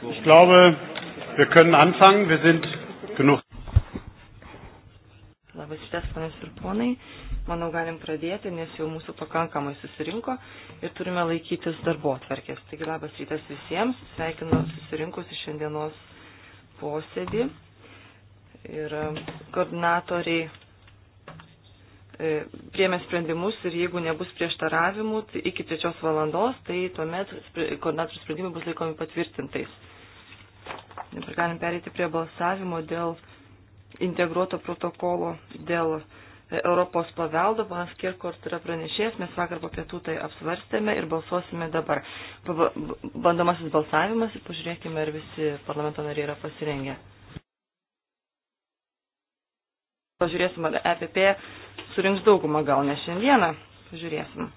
Ich glaube, wir können anfangen. Wir sind genug. Labas rytas, panas ir ponai. Manau, galim pradėti, nes jau mūsų pakankamai susirinko ir turime laikytis darbo atverkės. Taigi labas rytas visiems. Sveikinu susirinkus į šiandienos posėdį. Ir e, koordinatoriai e, priemė sprendimus ir jeigu nebus prieštaravimų tai iki trečios valandos, tai tuomet koordinatorių sprendimai bus laikomi patvirtintais. Dabar galim perėti prie balsavimo dėl integruoto protokolo dėl e, Europos paveldo. Panas Kirkort yra pranešėjas, mes vakar po pietų tai apsvarstėme ir balsuosime dabar. Bandomasis balsavimas ir pažiūrėkime, ar visi parlamento nariai yra pasirengę. Pažiūrėsim, ar EPP surinks daugumą, gal ne šiandieną. Pažiūrėsim.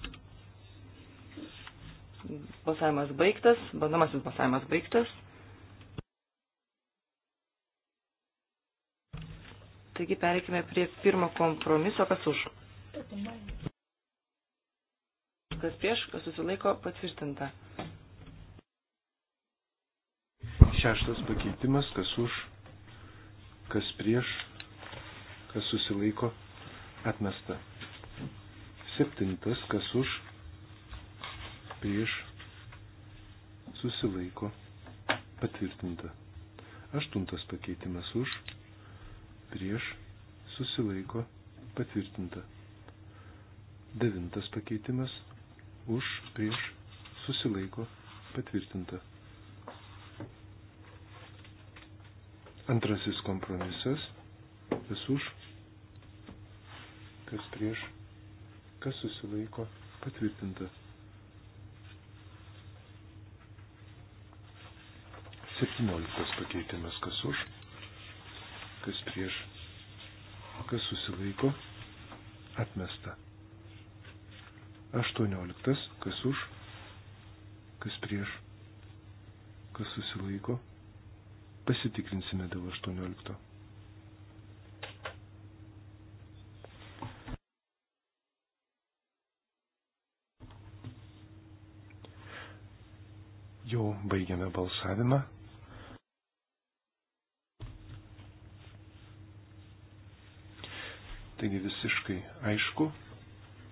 Balsavimas baigtas, bandomasis balsavimas baigtas. Taigi pereikime prie pirmo kompromiso, kas už. Kas prieš, kas susilaiko, patvirtinta. Šeštas pakeitimas, kas už, kas prieš, kas susilaiko, atmesta. Septintas, kas už, prieš, susilaiko, patvirtinta. Aštuntas pakeitimas už prieš, susilaiko, patvirtinta. Devintas pakeitimas, už, prieš, susilaiko, patvirtinta. Antrasis kompromisas, kas už, kas prieš, kas susilaiko, patvirtinta. Septynioliktas pakeitimas, kas už, kas prieš, kas susilaiko, atmesta. 18. Kas už, kas prieš, kas susilaiko, pasitikrinsime dėl 18. Jau baigiame balsavimą. Taigi visiškai aišku,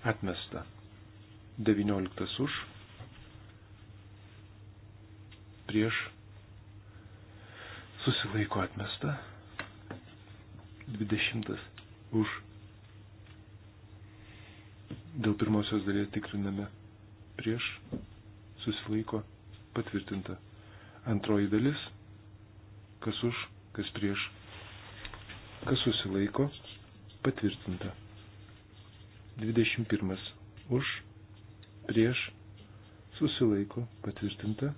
atmesta. 19 už, prieš, susilaiko atmesta. 20 už. Dėl pirmosios dalies tikriname prieš, susilaiko patvirtinta. Antroji dalis, kas už, kas prieš, kas susilaiko, Patvirtinta. 21. Už, prieš, susilaiko, patvirtinta.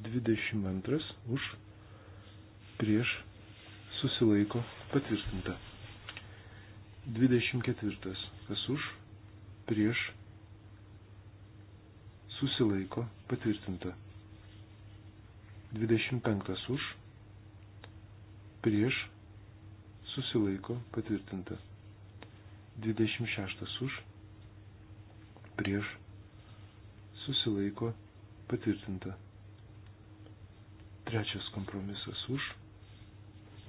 22. Už, prieš, susilaiko, patvirtinta. 24. Kas už, prieš, susilaiko, patvirtinta. 25. Už, prieš, susilaiko patvirtinta. 26 už, prieš, susilaiko patvirtinta. Trečias kompromisas už,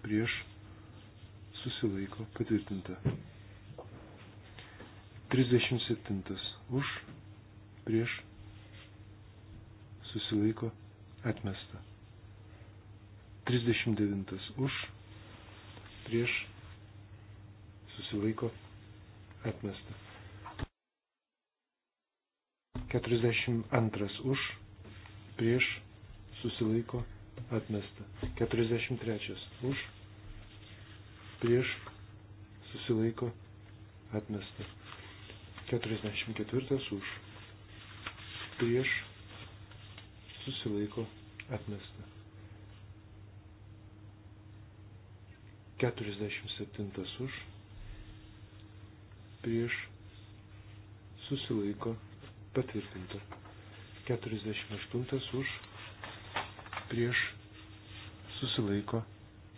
prieš, susilaiko patvirtinta. 37 už, prieš, susilaiko atmesta. 39 už, prieš susilaiko atmesta. 42 už prieš susilaiko atmesta. 43 už prieš susilaiko atmesta. 44 už prieš susilaiko atmesta. 47 už, prieš, susilaiko, patvirtinta. 48 už, prieš, susilaiko,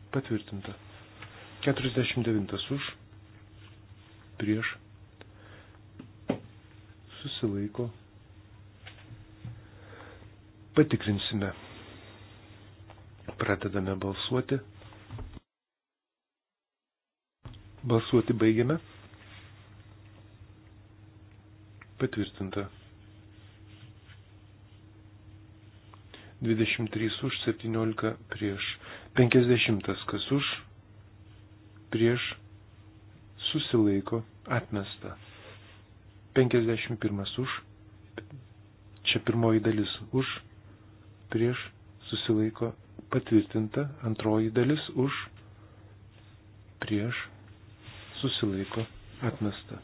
patvirtinta. 49 už, prieš, susilaiko, patikrinsime. Pradedame balsuoti. Balsuoti baigiame. Patvirtinta. 23 už 17 prieš. 50 kas už prieš susilaiko atmesta. 51 už. Čia pirmoji dalis už prieš susilaiko patvirtinta. Antroji dalis už prieš susilaiko atmesta.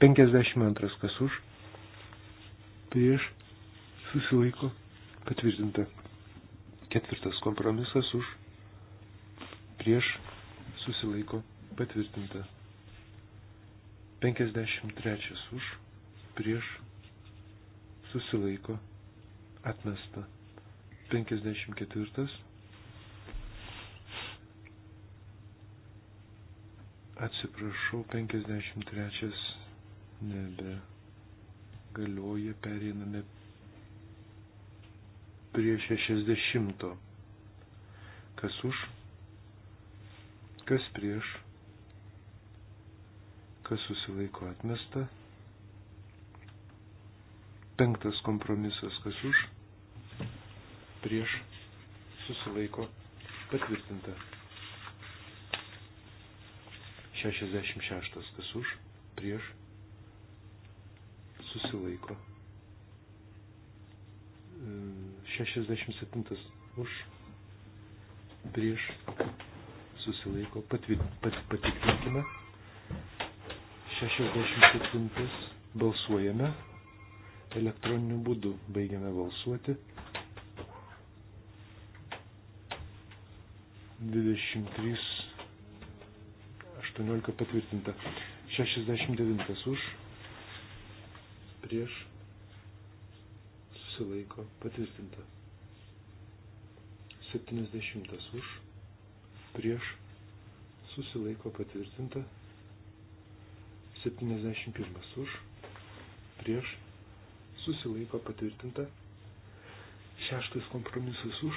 52 kas už, prieš, susilaiko patvirtinta. Ketvirtas kompromisas už, prieš, susilaiko patvirtinta. 53 už, prieš, susilaiko atmesta. 54 Atsiprašau, 53 nebe galioja, pereiname prie 60. Kas už, kas prieš, kas susilaiko atmesta. Penktas kompromisas, kas už, prieš, susilaiko patvirtinta. 66. Kas už, prieš, susilaiko. 67. Už, prieš, susilaiko. Patvi, pat, patikrinkime. 67. Balsuojame. Elektroniniu būdu baigiame balsuoti. 23 18 patvirtinta. 69 už, prieš, susilaiko patvirtinta. 70 už, prieš, susilaiko patvirtinta. 71 už, prieš, susilaiko patvirtinta. Šeštas kompromisas už,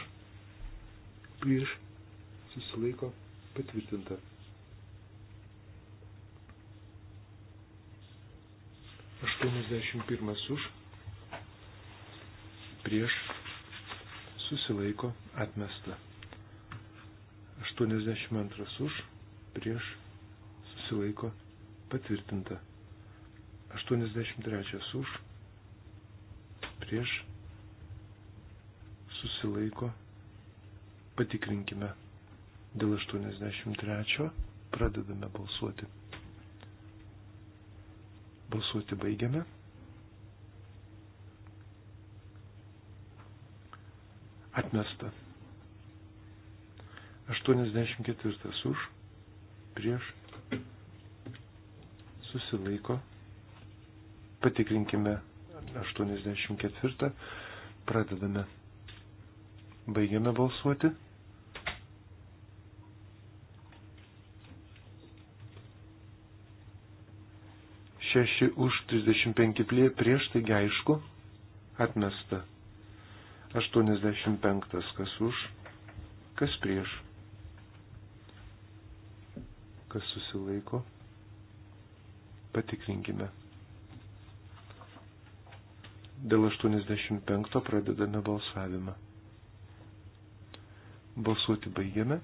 prieš, susilaiko patvirtinta. 51 už, prieš, susilaiko, atmesta. 82 už, prieš, susilaiko, patvirtinta. 83 už, prieš, susilaiko, patikrinkime. Dėl 83 pradedame balsuoti. Balsuoti baigiame. Atmesta. 84 už, prieš, susilaiko. Patikrinkime 84, pradedame. Baigiame balsuoti. 6 už 35 prieš, taigi aišku, atmesta. 85 kas už, kas prieš, kas susilaiko. Patikrinkime. Dėl 85 pradedame balsavimą. Balsuoti baigiame.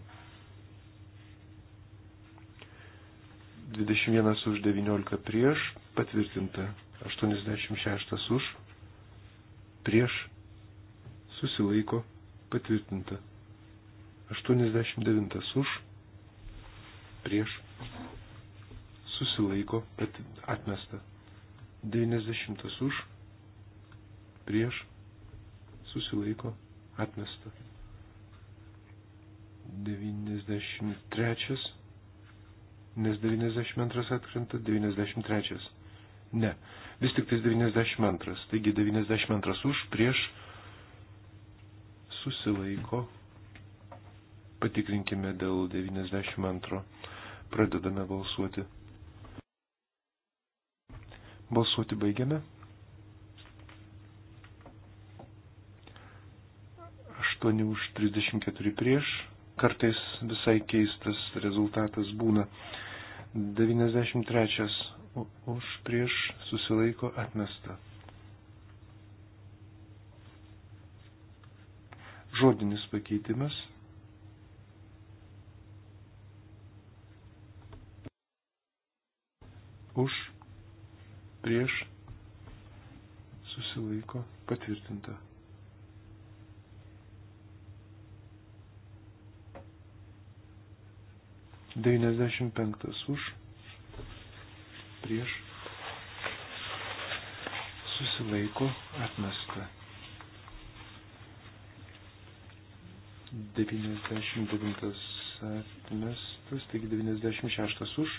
21 už 19 prieš, patvirtinta 86 už, prieš, susilaiko, patvirtinta 89 už, prieš, susilaiko, atmesta 90 už, prieš, susilaiko, atmesta 93 nes 92 atkrenta 93. Ne, vis tik tais 92. Taigi 92 už prieš susilaiko. Patikrinkime dėl 92. Pradedame balsuoti. Balsuoti baigiame. 8 už 34 prieš. Kartais visai keistas rezultatas būna. 93 už prieš susilaiko atmesta. Žodinis pakeitimas. Už prieš susilaiko patvirtinta. 95 už, prieš, susilaiko atmesta. 99 atmestas, taigi 96 už,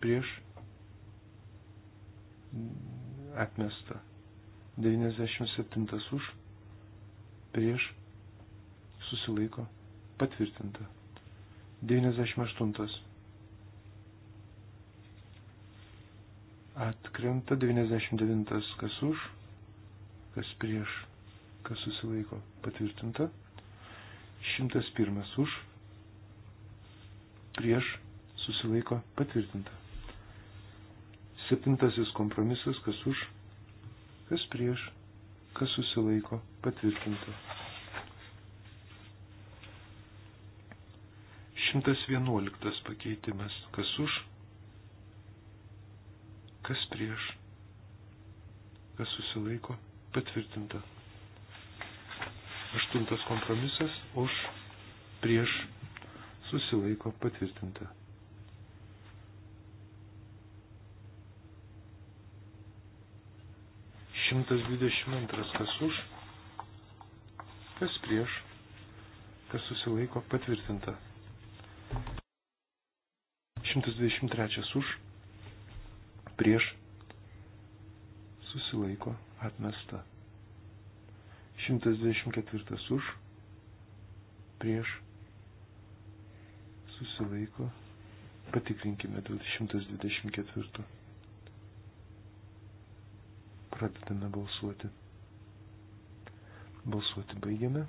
prieš, atmesta. 97 už, prieš, susilaiko patvirtinta. 98. Atkrenta 99. Kas už, kas prieš, kas susilaiko. Patvirtinta. 101. Už, prieš, susilaiko. Patvirtinta. Septintasis kompromisas. Kas už, kas prieš, kas susilaiko. Patvirtinta. 111 pakeitimas. Kas už? Kas prieš? Kas susilaiko? Patvirtinta. Aštuntas kompromisas už prieš susilaiko patvirtinta. Šimtas dvidešimt antras kas už, kas prieš, kas susilaiko patvirtinta. 123 už, prieš, susilaiko, atmesta. 124 už, prieš, susilaiko, patikrinkime 124. Pradedame balsuoti. Balsuoti baigiame.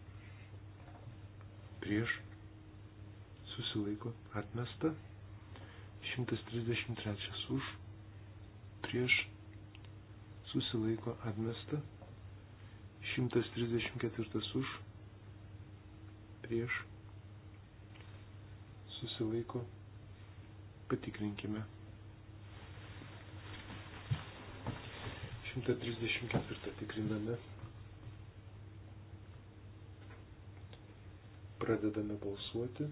prieš susilaiko atmesta. 133 už prieš susilaiko atmesta. 134 už prieš susilaiko patikrinkime. 134 tikriname. Pradedame balsuoti.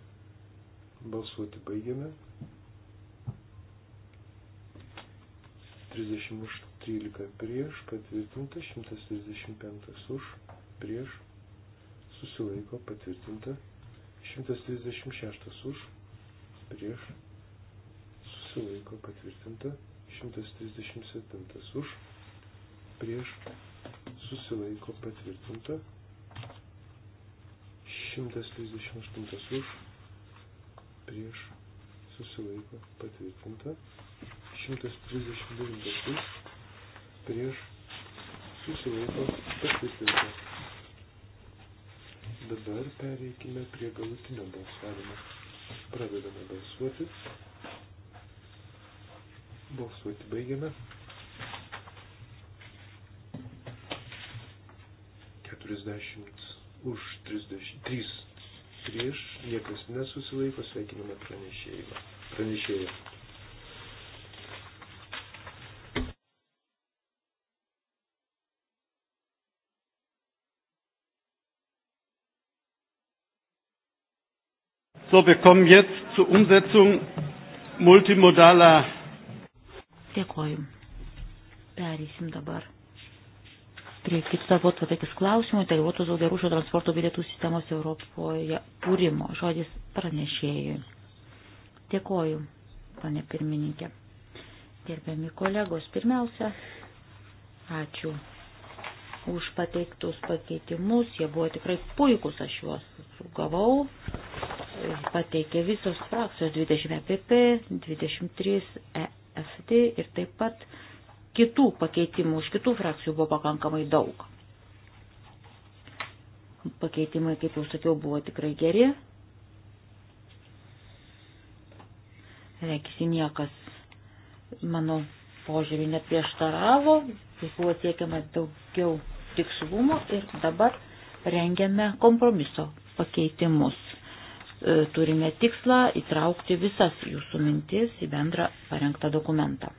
Balsuoti baigiame. 30 už 13 prieš, patvirtinta 135 už, prieš, susilaiko patvirtinta 136 už, prieš, susilaiko patvirtinta 137 už, prieš, susilaiko patvirtinta 138 už, prieš, susilaiko, patvirtinta. 139 už, prieš, susilaiko, patvirtinta. Dabar pereikime prie galutinio balsavimo. Pradedame balsuoti. Balsuoti baigiame. 40 už 33 prieš, niekas nesusilaiko, sveikiname pranešėjimą. Pranešėjimą. So, wir kommen jetzt zur Umsetzung multimodaler. Dėkoju. Pereisim dabar prie kito potvarkės klausimų, integruotų daugiarūšio transporto bilietų sistemos Europoje kūrimo. Žodis pranešėjui. Dėkoju, pane pirmininkė. Gerbiami kolegos, pirmiausia, ačiū už pateiktus pakeitimus. Jie buvo tikrai puikus, aš juos gavau. Pateikė visos frakcijos 20 PP, 23 EFD ir taip pat kitų pakeitimų, iš kitų frakcijų buvo pakankamai daug. Pakeitimai, kaip jau sakiau, buvo tikrai geri. Reikisi niekas, mano požiūrį, neprieštaravo, jis buvo siekiama daugiau tikslumo ir dabar rengiame kompromiso pakeitimus. E, turime tikslą įtraukti visas jūsų mintis į bendrą parengtą dokumentą.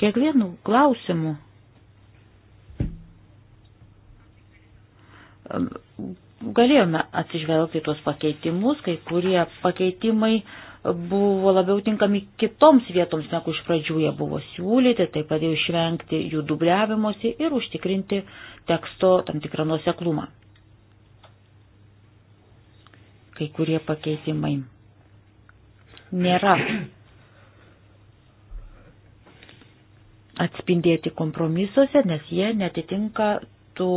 kiekvienų klausimų. Galėjome atsižvelgti tuos pakeitimus, kai kurie pakeitimai buvo labiau tinkami kitoms vietoms, negu iš pradžių jie buvo siūlyti, tai padėjo išvengti jų dubliavimosi ir užtikrinti teksto tam tikrą nuoseklumą. Kai kurie pakeitimai nėra atspindėti kompromisuose, nes jie netitinka tų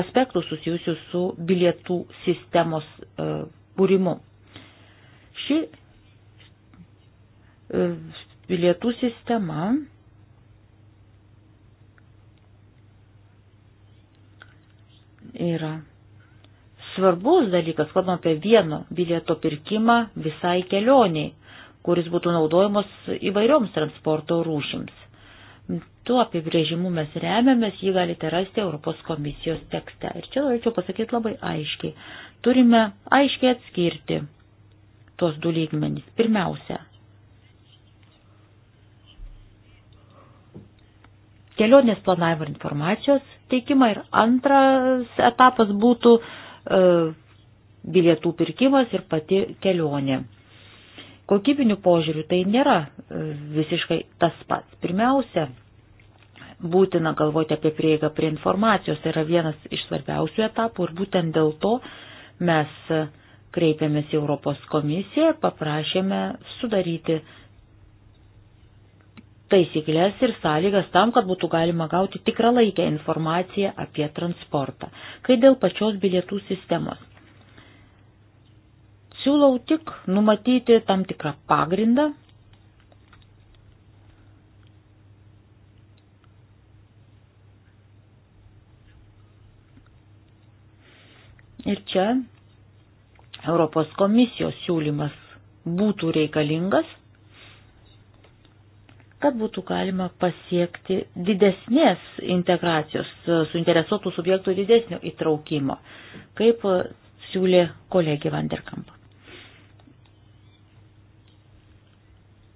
aspektų susijusių su bilietų sistemos e, kūrimu. Ši e, bilietų sistema yra svarbus dalykas, kalbam apie vieno bilieto pirkimą visai kelioniai, kuris būtų naudojamos įvairioms transporto rūšims. Tuo apibrėžimu mes remiamės, jį galite rasti Europos komisijos tekste. Ir čia norėčiau pasakyti labai aiškiai. Turime aiškiai atskirti tuos du lygmenys. Pirmiausia, kelionės planavimo informacijos teikimą ir antras etapas būtų e, bilietų pirkimas ir pati kelionė kokybinių požiūrių tai nėra e, visiškai tas pats. Pirmiausia, būtina galvoti apie prieigą prie informacijos, tai yra vienas iš svarbiausių etapų ir būtent dėl to mes e, kreipėmės į Europos komisiją, paprašėme sudaryti taisyklės ir sąlygas tam, kad būtų galima gauti tikrą laikę informaciją apie transportą. Kai dėl pačios bilietų sistemos Siūlau tik numatyti tam tikrą pagrindą. Ir čia Europos komisijos siūlymas būtų reikalingas, kad būtų galima pasiekti didesnės integracijos, suinteresuotų subjektų didesnio įtraukimo, kaip siūlė kolegė Vanderkamp.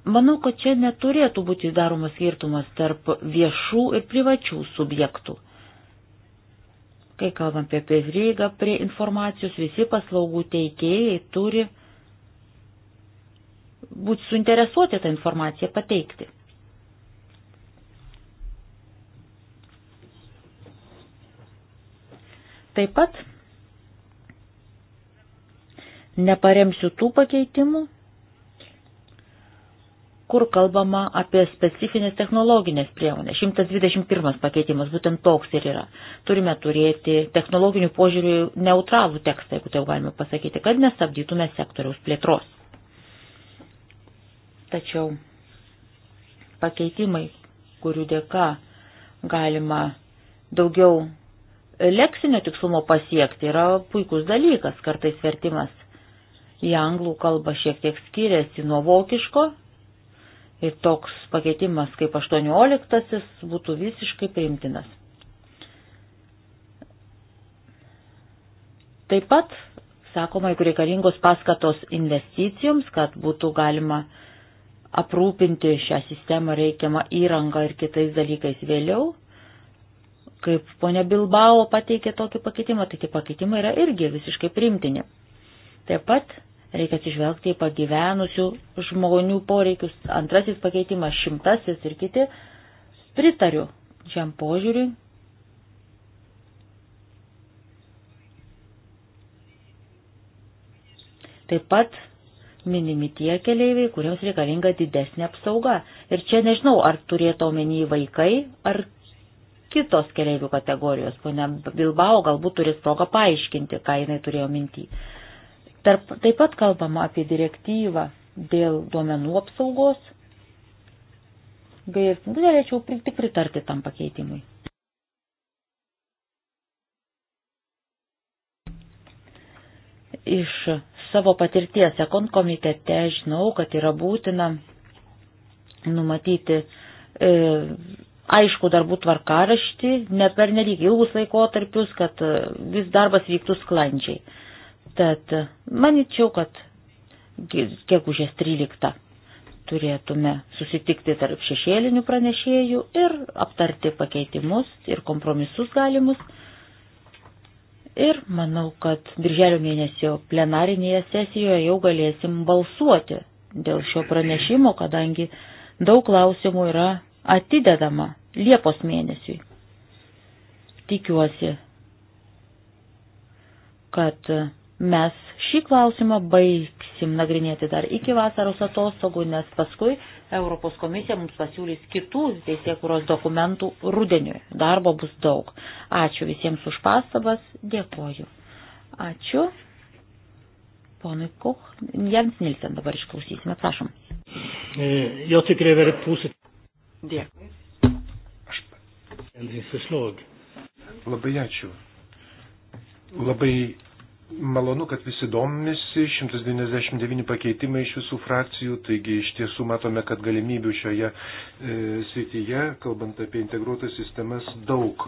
Manau, kad čia neturėtų būti daromas skirtumas tarp viešų ir privačių subjektų. Kai kalbam apie prieigą prie informacijos, visi paslaugų teikėjai turi būti suinteresuoti tą informaciją pateikti. Taip pat neparemsiu tų pakeitimų, kur kalbama apie specifines technologinės priemonės. 121 pakeitimas būtent toks ir yra. Turime turėti technologinių požiūrių neutralų tekstą, jeigu taip galime pasakyti, kad nestabdytume sektoriaus plėtros. Tačiau pakeitimai, kurių dėka galima daugiau leksinio tikslumo pasiekti, yra puikus dalykas. Kartais vertimas į anglų kalbą šiek tiek skiriasi nuo vokiško, ir toks pakeitimas kaip 18 būtų visiškai priimtinas. Taip pat, sakoma, jeigu reikalingos paskatos investicijoms, kad būtų galima aprūpinti šią sistemą reikiamą įrangą ir kitais dalykais vėliau, kaip ponia Bilbao pateikė tokį pakeitimą, tai tie pakeitimai yra irgi visiškai primtini. Taip pat Reikia atsižvelgti į pagyvenusių žmonių poreikius. Antrasis pakeitimas, šimtasis ir kiti. Pritariu šiam požiūriui. Taip pat minimi tie keleiviai, kuriems reikalinga didesnė apsauga. Ir čia nežinau, ar turėtų omeny vaikai, ar kitos keleivių kategorijos. Pone Bilbao galbūt turės progą paaiškinti, ką jinai turėjo mintį. Tarp, taip pat kalbama apie direktyvą dėl duomenų apsaugos. Ir galėčiau tik pritarti tam pakeitimui. Iš savo patirties ekon komitete žinau, kad yra būtina numatyti e, aišku darbų tvarkaraštį, ne per nelyg ilgus laikotarpius, kad e, vis darbas vyktų sklandžiai. Tad manyčiau, kad gegužės 13 turėtume susitikti tarp šešėlinių pranešėjų ir aptarti pakeitimus ir kompromisus galimus. Ir manau, kad birželio mėnesio plenarinėje sesijoje jau galėsim balsuoti dėl šio pranešimo, kadangi daug klausimų yra atidedama Liepos mėnesiui. Tikiuosi, kad mes šį klausimą baigsim nagrinėti dar iki vasaros atostogų, nes paskui Europos komisija mums pasiūlys kitų teisėkuros dokumentų rudeniui. Darbo bus daug. Ačiū visiems už pastabas, dėkoju. Ačiū. Ponui Koch, Jens Nilsen dabar išklausysime, prašom. Jo tikrai yra pusit. Dėkui. Labai ačiū. Labai Malonu, kad visi domisi, 199 pakeitimai iš visų frakcijų, taigi iš tiesų matome, kad galimybių šioje e, srityje, kalbant apie integruotas sistemas, daug.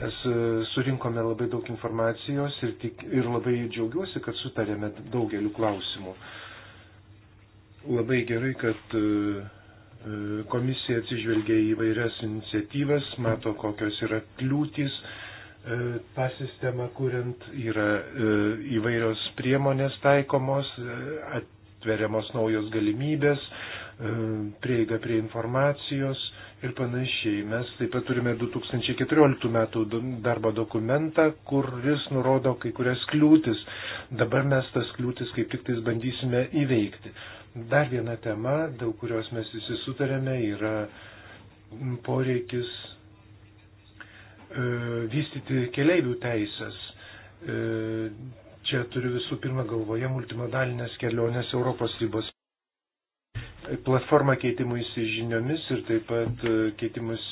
Mes e, surinkome labai daug informacijos ir, tik, ir labai džiaugiuosi, kad sutarėme daugeliu klausimų. Labai gerai, kad e, e komisija atsižvelgia į vairias iniciatyvas, mato, kokios yra kliūtis. E, E, tą sistemą kuriant yra e, įvairios priemonės taikomos, e, atveriamos naujos galimybės, prieiga prie informacijos ir panašiai. Mes taip pat turime 2014 metų darbo dokumentą, kuris nurodo kai kurias kliūtis. Dabar mes tas kliūtis kaip tik tais bandysime įveikti. Dar viena tema, dėl kurios mes visi sutarėme, yra poreikis E, vystyti keleivių teisės. E, čia turiu visų pirma galvoje multimodalinės kelionės Europos ribos platformą keitimus žiniomis ir taip pat e, keitimus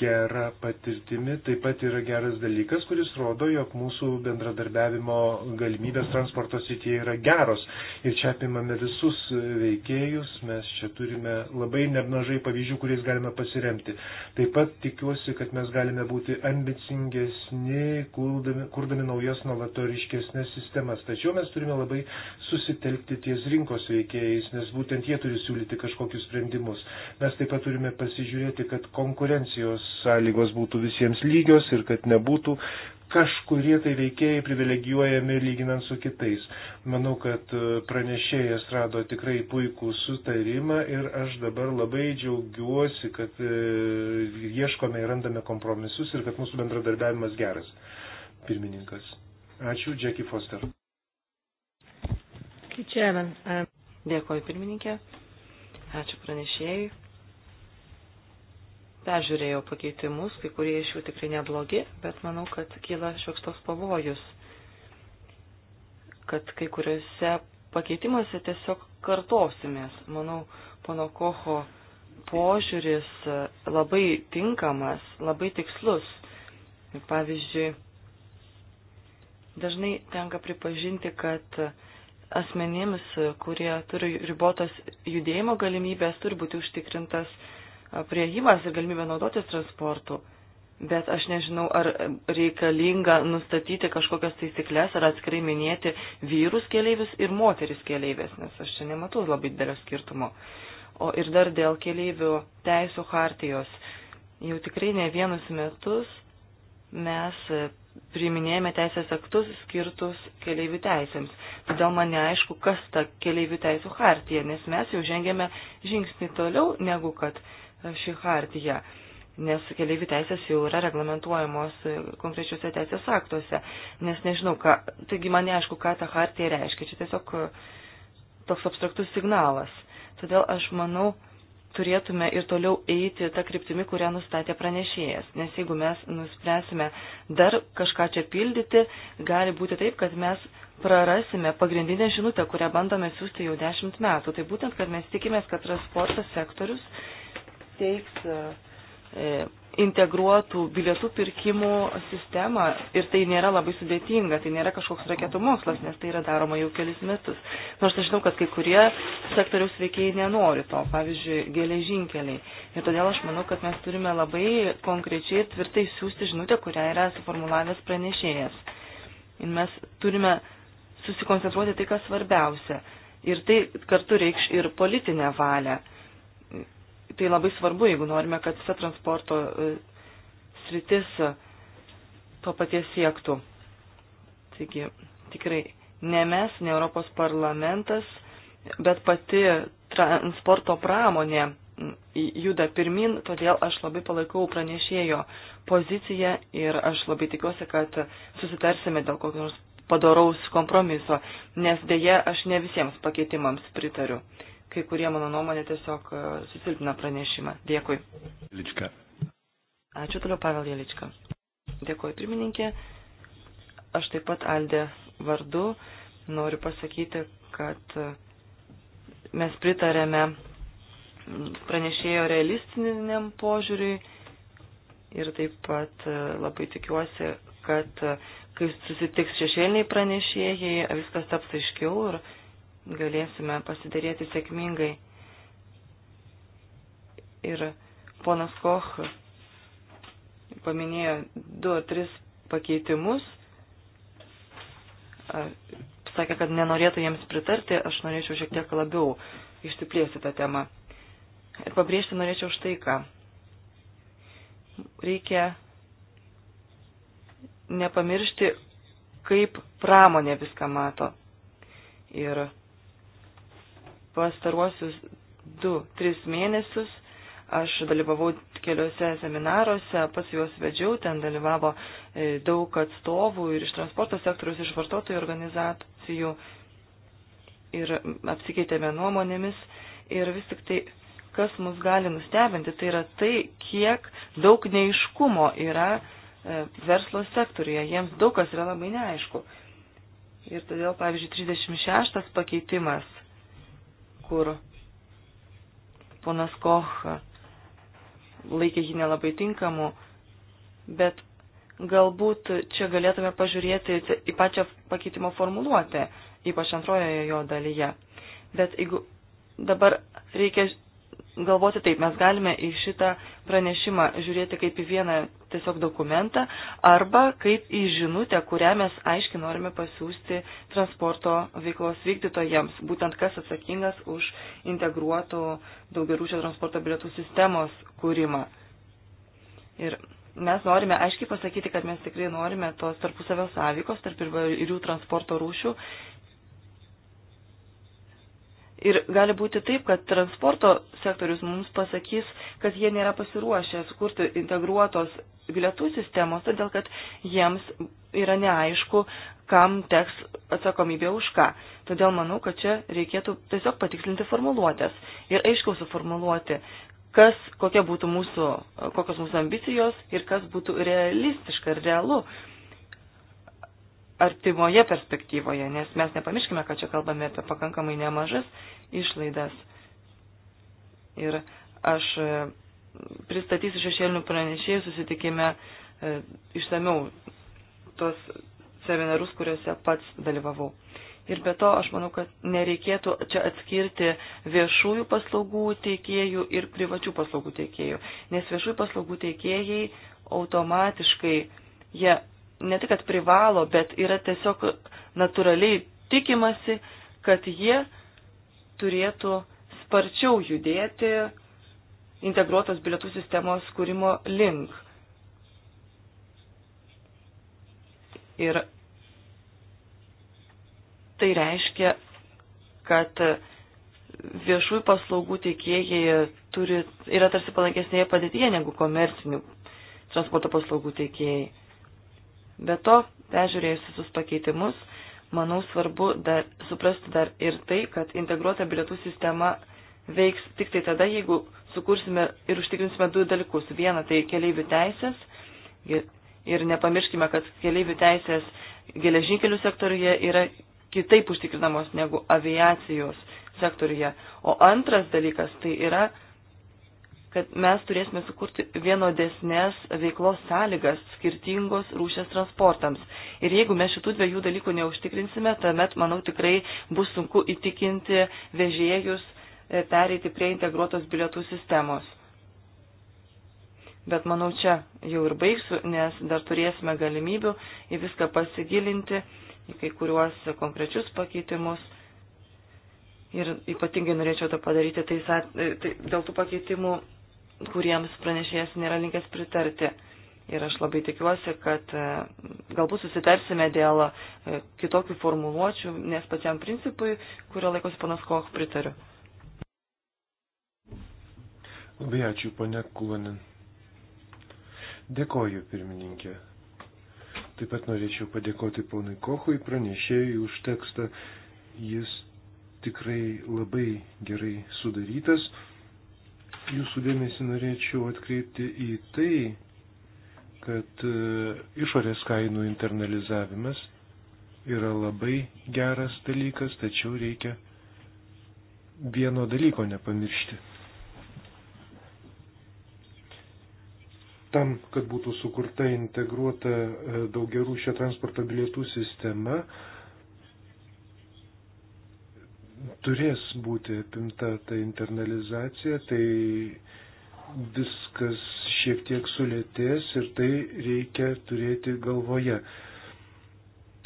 gerą patirtimi taip pat yra geras dalykas, kuris rodo, jog mūsų bendradarbiavimo galimybės transporto srityje yra geros. Ir čia apimame visus veikėjus, mes čia turime labai nemažai pavyzdžių, kuriais galime pasiremti. Taip pat tikiuosi, kad mes galime būti ambicingesni, kurdami, kurdami naujas novatoriškesnės sistemas. Tačiau mes turime labai susitelkti ties rinkos veikėjais, nes būtent jie turi siūlyti kažkokius sprendimus. Mes taip pat turime pasižiūrėti, kad konkurencijos sąlygos būtų visiems lygios ir kad nebūtų kažkurie tai veikėjai privilegijuojami lyginant su kitais. Manau, kad e, pranešėjas rado tikrai puikų sutarimą ir aš dabar labai džiaugiuosi, kad e, ieškome ir randame kompromisus ir kad mūsų bendradarbiavimas geras. Pirmininkas. Ačiū, Jackie Foster. Um, Dėkuoju, pirmininkė. Ačiū pranešėjai. Peržiūrėjau pakeitimus, kai kurie iš jų tikrai neblogi, bet manau, kad kyla šioks toks pavojus, kad kai kuriuose pakeitimuose tiesiog kartosimės. Manau, pono Koho požiūris labai tinkamas, labai tikslus. Pavyzdžiui, dažnai tenka pripažinti, kad asmenims, kurie turi ribotas judėjimo galimybės, turi būti užtikrintas prieimas ir galimybė naudotis transportu. Bet aš nežinau, ar reikalinga nustatyti kažkokias taisyklės, ar atskirai minėti vyrus keleivius ir moteris keleivės, nes aš čia nematau labai didelio skirtumo. O ir dar dėl keleivių teisų hartijos. Jau tikrai ne vienus metus mes priiminėjame teisės aktus skirtus keleivių teisėms. Todėl man neaišku, kas ta keleivių teisų hartija, nes mes jau žengėme žingsnį toliau negu kad ši hartija, nes keleivių teisės jau yra reglamentuojamos konkrečiuose teisės aktuose, nes nežinau, ką, taigi man neaišku, ką ta hartija reiškia. Čia tiesiog toks abstraktus signalas. Todėl aš manau, turėtume ir toliau eiti tą kryptimį, kurią nustatė pranešėjas. Nes jeigu mes nuspręsime dar kažką čia pildyti, gali būti taip, kad mes prarasime pagrindinę žinutę, kurią bandome siūsti jau dešimt metų. Tai būtent, kad mes tikimės, kad transporto sektorius teiks E, integruotų bilietų pirkimų sistemą ir tai nėra labai sudėtinga, tai nėra kažkoks raketų mokslas, nes tai yra daroma jau kelis metus. Nors aš žinau, kad kai kurie sektoriaus veikėjai nenori to, pavyzdžiui, geležinkeliai. Ir todėl aš manau, kad mes turime labai konkrečiai ir tvirtai siūsti žinutę, kurią yra suformulavęs pranešėjas. Ir mes turime susikoncentruoti tai, kas svarbiausia. Ir tai kartu reikš ir politinę valią. Tai labai svarbu, jeigu norime, kad visa transporto e, sritis e, to paties siektų. Taigi tikrai ne mes, ne Europos parlamentas, bet pati transporto pramonė juda pirmin, todėl aš labai palaikau pranešėjo poziciją ir aš labai tikiuosi, kad susitarsime dėl kokios padoraus kompromiso, nes dėje aš ne visiems pakeitimams pritariu kai kurie, mano nuomonė, tiesiog e, susilpina pranešimą. Dėkui. Lička. Ačiū toliau, Pavel Jelička. Dėkuoju, pirmininkė. Aš taip pat Aldė vardu noriu pasakyti, kad e, mes pritarėme pranešėjo realistiniam požiūriui ir taip pat e, labai tikiuosi, kad kai susitiks šešėliniai pranešėjai, viskas taps aiškiau ir galėsime pasidarėti sėkmingai. Ir ponas Koch paminėjo 2-3 pakeitimus, sakė, kad nenorėtų jiems pritarti, aš norėčiau šiek tiek labiau išsiplėsti tą temą. Ir pabrėžti norėčiau štai ką. Reikia nepamiršti, kaip pramonė viską mato. Ir pastaruosius 2-3 mėnesius. Aš dalyvavau keliose seminaruose, pas juos vedžiau, ten dalyvavo e, daug atstovų ir iš transporto sektoriaus, iš vartotojų organizacijų ir apsikeitėme nuomonėmis. Ir vis tik tai, kas mus gali nustebinti, tai yra tai, kiek daug neiškumo yra e, verslo sektoriuje. Jiems daug kas yra labai neaišku. Ir todėl, pavyzdžiui, 36 pakeitimas kur ponas Koch laikė jį nelabai tinkamu, bet galbūt čia galėtume pažiūrėti į pačią pakeitimo formuluotę, ypač antrojoje jo dalyje. Bet jeigu dabar reikia galvoti taip, mes galime į šitą pranešimą žiūrėti kaip į vieną tiesiog dokumentą arba kaip į žinutę, kurią mes aiškiai norime pasiūsti transporto veiklos vykdytojams, būtent kas atsakingas už integruoto daugiarūšio transporto bilietų sistemos kūrimą. Ir mes norime aiškiai pasakyti, kad mes tikrai norime tos tarpusavio sąveikos tarp įvairių transporto rūšių Ir gali būti taip, kad transporto sektorius mums pasakys, kad jie nėra pasiruošę sukurti integruotos bilietų sistemos, todėl kad jiems yra neaišku, kam teks atsakomybė už ką. Todėl manau, kad čia reikėtų tiesiog patikslinti formuluotės ir aiškiau suformuluoti, kas, kokie būtų mūsų, kokios mūsų ambicijos ir kas būtų realistiška ir realu artimoje perspektyvoje, nes mes nepamirškime, kad čia kalbame apie pakankamai nemažas išlaidas. Ir aš e, pristatysiu šešėlinių pranešėjų susitikime e, išsameu tos seminarus, kuriuose pats dalyvavau. Ir be to, aš manau, kad nereikėtų čia atskirti viešųjų paslaugų teikėjų ir privačių paslaugų teikėjų, nes viešųjų paslaugų teikėjai automatiškai jie ne tik, kad privalo, bet yra tiesiog natūraliai tikimasi, kad jie turėtų sparčiau judėti integruotos bilietų sistemos kūrimo link. Ir tai reiškia, kad viešųjų paslaugų teikėjai turi, yra tarsi palankesnėje padėtyje negu komercinių transporto paslaugų teikėjai. Be to, peržiūrėjus visus pakeitimus, manau svarbu dar, suprasti dar ir tai, kad integruota bilietų sistema veiks tik tai tada, jeigu sukursime ir užtikrinsime du dalykus. Viena tai keleivių teisės ir nepamirškime, kad keleivių teisės geležinkelių sektoriuje yra kitaip užtikrinamos negu aviacijos sektoriuje. O antras dalykas tai yra kad mes turėsime sukurti vienodesnės veiklos sąlygas skirtingos rūšės transportams. Ir jeigu mes šitų dviejų dalykų neužtikrinsime, tuomet, manau, tikrai bus sunku įtikinti vežėjus e, pereiti prie integruotos bilietų sistemos. Bet manau, čia jau ir baigsiu, nes dar turėsime galimybių į viską pasigilinti, į kai kuriuos konkrečius pakeitimus. Ir ypatingai norėčiau tą padaryti tais at, e, tai, dėl tų pakeitimų kuriems pranešėjas nėra linkęs pritarti. Ir aš labai tikiuosi, kad e, galbūt susitarsime dėl e, kitokių formuluočių, nes pačiam principui, kurio laikosi panas Koch, pritariu. Labai ačiū, pane Kulanin. Dėkoju, pirmininkė. Taip pat norėčiau padėkoti ponui Kochui, pranešėjui už tekstą. Jis tikrai labai gerai sudarytas. Jūsų dėmesį norėčiau atkreipti į tai, kad e, išorės kainų internalizavimas yra labai geras dalykas, tačiau reikia vieno dalyko nepamiršti. Tam, kad būtų sukurta integruota e, daugiarūšio transporto bilietų sistema, turės būti apimta ta internalizacija, tai viskas šiek tiek sulėtės ir tai reikia turėti galvoje.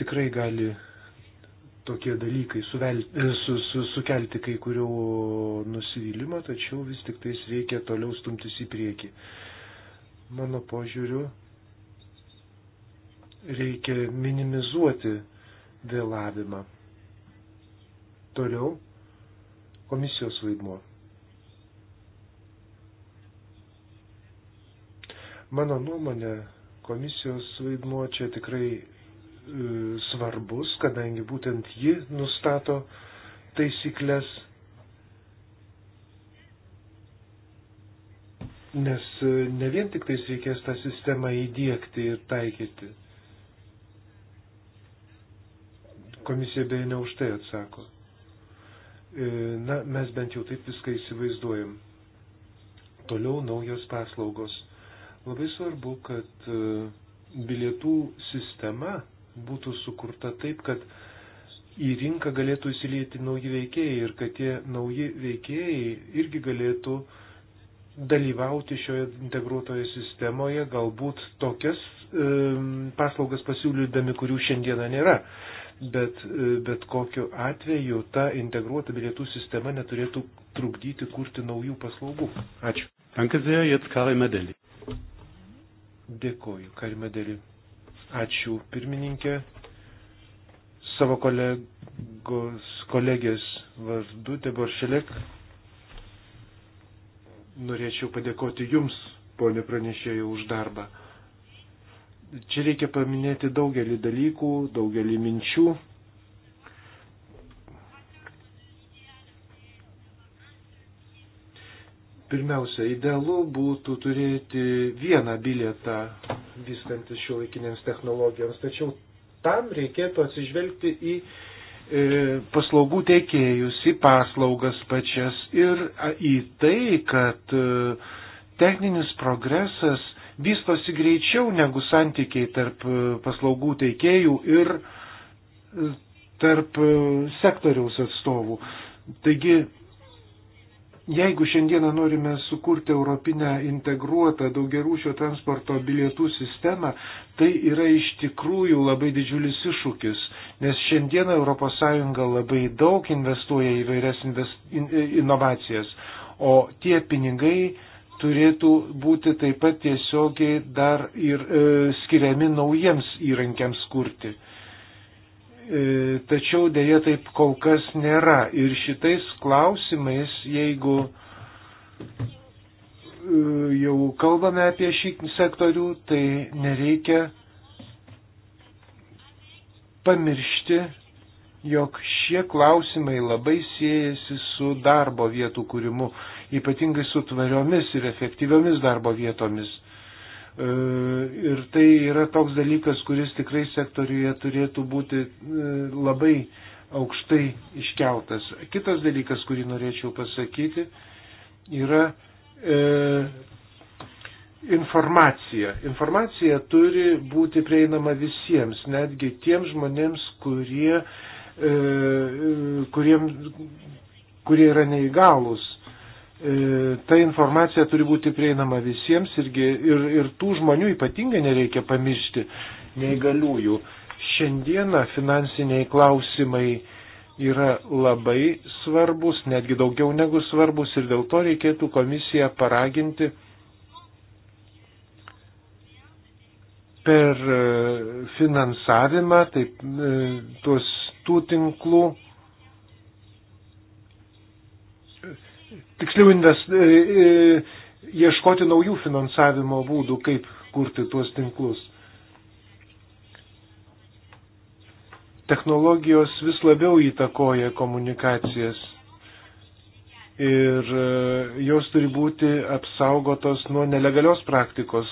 Tikrai gali tokie dalykai suvel, e, su, su, sukelti kai kurių nusivylimą, tačiau vis tik tais reikia toliau stumtis į priekį. Mano požiūriu, reikia minimizuoti vėlavimą. Toliau komisijos vaidmuo. Mano nuomonė, komisijos vaidmuo čia tikrai e, svarbus, kadangi būtent ji nustato taisyklės, nes e, ne vien tik tais reikės tą sistemą įdėkti ir taikyti. Komisija beje ne už tai atsako. E, na, mes bent jau taip viską įsivaizduojam. Toliau naujos paslaugos. Labai svarbu, kad e, bilietų sistema būtų sukurta taip, kad į rinką galėtų įsilieti nauji veikėjai ir kad tie nauji veikėjai irgi galėtų dalyvauti šioje integruotoje sistemoje, galbūt tokias e, paslaugas pasiūlydami, kurių šiandieną nėra. E, bet, e, bet kokiu atveju ta integruota bilietų sistema neturėtų trukdyti kurti naujų paslaugų. Ačiū. Tankazėja Jetskarai Medelį. Dėkoju, Karimedelį. Ačiū, pirmininkė. Savo kolegos, kolegės vardu, Debor Šelek, norėčiau padėkoti Jums, ponė pranešėjai, už darbą. Čia reikia paminėti daugelį dalykų, daugelį minčių. Pirmiausia, idealu būtų turėti vieną bilietą vystantis šiuolaikinėms technologijoms, tačiau tam reikėtų atsižvelgti į e, paslaugų teikėjus, į paslaugas pačias ir į tai, kad e, techninis progresas vystosi greičiau negu santykiai tarp e, paslaugų teikėjų ir e, tarp e, sektoriaus atstovų. Taigi, jeigu šiandieną norime sukurti europinę integruotą daugiarūšio transporto bilietų sistemą, tai yra iš tikrųjų labai didžiulis iššūkis, nes šiandieną ES labai daug investuoja į vairias invest... in... inovacijas, o tie pinigai, turėtų būti taip pat tiesiogiai dar ir e, skiriami naujiems įrankiams kurti. E, tačiau dėja taip kol kas nėra. Ir šitais klausimais, jeigu e, jau kalbame apie šį sektorių, tai nereikia pamiršti, jog šie klausimai labai siejasi su darbo vietų kūrimu ypatingai su tvariomis ir efektyviomis darbo vietomis. E, ir tai yra toks dalykas, kuris tikrai sektoriuje turėtų būti e, labai aukštai iškeltas. Kitas dalykas, kurį norėčiau pasakyti, yra e, informacija. Informacija turi būti prieinama visiems, netgi tiems žmonėms, kurie, e, kuriem, kurie yra neįgalus. E, ta informacija turi būti prieinama visiems irgi, ir, ir tų žmonių ypatingai nereikia pamiršti, neįgaliųjų. Šiandieną finansiniai klausimai yra labai svarbus, netgi daugiau negu svarbus ir dėl to reikėtų komisiją paraginti per e, finansavimą taip, e, tuos tų tinklų tiksliau invest, e, ieškoti naujų finansavimo būdų, kaip kurti tuos tinklus. Technologijos vis labiau įtakoja komunikacijas ir e, jos turi būti apsaugotos nuo nelegalios praktikos,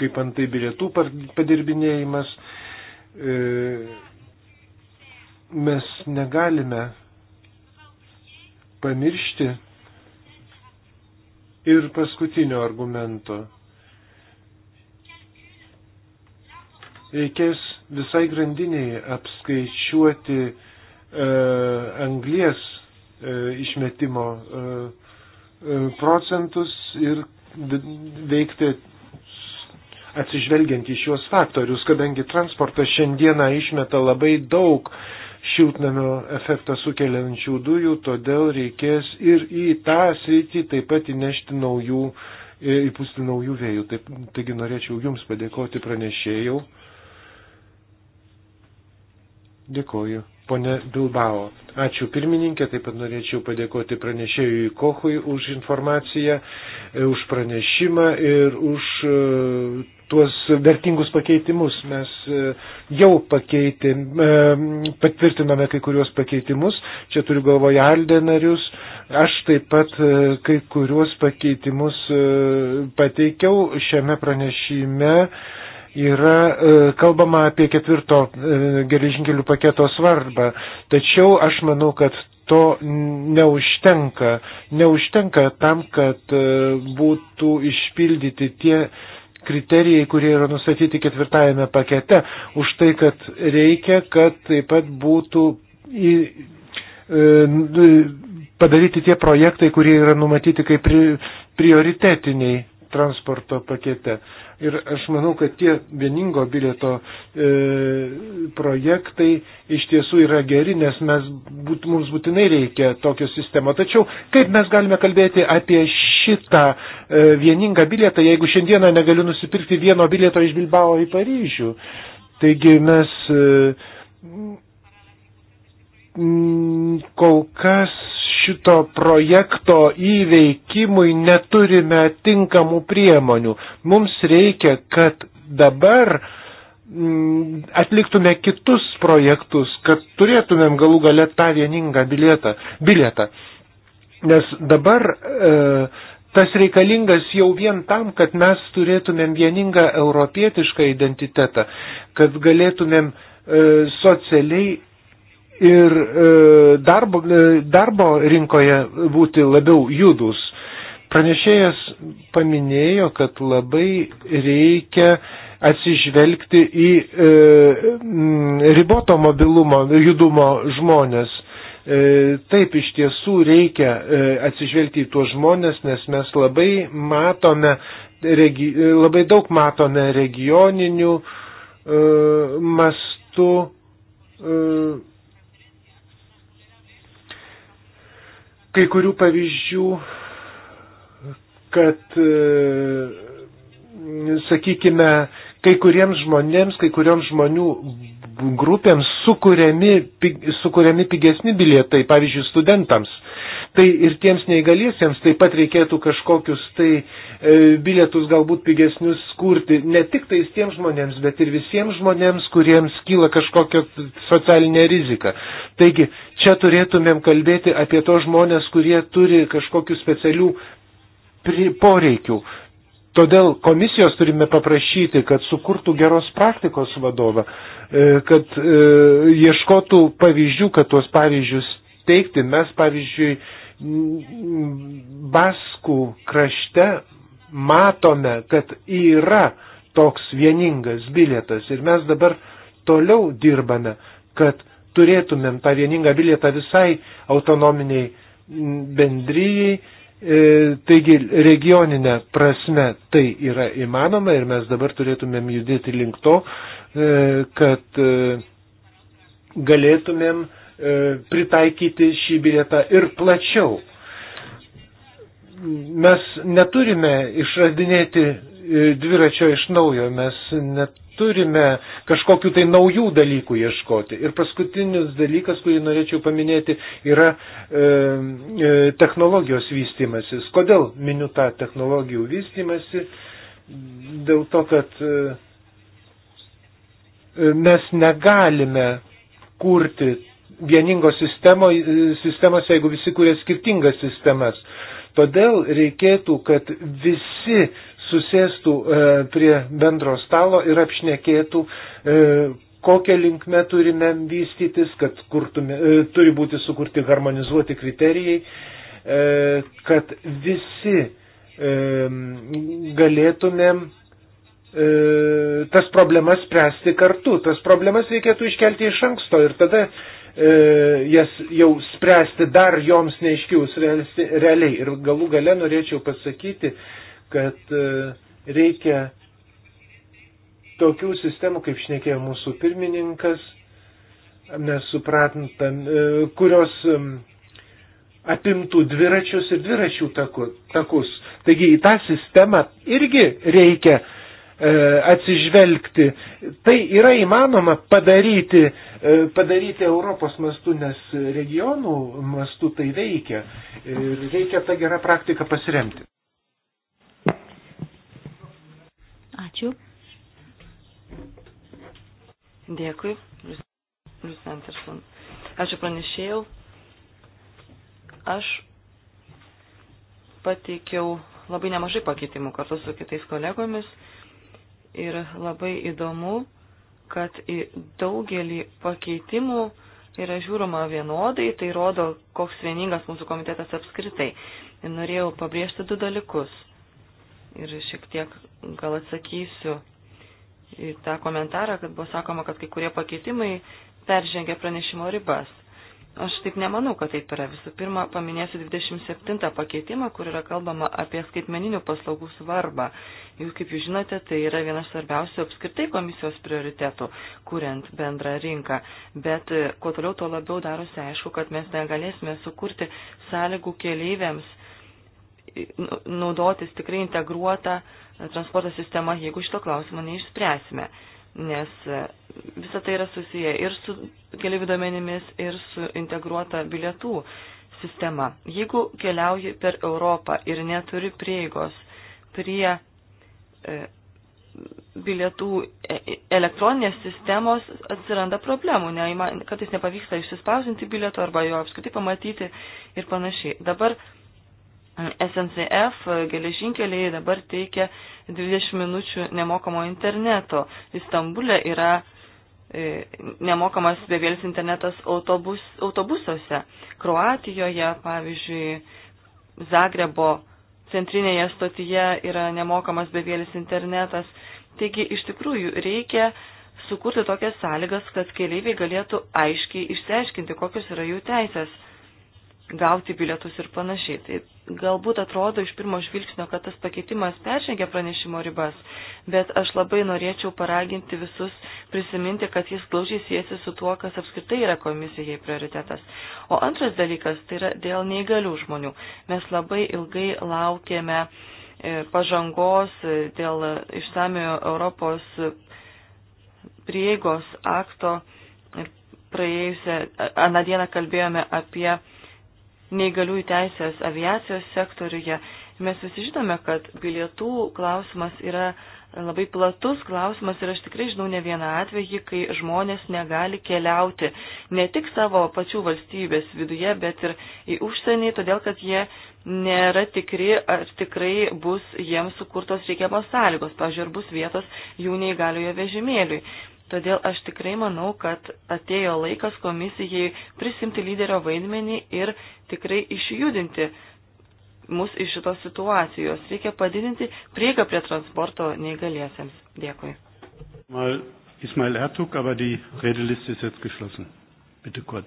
kaip antai bilietų padirbinėjimas. E, mes negalime pamiršti ir paskutinio argumento. Reikės visai grandiniai apskaičiuoti e, anglies e, išmetimo e, e procentus ir veikti atsižvelgiant į šiuos faktorius, kadangi transportas šiandieną išmeta labai daug e, šiltnamio efektą sukeliančių dujų, todėl reikės ir į tą sritį taip pat įnešti naujų, e, įpūsti naujų vėjų. Taip, taigi norėčiau Jums padėkoti pranešėjau. Dėkoju. Pone Bilbao. Ačiū pirmininkė, taip pat norėčiau padėkoti pranešėjui Kochui už informaciją, e, už pranešimą ir už e, tuos vertingus pakeitimus. Mes e, jau pakeitėm, e, patvirtinome kai kuriuos pakeitimus, čia turiu galvoje Aldė narius, aš taip pat e, kai kuriuos pakeitimus pateikiau šiame pranešime. Yra kalbama apie ketvirto geležinkelių paketo svarbą, tačiau aš manau, kad to neužtenka. Neužtenka tam, kad būtų išpildyti tie kriterijai, kurie yra nustatyti ketvirtajame pakete, už tai, kad reikia, kad taip pat būtų į, e, padaryti tie projektai, kurie yra numatyti kaip pri, prioritetiniai transporto pakete. Ir aš manau, kad tie vieningo bilieto e, projektai iš tiesų yra geri, nes mes, būt, mums būtinai reikia tokio sistemo. Tačiau kaip mes galime kalbėti apie šitą e, vieningą bilietą, jeigu šiandieną negaliu nusipirkti vieno bilieto iš Bilbao į Paryžių. Taigi mes e, kol kas šito projekto įveikimui neturime tinkamų priemonių. Mums reikia, kad dabar atliktume kitus projektus, kad turėtumėm galų galę tą vieningą bilietą. bilietą. Nes dabar e, Tas reikalingas jau vien tam, kad mes turėtumėm vieningą europietišką identitetą, kad galėtumėm e, socialiai ir e, darbo, e, darbo rinkoje būti labiau judus. Pranešėjas paminėjo, kad labai reikia atsižvelgti į e, riboto mobilumo, judumo žmonės. E, taip, iš tiesų reikia e, atsižvelgti į tuos žmonės, nes mes labai matome, regi, labai daug matome regioninių e, mastų. Kai kurių pavyzdžių, kad, sakykime, kai kuriems žmonėms, kai kurioms žmonių grupėms sukūrėmi, pig, sukūrėmi pigesni bilietai, pavyzdžiui, studentams. Tai ir tiems neįgaliesiems taip pat reikėtų kažkokius tai e, bilietus galbūt pigesnius kurti, ne tik tais tiems žmonėms, bet ir visiems žmonėms, kuriems kyla kažkokia socialinė rizika. Taigi, čia turėtumėm kalbėti apie tos žmonės, kurie turi kažkokių specialių poreikių. Todėl komisijos turime paprašyti, kad sukurtų geros praktikos vadovą, e, kad e, ieškotų pavyzdžių, kad tuos pavyzdžius teikti. Mes, pavyzdžiui, Baskų krašte matome, kad yra toks vieningas bilietas ir mes dabar toliau dirbame, kad turėtumėm tą vieningą bilietą visai autonominiai bendryjai E, taigi regioninė prasme tai yra įmanoma ir mes dabar turėtumėm judėti link to, e, kad e, galėtumėm pritaikyti šį bilietą ir plačiau. Mes neturime išradinėti E, dviračio iš naujo, mes neturime kažkokių tai naujų dalykų ieškoti. Ir paskutinis dalykas, kurį norėčiau paminėti, yra e, e, technologijos vystimasis. Kodėl miniu tą technologijų vystimasi? Dėl to, kad e, e mes negalime kurti vieningos sistemos, e, sistemos, jeigu visi kūrė skirtingas sistemas. Todėl reikėtų, kad visi susėstų e, prie bendro stalo ir apšnekėtų, e, kokią linkmę turime vystytis, kad kurtume, e, turi būti sukurti harmonizuoti kriterijai, kad visi galėtumėm tas problemas spręsti kartu. Tas problemas reikėtų iškelti iš anksto ir tada jas jau spręsti dar joms neiškiaus realiai. Ir galų gale norėčiau pasakyti, kad e, reikia tokių sistemų, kaip šnekėjo mūsų pirmininkas, mes suprantam, e, kurios apimtų dviračius ir dviračių takus. Taigi į tą sistemą irgi reikia e, atsižvelgti. Tai yra įmanoma padaryti, padaryti Europos mastu, nes regionų mastu tai veikia. Ir reikia tą gerą praktiką pasiremti. Ačiū. Dėkui, Lius Anderson. Ačiū pranešėjau. Aš pateikiau labai nemažai pakeitimų kartu su kitais kolegomis ir labai įdomu, kad į daugelį pakeitimų yra žiūroma vienodai, tai rodo, koks vieningas mūsų komitetas apskritai. Ir norėjau pabrėžti du dalykus ir šiek tiek gal atsakysiu į tą komentarą, kad buvo sakoma, kad kai kurie pakeitimai peržengia pranešimo ribas. Aš taip nemanau, kad taip yra. Visų pirma, paminėsiu 27 pakeitimą, kur yra kalbama apie skaitmeninių paslaugų svarbą. Jūs, kaip jūs žinote, tai yra vienas svarbiausių apskritai komisijos prioritetų, kuriant bendrą rinką. Bet e, kuo toliau, tuo labiau darosi aišku, kad mes negalėsime sukurti sąlygų keleiviams naudotis tikrai integruotą e, transporto sistemą, jeigu šito klausimo neišspręsime. Nes e, visa tai yra susiję ir su keliaivių duomenimis, ir su integruota bilietų sistema. Jeigu keliauji per Europą ir neturi prieigos prie e, bilietų elektroninės sistemos atsiranda problemų, ne, kartais nepavyksta išsispausinti bilieto arba jo apskritai pamatyti ir panašiai. Dabar SNCF e, geležinkeliai dabar teikia 20 minučių nemokamo interneto. Istambulė yra e, nemokamas bevėlis internetas autobus, autobusuose. Kroatijoje, pavyzdžiui, Zagrebo centrinėje stotyje yra nemokamas bevėlis internetas. Taigi, iš tikrųjų, reikia sukurti tokias sąlygas, kad keleiviai galėtų aiškiai išsiaiškinti, kokios yra jų teisės gauti bilietus ir panašiai. Tai galbūt atrodo iš pirmo žvilgsnio, kad tas pakeitimas peržengia pranešimo ribas, bet aš labai norėčiau paraginti visus prisiminti, kad jis glaužiai siejasi su tuo, kas apskritai yra komisijai prioritetas. O antras dalykas tai yra dėl neįgalių žmonių. Mes labai ilgai laukėme e, pažangos e, dėl išsamio Europos prieigos akto ir e, praėjusią, aną dieną kalbėjome apie neįgaliųjų teisės aviacijos sektoriuje. Mes visi žinome, kad bilietų klausimas yra labai platus klausimas ir aš tikrai žinau ne vieną atvejį, kai žmonės negali keliauti ne tik savo pačių valstybės viduje, bet ir į užsienį, todėl kad jie nėra tikri, ar tikrai bus jiems sukurtos reikiamos sąlygos, pažiūrėjau, ar bus vietos jų neįgaliojo vežimėliui. Todėl aš tikrai manau, kad atėjo laikas komisijai prisimti lyderio vaidmenį ir tikrai išjudinti mus iš šitos situacijos. Reikia padidinti prieigą prie transporto neįgaliesiems. Dėkui. Mal Ismail Ertug, aber die Redeliste ist jetzt geschlossen. Bitte kurz.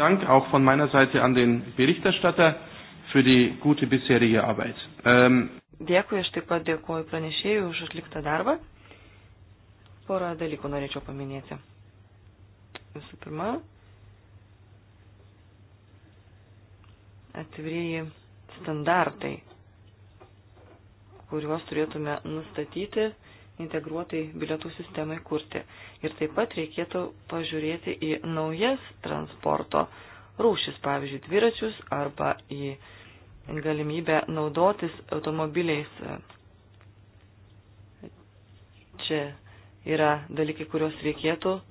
Dank auch von meiner Seite an den Berichterstatter für die gute bisherige Arbeit. Ähm, Dėkui, aš taip pat dėkuoju pranešėjui už atliktą darbą. Porą dalykų norėčiau paminėti. Visų pirma, atvirieji standartai, kuriuos turėtume nustatyti integruotai bilietų sistemai kurti. Ir taip pat reikėtų pažiūrėti į naujas transporto rūšis, pavyzdžiui, dviračius arba į galimybę naudotis automobiliais. Čia yra dalykai, kuriuos reikėtų e,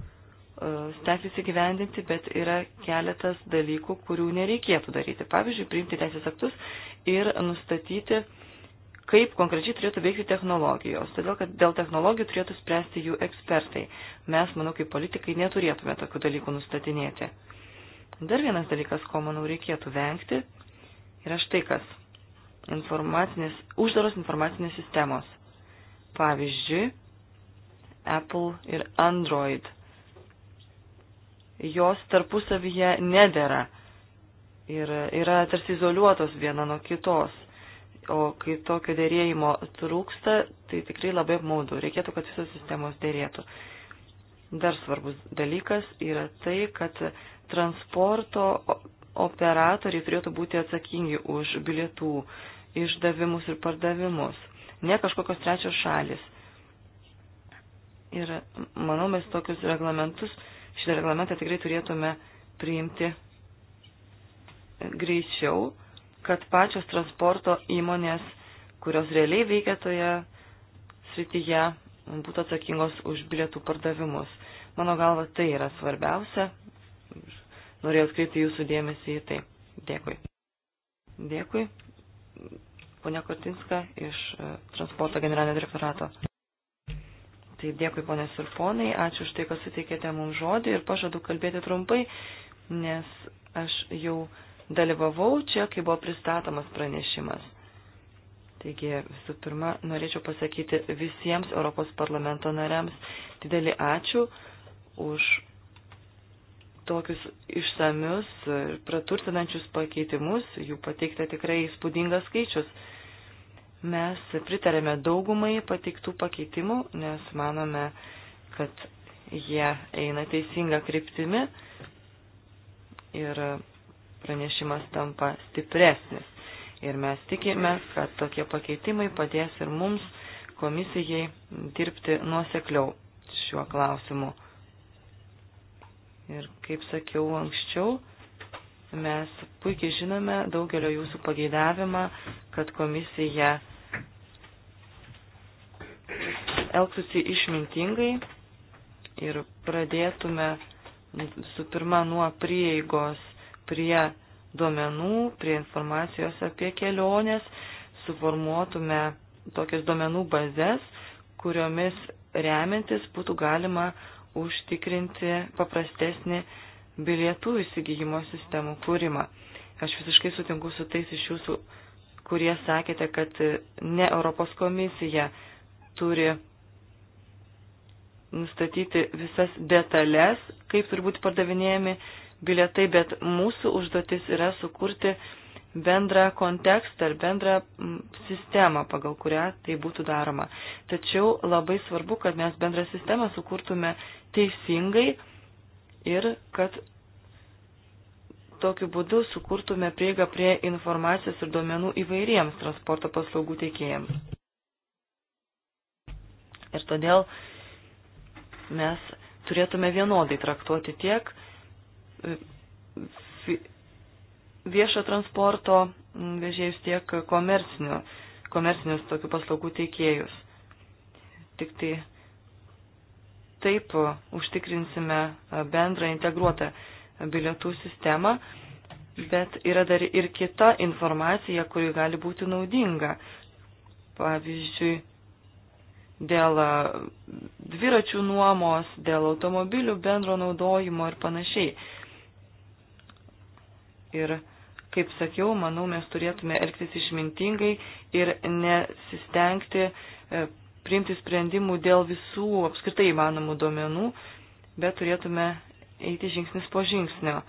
stengtis įgyvendinti, bet yra keletas dalykų, kurių nereikėtų daryti. Pavyzdžiui, priimti teisės aktus ir nustatyti, kaip konkrečiai turėtų veikti technologijos. Todėl, kad dėl technologijų turėtų spręsti jų ekspertai. Mes, manau, kaip politikai neturėtume tokių dalykų nustatinėti. Dar vienas dalykas, ko, manau, reikėtų vengti, yra štai kas. Informacinės, uždaros informacinės sistemos. Pavyzdžiui, Apple ir Android. Jos tarpusavyje nedėra ir yra tarsi izoliuotos viena nuo kitos. O kai tokio dėrėjimo trūksta, tai tikrai labai apmaudu. Reikėtų, kad visos sistemos dėrėtų. Dar svarbus dalykas yra tai, kad transporto operatoriai turėtų būti atsakingi už bilietų išdavimus ir pardavimus, ne kažkokios trečios šalis. Ir manau, mes tokius reglamentus, šitą reglamentą tikrai turėtume priimti greičiau, kad pačios transporto įmonės, kurios realiai veikia toje srityje, būtų atsakingos už bilietų pardavimus. Mano galva, tai yra svarbiausia. Norėjau atkreipti jūsų dėmesį į tai. Dėkui. Dėkui. Pone Kortinska iš e, Transporto generalinio direktorato. Tai dėkui, ponės ir ponai, ačiū už tai, kad suteikėte mums žodį ir pažadu kalbėti trumpai, nes aš jau dalyvavau čia, kai buvo pristatomas pranešimas. Taigi, visų pirma, norėčiau pasakyti visiems Europos parlamento nariams didelį ačiū už tokius išsamius ir praturtinančius pakeitimus, jų pateikta tikrai įspūdingas skaičius. Mes pritarėme daugumai pateiktų pakeitimų, nes manome, kad jie eina teisinga kryptimi ir pranešimas tampa stipresnis. Ir mes tikime, kad tokie pakeitimai padės ir mums komisijai dirbti nuosekliau šiuo klausimu. Ir kaip sakiau anksčiau, Mes puikiai žinome daugelio jūsų pageidavimą, kad komisija elgtųsi išmintingai ir pradėtume su pirma nuo prieigos prie duomenų, prie informacijos apie keliones, suformuotume tokias duomenų bazės, kuriomis remiantis būtų galima užtikrinti paprastesnį bilietų įsigijimo sistemų kūrimą. Aš visiškai sutinku su tais iš jūsų, kurie sakėte, kad ne Europos komisija turi nustatyti visas detalės, kaip turi būti pardavinėjami bilietai, bet mūsų užduotis yra sukurti bendrą kontekstą ir bendrą sistemą, pagal kurią tai būtų daroma. Tačiau labai svarbu, kad mes bendrą sistemą sukurtume teisingai ir kad tokiu būdu sukurtume prieigą prie informacijos ir duomenų įvairiems transporto paslaugų teikėjams. Ir todėl mes turėtume vienodai traktuoti tiek e, viešo transporto vežėjus, tiek komercinius tokių paslaugų teikėjus. Tik tai taip e, užtikrinsime e, bendrą integruotą e, bilietų sistemą, bet yra dar ir kita informacija, kuri gali būti naudinga. Pavyzdžiui, dėl dviračių nuomos, dėl automobilių bendro naudojimo ir panašiai. Ir, kaip sakiau, manau, mes turėtume elgtis išmintingai ir nesistengti priimti sprendimų dėl visų apskritai įmanomų duomenų, bet turėtume eiti žingsnis po žingsnio.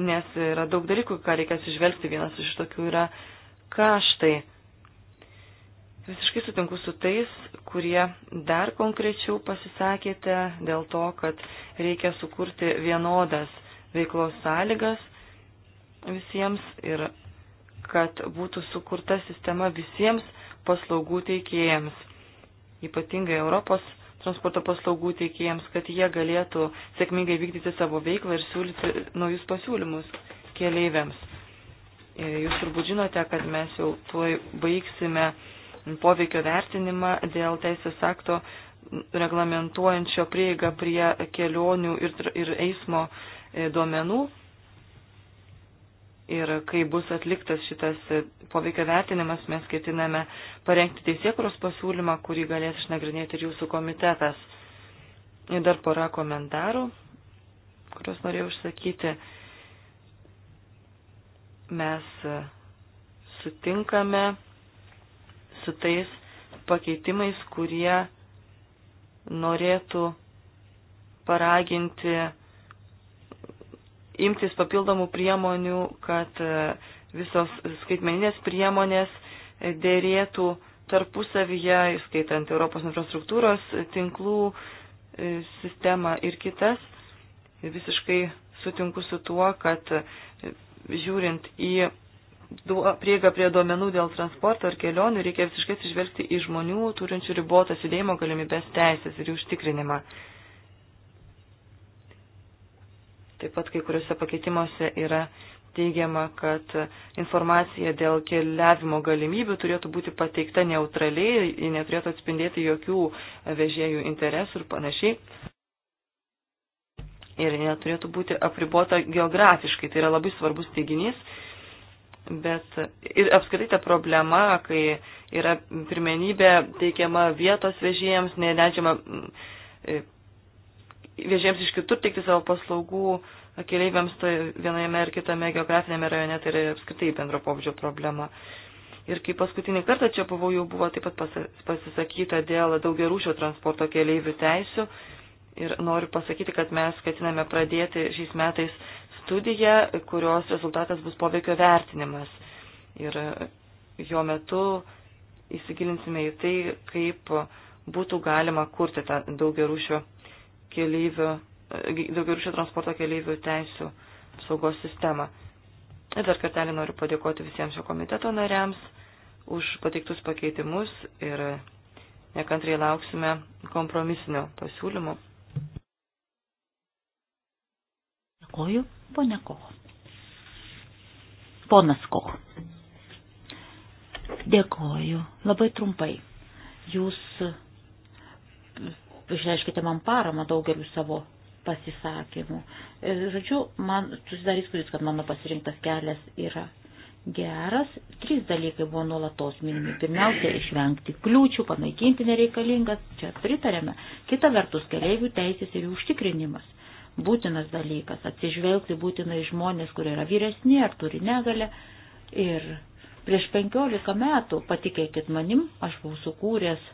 Nes yra daug dalykų, ką reikia atsižvelgti. Vienas iš tokių yra kaštai. Visiškai sutinku su tais, kurie dar konkrečiau pasisakėte dėl to, kad reikia sukurti vienodas veiklos sąlygas visiems ir kad būtų sukurta sistema visiems paslaugų teikėjams, ypatingai Europos transporto paslaugų teikėjams, kad jie galėtų sėkmingai vykdyti savo veiklą ir siūlyti naujus pasiūlymus keleiviams. Ir e, jūs turbūt žinote, kad mes jau tuoj baigsime poveikio vertinimą dėl teisės akto reglamentuojančio prieigą prie kelionių ir, ir eismo e, duomenų ir kai bus atliktas šitas poveikio vertinimas, mes ketiname parengti teisėkuros pasiūlymą, kurį galės išnagrinėti ir jūsų komitetas. Ir dar pora komentarų, kuriuos norėjau užsakyti. Mes sutinkame su tais pakeitimais, kurie norėtų paraginti imtis papildomų priemonių, kad e, visos skaitmeninės priemonės e, dėrėtų tarpusavyje, įskaitant Europos infrastruktūros tinklų e, sistemą ir kitas. Visiškai sutinku su tuo, kad žiūrint į prieigą prie duomenų dėl transporto ar kelionių, reikia visiškai atsižvelgti į žmonių turinčių ribotas judėjimo galimybės teisės ir jų užtikrinimą. Taip pat kai kuriuose pakeitimuose yra teigiama, kad informacija dėl keliavimo galimybių turėtų būti pateikta neutraliai, ji neturėtų atspindėti jokių vežėjų interesų ir panašiai. Ir neturėtų būti apribota geografiškai, tai yra labai svarbus teiginys. Bet ir apskritai ta problema, kai yra pirmenybė teikiama vietos vežėjams, neleidžiama vežėjams iš kitur teikti savo paslaugų keleiviams tai viename ar kitame geografinėme rajone, tai yra apskritai bendro pobūdžio problema. Ir kai paskutinį kartą čia buvau, jau buvo taip pat pasisakyta dėl daugiarūšio transporto keleivių teisių. Ir noriu pasakyti, kad mes ketiname pradėti šiais metais studiją, kurios rezultatas bus poveikio vertinimas. Ir jo metu įsigilinsime į tai, kaip būtų galima kurti tą daugiarūšio keleivių, daugiau rūšio transporto keleivių teisų saugos sistemą. Ir dar kartelį noriu padėkoti visiems šio komiteto nariams už pateiktus pakeitimus ir nekantriai lauksime kompromisinio pasiūlymo. Dėkoju, ponia Koch. Ponas Koch. Dėkoju. Labai trumpai. Jūs išreiškite man paramą daugeliu savo pasisakymų. Ir, e, žodžiu, man susidarys kuris, kad mano pasirinktas kelias yra geras. Trys dalykai buvo nuolatos minimi. Pirmiausia, išvengti kliūčių, panaikinti nereikalingas, čia pritarėme. Kita vertus, keliaivių teisės ir jų užtikrinimas. Būtinas dalykas, atsižvelgti būtinai žmonės, kurie yra vyresni ar turi negalę. Ir prieš penkiolika metų, patikėkit manim, aš buvau sukūręs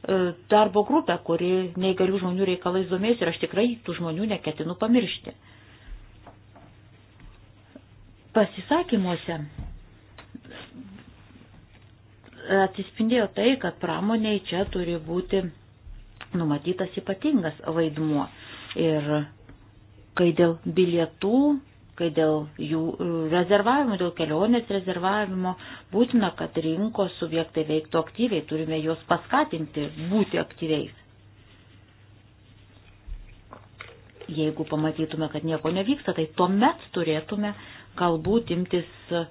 E, darbo grupę, kuri neįgalių žmonių reikalais domės ir aš tikrai tų žmonių neketinu pamiršti. Pasisakymuose atsispindėjo tai, kad pramoniai čia turi būti numatytas ypatingas vaidmuo. Ir kai dėl bilietų kai dėl jų e, rezervavimo, dėl kelionės rezervavimo būtina, kad rinkos subjektai veiktų aktyviai, turime juos paskatinti būti aktyviais. Jeigu pamatytume, kad nieko nevyksta, tai tuomet turėtume galbūt imtis e,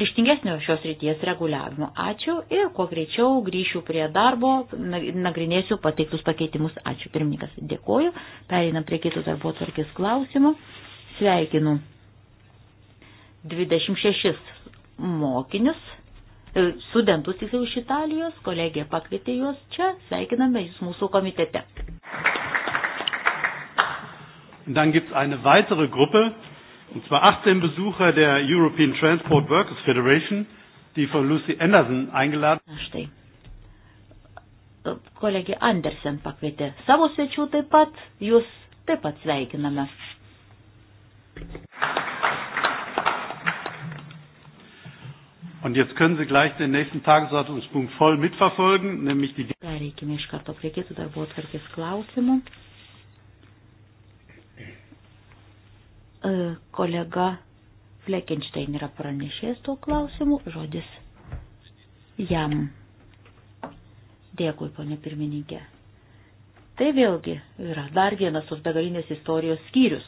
ryštingesnio šios ryties reguliavimo. Ačiū ir kuo greičiau grįšiu prie darbo, nagrinėsiu pateiktus pakeitimus. Ačiū pirmininkas, dėkoju. Pereinam prie kitų darbo tvarkės klausimų. Sveikinu 26 mokinius, e, studentus tiksliau iš Italijos, kolegija pakvietė juos čia, sveikiname jūs mūsų komitete. Dann gibt es eine weitere Gruppe, und zwar 18 Besucher der European Transport Workers Federation, die von Lucy Anderson eingeladen. Na štai. E, kolegė Andersen pakvietė savo svečių taip pat, jūs taip pat sveikiname. Und jetzt können Sie gleich den nächsten Tagesordnungspunkt voll mitverfolgen, nämlich die. Pereikime iš karto prie kitų darbo atvarkės klausimų. Kolega Fleckenstein yra pranešėjęs tuo klausimu, žodis jam. Dėkui, ponė pirmininkė. Tai vėlgi yra dar vienas tos begalinės istorijos skyrius.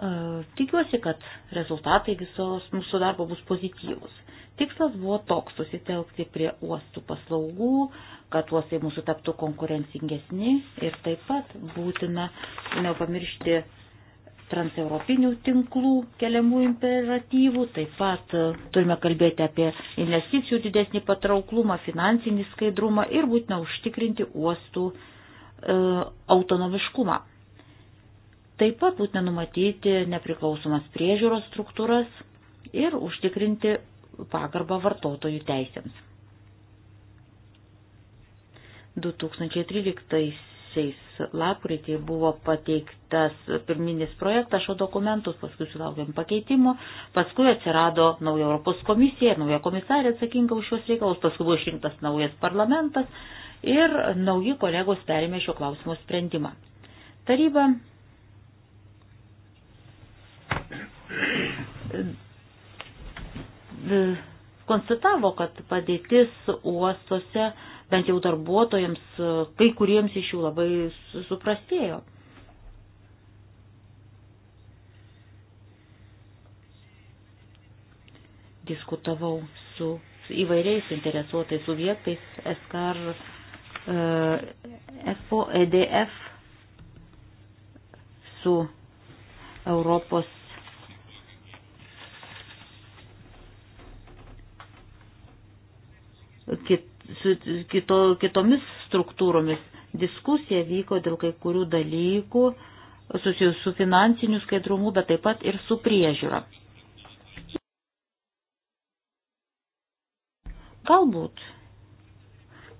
E, tikiuosi, kad rezultatai visos mūsų darbo bus pozityvus. Tikslas buvo toks susitelkti prie uostų paslaugų, kad uostai mūsų taptų konkurencingesni ir taip pat būtina nepamiršti transeuropinių tinklų keliamų imperatyvų, taip pat e, turime kalbėti apie investicijų didesnį patrauklumą, finansinį skaidrumą ir būtina užtikrinti uostų e, autonomiškumą. Taip pat būtina numatyti nepriklausomas priežiūros struktūras ir užtikrinti pagarbą vartotojų teisėms. 2013 lapkritį buvo pateiktas pirminis projektas šio dokumentus, paskui sulaukėm pakeitimo, paskui atsirado nauja Europos komisija, nauja komisarė atsakinga už šios reikalus, paskui buvo išrinktas naujas parlamentas ir nauji kolegos perėmė šio klausimo sprendimą. Taryba konstatavo, kad padėtis uostose, bent jau darbuotojams, kai kuriems iš jų labai suprastėjo. Diskutavau su įvairiais interesuotais subjektais, SKR, e, FO, EDF, su Europos kit, su kito, kitomis struktūromis. Diskusija vyko dėl kai kurių dalykų susijusių su finansiniu skaidrumu, bet taip pat ir su priežiūra. Galbūt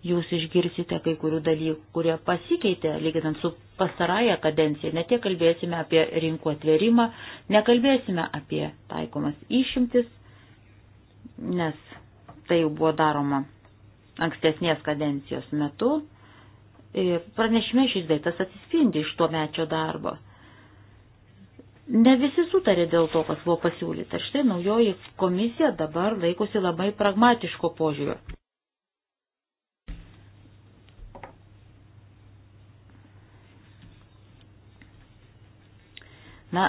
jūs išgirsite kai kurių dalykų, kurie pasikeitė, lyginant su pastarąją kadenciją. Netiek kalbėsime apie rinkų atverimą, nekalbėsime apie taikomas išimtis, nes tai jau buvo daroma ankstesnės kadencijos metu. Ir pranešime šis daiktas atsispindi iš tuo mečio darbo. Ne visi sutarė dėl to, kas buvo pasiūlyta. Štai naujoji komisija dabar laikosi labai pragmatiško požiūrio. Na,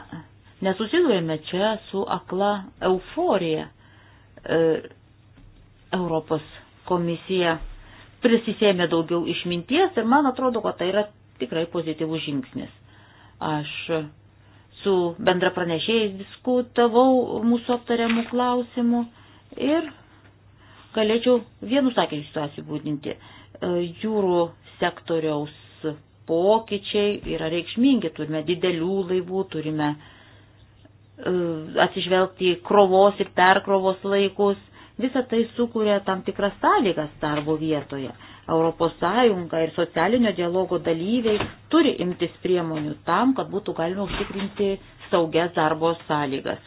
nesusidurėme čia su akla euforija e, Europos komisija prisisėmė daugiau išminties ir man atrodo, kad tai yra tikrai pozityvus žingsnis. Aš su bendra pranešėjais diskutavau mūsų aptariamų klausimų ir galėčiau vienu sakiniu situaciją būdinti. E, jūrų sektoriaus pokyčiai yra reikšmingi, turime didelių laivų, turime e, atsižvelgti į krovos ir perkrovos laikus, Visą tai sukuria tam tikras sąlygas darbo vietoje. ES ir socialinio dialogo dalyviai turi imtis priemonių tam, kad būtų galima užtikrinti saugias darbo sąlygas.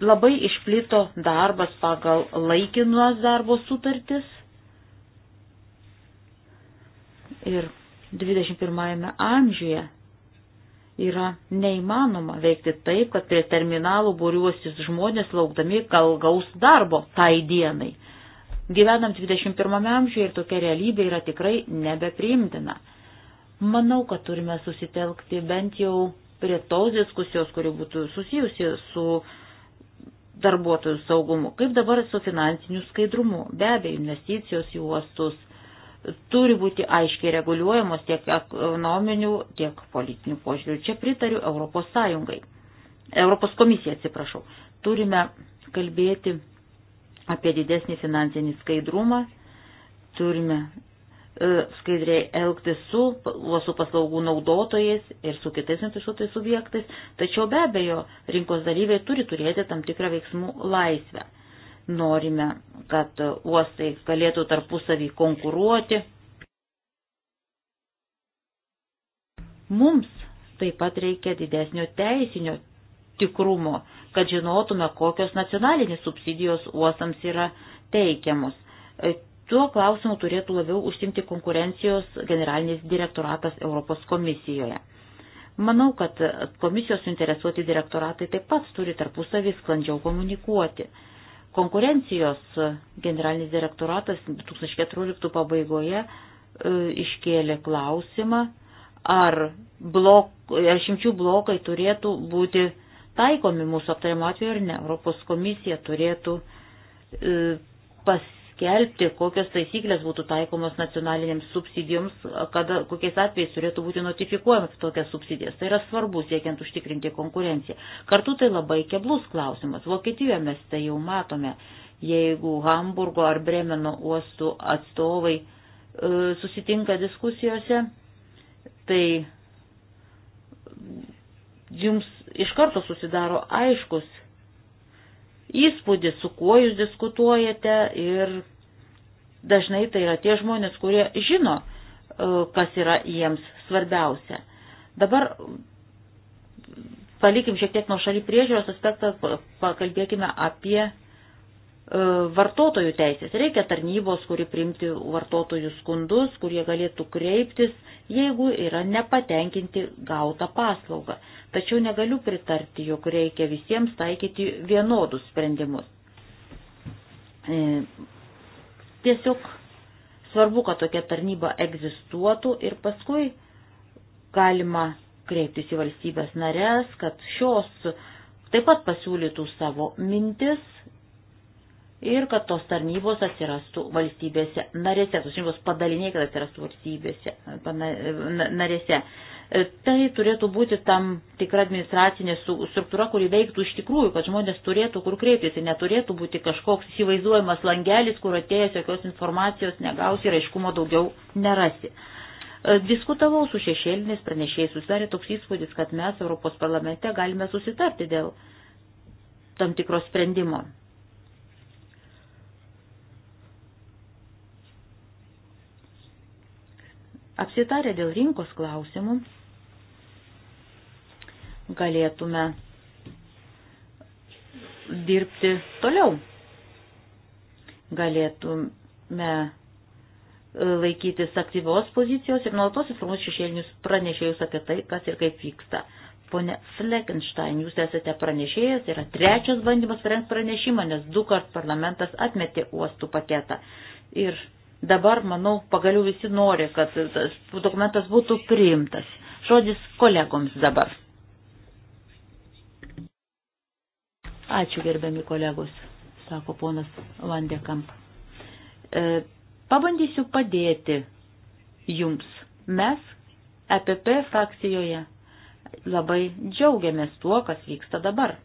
Labai išplito darbas pagal laikinuos darbo sutartis. Ir 21 amžiuje yra neįmanoma veikti taip, kad prie terminalų būriuosis žmonės laukdami, gal gaus darbo tai dienai. Gyvenam 21 amžiuje ir tokia realybė yra tikrai nebepriimtina. Manau, kad turime susitelkti bent jau prie tos diskusijos, kuri būtų susijusi su darbuotojų saugumu. Kaip dabar su finansiniu skaidrumu? Be abejo, investicijos į uostus turi būti aiškiai reguliuojamos tiek ekonominių, tiek politinių požiūrių. Čia pritariu Europos Sąjungai. Europos komisija, atsiprašau. Turime kalbėti apie didesnį finansinį skaidrumą, turime e, skaidriai elgtis su uosų paslaugų naudotojais ir su kitais netušuotais subjektais, tačiau be abejo rinkos dalyviai turi turėti tam tikrą veiksmų laisvę. Norime, kad uostai galėtų tarpusavį konkuruoti. Mums taip pat reikia didesnio teisinio tikrumo, kad žinotume, kokios nacionalinės subsidijos uostams yra teikiamos. Tuo klausimu turėtų labiau užsimti konkurencijos generalinis direktoratas Europos komisijoje. Manau, kad komisijos suinteresuoti direktoratai taip pat turi tarpusavį sklandžiau komunikuoti. Konkurencijos generalinis direktoratas 2014 pabaigoje e, iškėlė klausimą, ar, blok, ar šimčių blokai turėtų būti taikomi mūsų aptariamo atveju ar ne. Europos komisija turėtų e, pas, skelbti, kokios taisyklės būtų taikomos nacionalinėms subsidijoms, kada, kokiais atvejais turėtų būti notifikuojamas tokias subsidijas. Tai yra svarbu siekiant užtikrinti konkurenciją. Kartu tai labai keblus klausimas. Vokietijoje mes tai jau matome, jeigu Hamburgo ar Bremeno uostų atstovai e, susitinka diskusijose, tai jums iš karto susidaro aiškus įspūdį, su kuo jūs diskutuojate ir dažnai tai yra tie žmonės, kurie žino, e, kas yra jiems svarbiausia. Dabar palikim šiek tiek nuo šalį priežiūros aspektą, pakalbėkime apie e, vartotojų teisės. Reikia tarnybos, kuri primti vartotojų skundus, kurie galėtų kreiptis, jeigu yra nepatenkinti gautą paslaugą tačiau negaliu pritarti, jog reikia visiems taikyti vienodus sprendimus. E, tiesiog svarbu, kad tokia tarnyba egzistuotų ir paskui galima kreiptis į valstybės narės, kad šios taip pat pasiūlytų savo mintis ir kad tos tarnybos atsirastų valstybėse narėse, tos tarnybos padaliniai, kad atsirastų valstybėse narėse. E, tai turėtų būti tam tikra administracinė struktūra, kuri veiktų iš tikrųjų, kad žmonės turėtų kur kreiptis. Neturėtų būti kažkoks įsivaizduojamas langelis, kur atėjęs jokios informacijos negausi ir aiškumo daugiau nerasi. E, diskutavau su šešėliniais pranešėjais, susidarė toks įspūdis, kad mes Europos parlamente galime susitarti dėl tam tikro sprendimo. Apsitarę dėl rinkos klausimų galėtume dirbti toliau. Galėtume e, laikytis aktyvios pozicijos ir nuolatos informuos šešėlinius pranešėjus apie tai, kas ir kaip vyksta. Pone Fleckenstein, jūs esate pranešėjas, yra trečias bandymas parengti pranešimą, nes du kart parlamentas atmetė uostų paketą. Ir dabar, manau, pagaliau visi nori, kad tas dokumentas būtų priimtas. Žodis kolegoms dabar. Ačiū gerbiami kolegos, sako ponas Vandekamp. E, pabandysiu padėti jums. Mes EPP frakcijoje labai džiaugiamės tuo, kas vyksta dabar.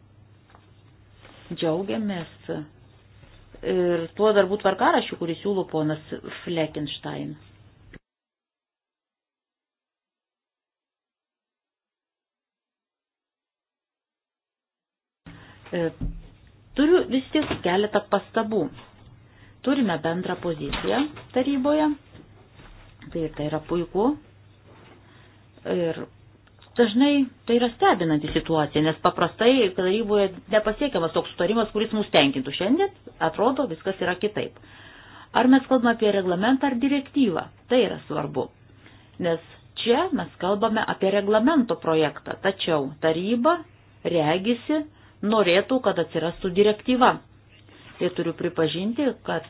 Džiaugiamės ir tuo darbų tvarkarašiu, kurį siūlo ponas Fleckenstein. E, turiu vis tiek keletą pastabų. Turime bendrą poziciją taryboje. Tai, tai yra puiku. Ir dažnai tai yra stebinanti situacija, nes paprastai taryboje nepasiekiamas toks sutarimas, kuris mus tenkintų. Šiandien atrodo viskas yra kitaip. Ar mes kalbame apie reglamentą ar direktyvą? Tai yra svarbu. Nes čia mes kalbame apie reglamento projektą, tačiau taryba regisi norėtų, kad atsirastų direktyva. Ir tai turiu pripažinti, kad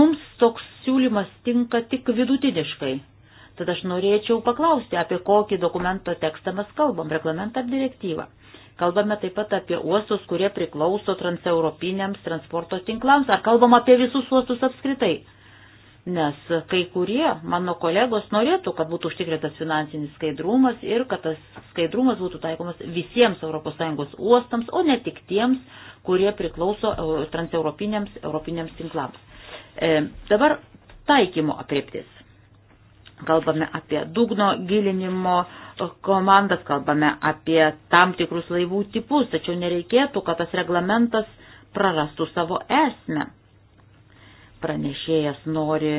mums toks siūlymas tinka tik vidutiniškai. Tad aš norėčiau paklausti, apie kokį dokumento tekstą mes kalbam, reglamentą ar direktyvą. Kalbame taip pat apie uostus, kurie priklauso transeuropiniams transporto tinklams, ar kalbam apie visus uostus apskritai nes kai kurie mano kolegos norėtų, kad būtų užtikrintas finansinis skaidrumas ir kad tas skaidrumas būtų taikomas visiems ES uostams, o ne tik tiems, kurie priklauso transeuropiniams europiniams tinklams. E, dabar taikymo apriptis. Kalbame apie dugno gilinimo komandas, kalbame apie tam tikrus laivų tipus, tačiau nereikėtų, kad tas reglamentas prarastų savo esmę Pranešėjas nori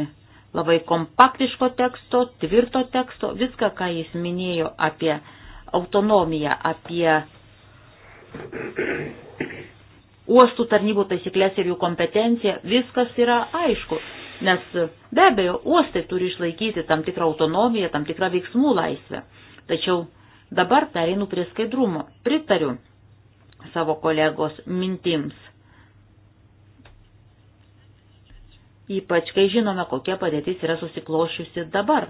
labai kompaktiško teksto, tvirto teksto, viską, ką jis minėjo apie autonomiją, apie uostų tarnybų taisyklės ir jų kompetenciją, viskas yra aišku. Nes be abejo, uostai turi išlaikyti tam tikrą autonomiją, tam tikrą veiksmų laisvę. Tačiau dabar pereinu prie skaidrumo. Pritariu savo kolegos mintims ypač kai žinome, kokia padėtis yra susiklošiusi dabar.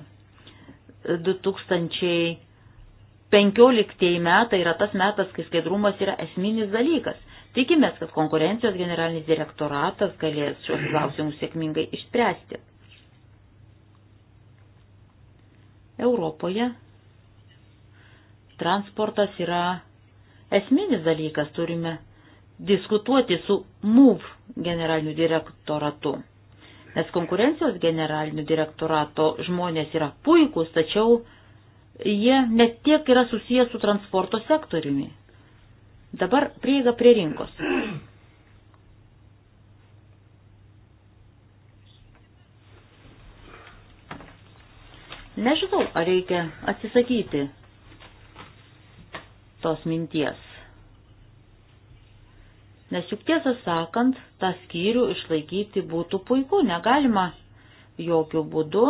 2015 metai yra tas metas, kai skaidrumas yra esminis dalykas. Tikimės, kad konkurencijos generalinis direktoratas galės šios klausimus sėkmingai išspręsti. Europoje transportas yra esminis dalykas, turime diskutuoti su MUV generaliniu direktoratu. Nes konkurencijos generalinių direktorato žmonės yra puikūs, tačiau jie net tiek yra susijęs su transporto sektoriumi. Dabar prieiga prie rinkos. Nežinau, ar reikia atsisakyti tos minties. Nes juk tiesą sakant, tą skyrių išlaikyti būtų puiku, negalima jokių būdų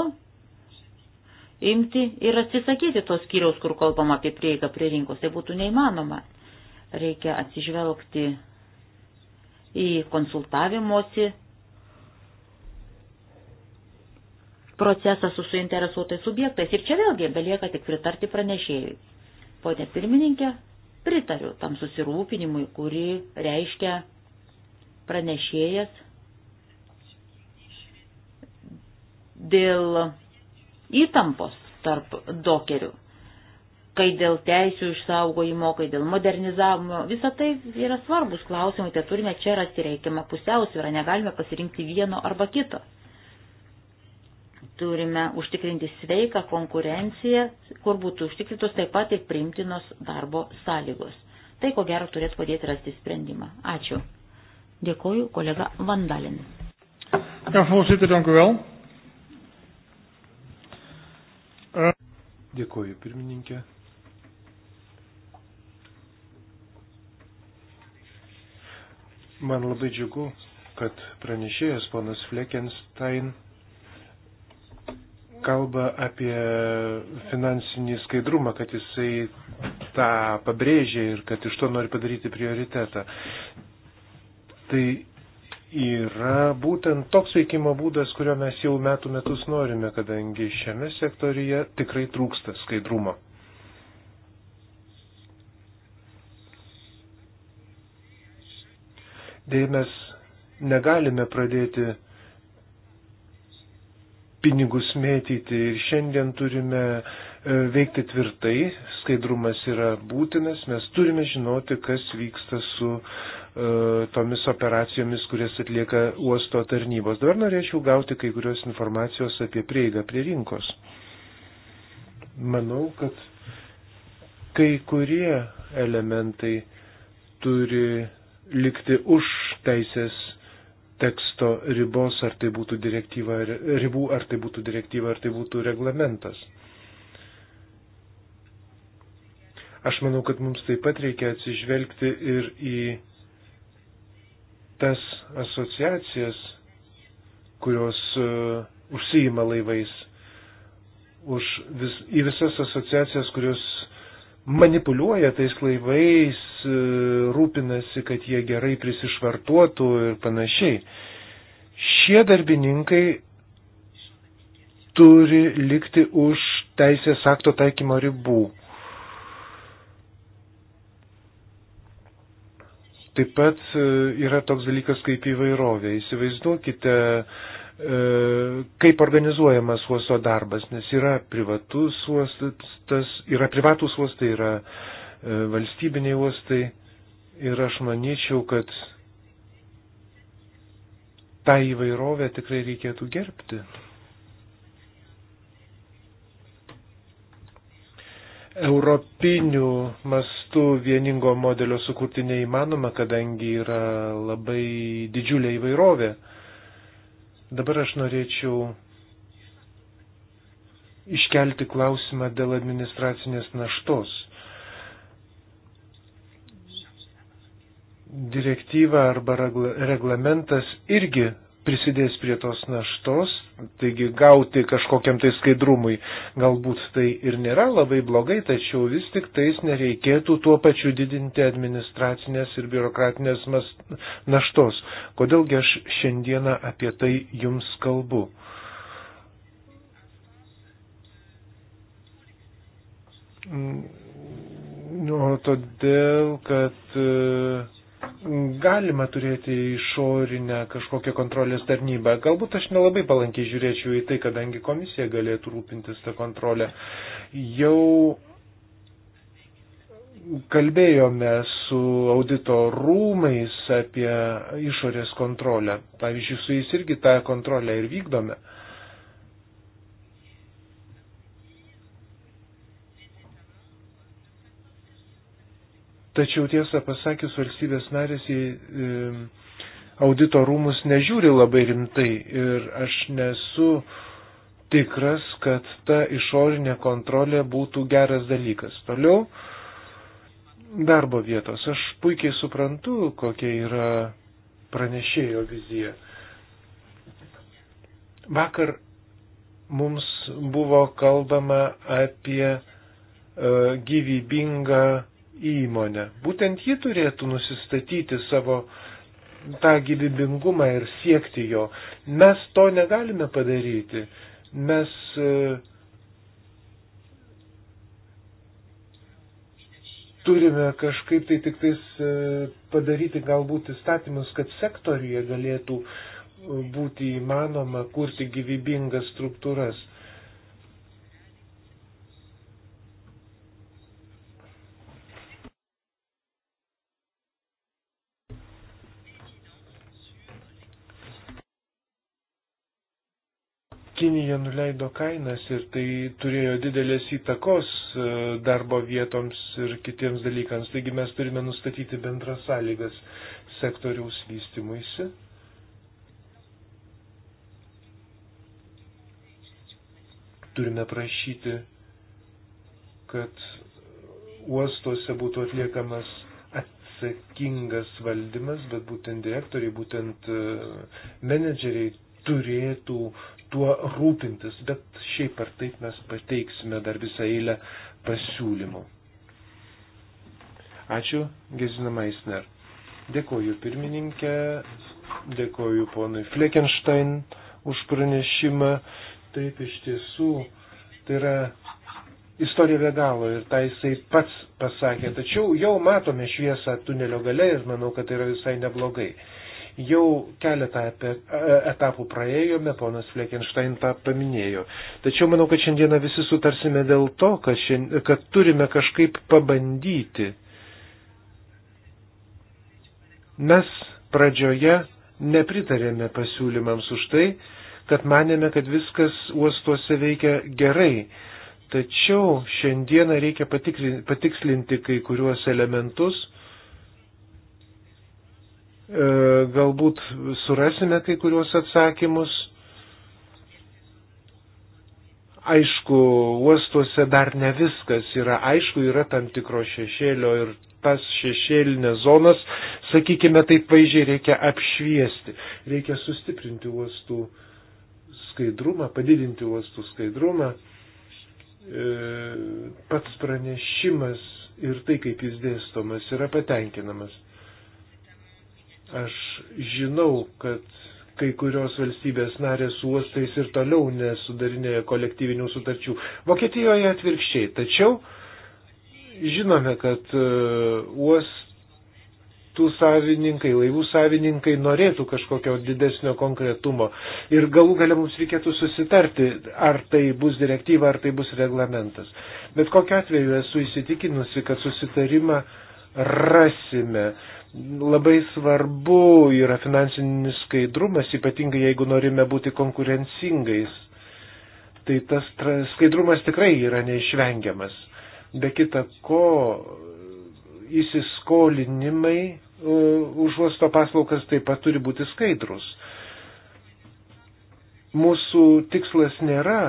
imti ir atsisakyti tos skyriaus, kur kalbam apie prieigą prie rinkos. Tai būtų neįmanoma. Reikia atsižvelgti į konsultavimuosi procesą su suinteresuotais subjektais. Ir čia vėlgi belieka tik pritarti pranešėjui. Pone pirmininkė, Pritariu tam susirūpinimui, kurį reiškia pranešėjas dėl įtampos tarp dokerių, kai dėl teisių išsaugojimo, kai dėl modernizavimo, visa tai yra svarbus klausimai, tai turime čia rasti reikiamą pusiausvyrą, negalime pasirinkti vieno arba kito turime užtikrinti sveiką konkurenciją, kur būtų užtikrintos taip pat ir priimtinos darbo sąlygos. Tai ko gero turėtų padėti rasti sprendimą. Ačiū. Dėkoju, kolega Vandalin. Ja, voorzitter, dank u wel. Eh, Dėkoju, pirmininkė. Man labai džiugu, kad pranešėjas ponas Fleckenstein kalba apie finansinį skaidrumą, kad jisai tą pabrėžė ir kad iš to nori padaryti prioritetą. Tai yra būtent toks veikimo būdas, kurio mes jau metų metus norime, kadangi šiame sektorija tikrai trūksta skaidrumo. Dėmes negalime pradėti pinigus mėtyti ir šiandien turime e, veikti tvirtai, skaidrumas yra būtinas, mes turime žinoti, kas vyksta su e, tomis operacijomis, kurias atlieka uosto tarnybos. Dabar norėčiau gauti kai kurios informacijos apie prieigą prie rinkos. Manau, kad kai kurie elementai turi likti už teisės teksto ribos, ar tai būtų direktyva, ribų, ar tai būtų direktyva, ar tai būtų reglamentas. Aš manau, kad mums taip pat reikia atsižvelgti ir į tas asociacijas, kurios uh, e, užsiima laivais, už vis, į visas asociacijas, kurios manipuliuoja tais laivais, e, rūpinasi, kad jie gerai prisišvartuotų ir panašiai. Šie darbininkai turi likti už teisės akto taikymo ribų. Taip pat e, yra toks dalykas kaip įvairovė. Įsivaizduokite, uh, E, kaip organizuojamas uosto darbas, nes yra privatus uostas, yra privatus uostai, yra e, valstybiniai uostai ir aš manyčiau, kad tą įvairovę tikrai reikėtų gerbti. Europinių mastų vieningo modelio sukurti neįmanoma, kadangi yra labai didžiulė įvairovė. E, Dabar aš norėčiau iškelti klausimą dėl administracinės naštos. Direktyva arba reglamentas irgi prisidės prie tos naštos, taigi gauti kažkokiam tai skaidrumui. Galbūt tai ir nėra labai blogai, tačiau vis tik tais nereikėtų tuo pačiu didinti administracinės ir biurokratinės naštos. Kodėlgi aš šiandieną apie tai jums kalbu? Nu, todėl, kad uh, galima turėti išorinę kažkokią kontrolės tarnybą. Galbūt aš nelabai palankiai žiūrėčiau į tai, kadangi komisija galėtų rūpintis tą kontrolę. Jau kalbėjome su audito rūmais apie išorės kontrolę. Pavyzdžiui, su jais irgi tą kontrolę ir vykdome. Uh, Tačiau tiesą pasakius, valstybės narės į audito rūmus nežiūri labai rimtai ir aš nesu tikras, kad ta išorinė kontrolė būtų geras dalykas. Toliau darbo vietos. Aš puikiai suprantu, kokia yra pranešėjo vizija. Vakar mums buvo kalbama apie e, gyvybingą įmonę. Būtent ji turėtų nusistatyti savo tą gyvybingumą ir siekti jo. Mes to negalime padaryti. Mes e, turime kažkaip tai tik tais e, padaryti galbūt įstatymus, kad sektorija galėtų e, būti įmanoma kurti gyvybingas struktūras. nuleido kainas ir tai turėjo didelės įtakos e, darbo vietoms ir kitiems dalykams. Taigi mes turime nustatyti bendras sąlygas sektoriaus vystimuisi. Turime prašyti, kad uostuose būtų atliekamas atsakingas valdymas, bet būtent direktoriai, būtent e, menedžeriai turėtų tuo rūpintis, bet šiaip ar taip mes pateiksime dar visą eilę pasiūlymų. Ačiū, Gezina Maisner. Dėkoju pirmininkė, dėkoju ponui Fleckenstein už pranešimą. Taip iš tiesų, tai yra istorija be galo ir tai jisai pats pasakė. Tačiau jau matome šviesą tunelio gale ir manau, kad tai yra visai neblogai. Jau keletą e, etapų praėjome, ponas Fleckenstein tą paminėjo. Tačiau manau, kad šiandieną visi sutarsime dėl to, kad, šiandien, kad turime kažkaip pabandyti. Mes pradžioje nepritarėme pasiūlymams už tai, kad manėme, kad viskas uostuose veikia gerai. Tačiau šiandieną reikia patikslinti kai kuriuos elementus E, galbūt surasime kai kuriuos atsakymus. Aišku, uostuose dar ne viskas yra. Aišku, yra tam tikro šešėlio ir tas šešėlinės zonas, sakykime, taip vaizdžiai reikia apšviesti. Reikia sustiprinti uostų skaidrumą, padidinti uostų skaidrumą. E, pats pranešimas ir tai, kaip jis dėstomas, yra patenkinamas. Aš žinau, kad kai kurios valstybės narės su uostais ir toliau nesudarinėja kolektyvinių sutarčių. Vokietijoje atvirkščiai. Tačiau žinome, kad e, uostų savininkai, laivų savininkai norėtų kažkokio didesnio konkretumo. Ir galų gale mums reikėtų susitarti, ar tai bus direktyva, ar tai bus reglamentas. Bet kokiu atveju esu įsitikinusi, kad susitarimą rasime. Uh, Labai svarbu yra finansinis skaidrumas, ypatingai jeigu norime būti konkurencingais. Tai tas skaidrumas tikrai yra neišvengiamas. Be kita ko, įsiskolinimai e, už uosto paslaugas taip pat turi būti skaidrus. Mūsų tikslas nėra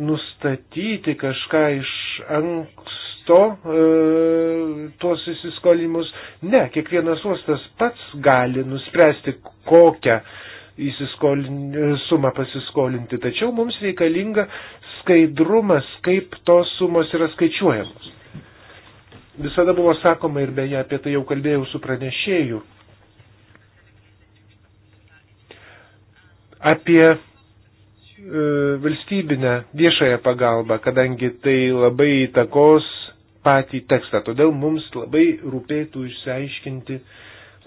nustatyti kažką iš anks to, e, tuos įsiskolimus. Ne, kiekvienas uostas pats gali nuspręsti, kokią e, sumą pasiskolinti. Tačiau mums reikalinga skaidrumas, kaip tos sumos yra skaičiuojamos. Visada buvo sakoma ir beje apie tai jau kalbėjau su pranešėju. Apie e, valstybinę viešąją pagalbą, kadangi tai labai įtakos patį tekstą. Todėl mums labai rūpėtų išsiaiškinti,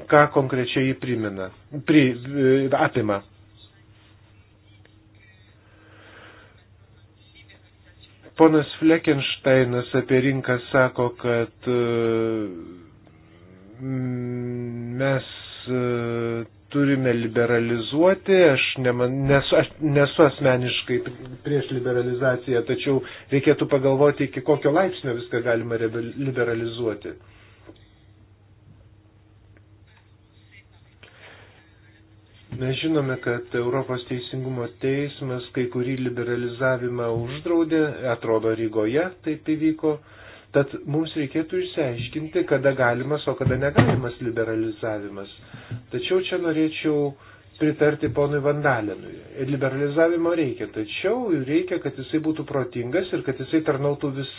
ką konkrečiai jį primina, pri, e, apima. Ponas Fleckensteinas apie rinką sako, kad e, mes e, turime liberalizuoti. Aš, neman, nesu, aš nesu asmeniškai prieš liberalizaciją, tačiau reikėtų pagalvoti, iki kokio laipsnio viską galima liberalizuoti. Mes žinome, kad Europos teisingumo teismas kai kurį liberalizavimą uždraudė, atrodo Rygoje taip įvyko. Tad mums reikėtų išsiaiškinti, kada galimas, o kada negalimas liberalizavimas. Tačiau čia norėčiau pritarti ponui Vandalenui. Liberalizavimo reikia, tačiau reikia, kad jisai būtų protingas ir kad jisai tarnautų vis,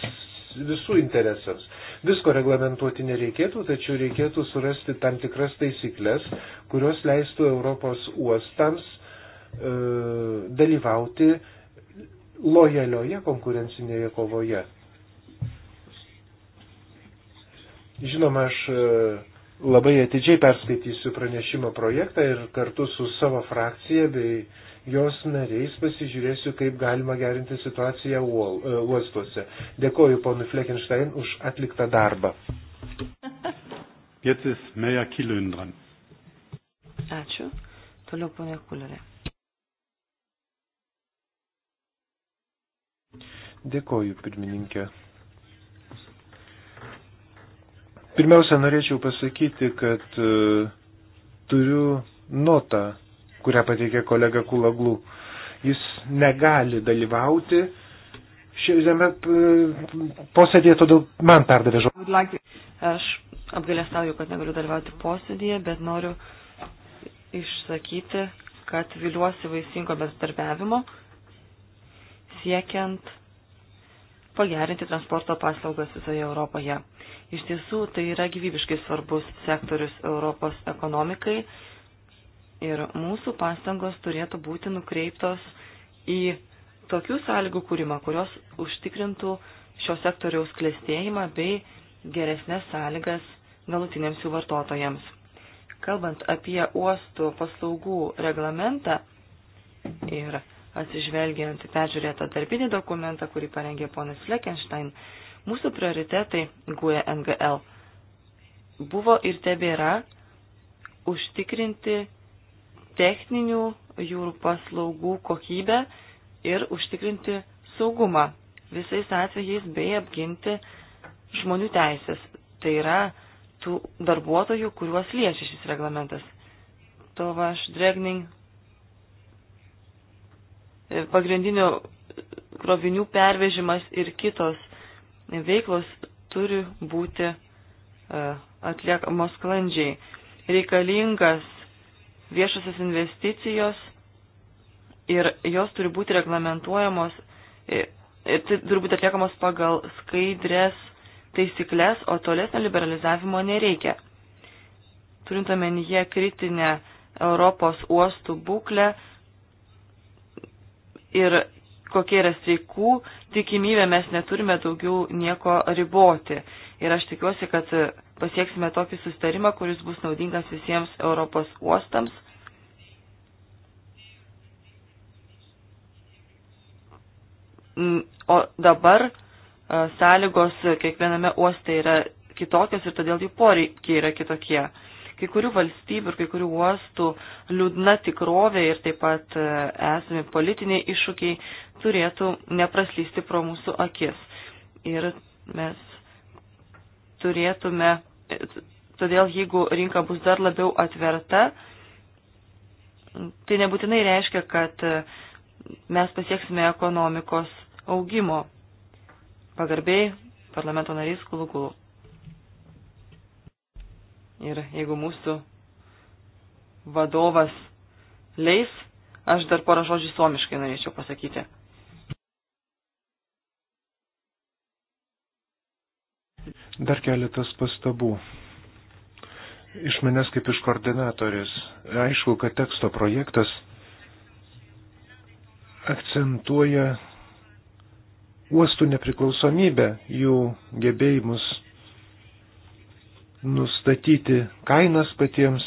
visų interesams. Visko reglamentuoti nereikėtų, tačiau reikėtų surasti tam tikras taisyklės, kurios leistų Europos uostams e, dalyvauti lojalioje konkurencinėje kovoje. Žinoma, aš e, labai atidžiai perskaitysiu pranešimo projektą ir kartu su savo frakcija bei jos nariais pasižiūrėsiu, kaip galima gerinti situaciją e, uostuose. Dėkoju ponui Fleckenstein už atliktą darbą. Ačiū. Toliau ponia Kulerė. Dėkoju, pirmininkė. Pirmiausia, norėčiau pasakyti, kad e, turiu notą, kurią pateikė kolega Kulaglu. Jis negali dalyvauti šiame e, posėdėje, todėl man perdavė žodį. Aš apgalėstauju, kad negaliu dalyvauti posėdėje, bet noriu išsakyti, kad viliuosi vaisingo bendradarbiavimo siekiant pagerinti transporto paslaugas visoje Europoje. Iš tiesų, tai yra gyvybiškai svarbus sektorius Europos ekonomikai ir mūsų pastangos turėtų būti nukreiptos į tokių sąlygų kūrimą, kurios užtikrintų šio sektoriaus klėstėjimą bei geresnės sąlygas galutiniams jų vartotojams. Kalbant apie uostų paslaugų reglamentą ir atsižvelgiant į peržiūrėtą darbinį dokumentą, kurį parengė ponas Fleckenstein, mūsų prioritetai GUE NGL buvo ir tebėra užtikrinti techninių jūrų paslaugų kokybę ir užtikrinti saugumą visais atvejais bei apginti žmonių teisės. Tai yra tų darbuotojų, kuriuos liečia šis reglamentas. Tovaš Dregning pagrindinių krovinių pervežimas ir kitos veiklos turi būti e, atliekamos sklandžiai. Reikalingas viešasios investicijos ir jos turi būti reglamentuojamos, tai turi būti atliekamos pagal skaidrės taisyklės, o tolesnio liberalizavimo nereikia. Turint omenyje kritinę Europos uostų būklę, ir kokie yra sveikų tikimybė, mes neturime daugiau nieko riboti. Ir aš tikiuosi, kad pasieksime tokį sustarimą, kuris bus naudingas visiems Europos uostams. Mm, o dabar e, sąlygos kiekviename uoste yra kitokios ir todėl jų poreikiai yra kitokie kai kurių valstybių ir kai kurių uostų liūdna tikrovė ir taip pat e, esami politiniai iššūkiai turėtų nepraslysti pro mūsų akis. Ir mes turėtume, e, todėl jeigu rinka bus dar labiau atverta, tai nebūtinai reiškia, kad e, mes pasieksime ekonomikos augimo. Pagarbiai, parlamento narys Kulugulų. Ir jeigu mūsų vadovas leis, aš dar porą žodžių suomiškai norėčiau pasakyti. Dar keletas pastabų. Iš manęs kaip iš koordinatorės. Aišku, kad teksto projektas akcentuoja uostų nepriklausomybę, jų gebėjimus nustatyti kainas patiems.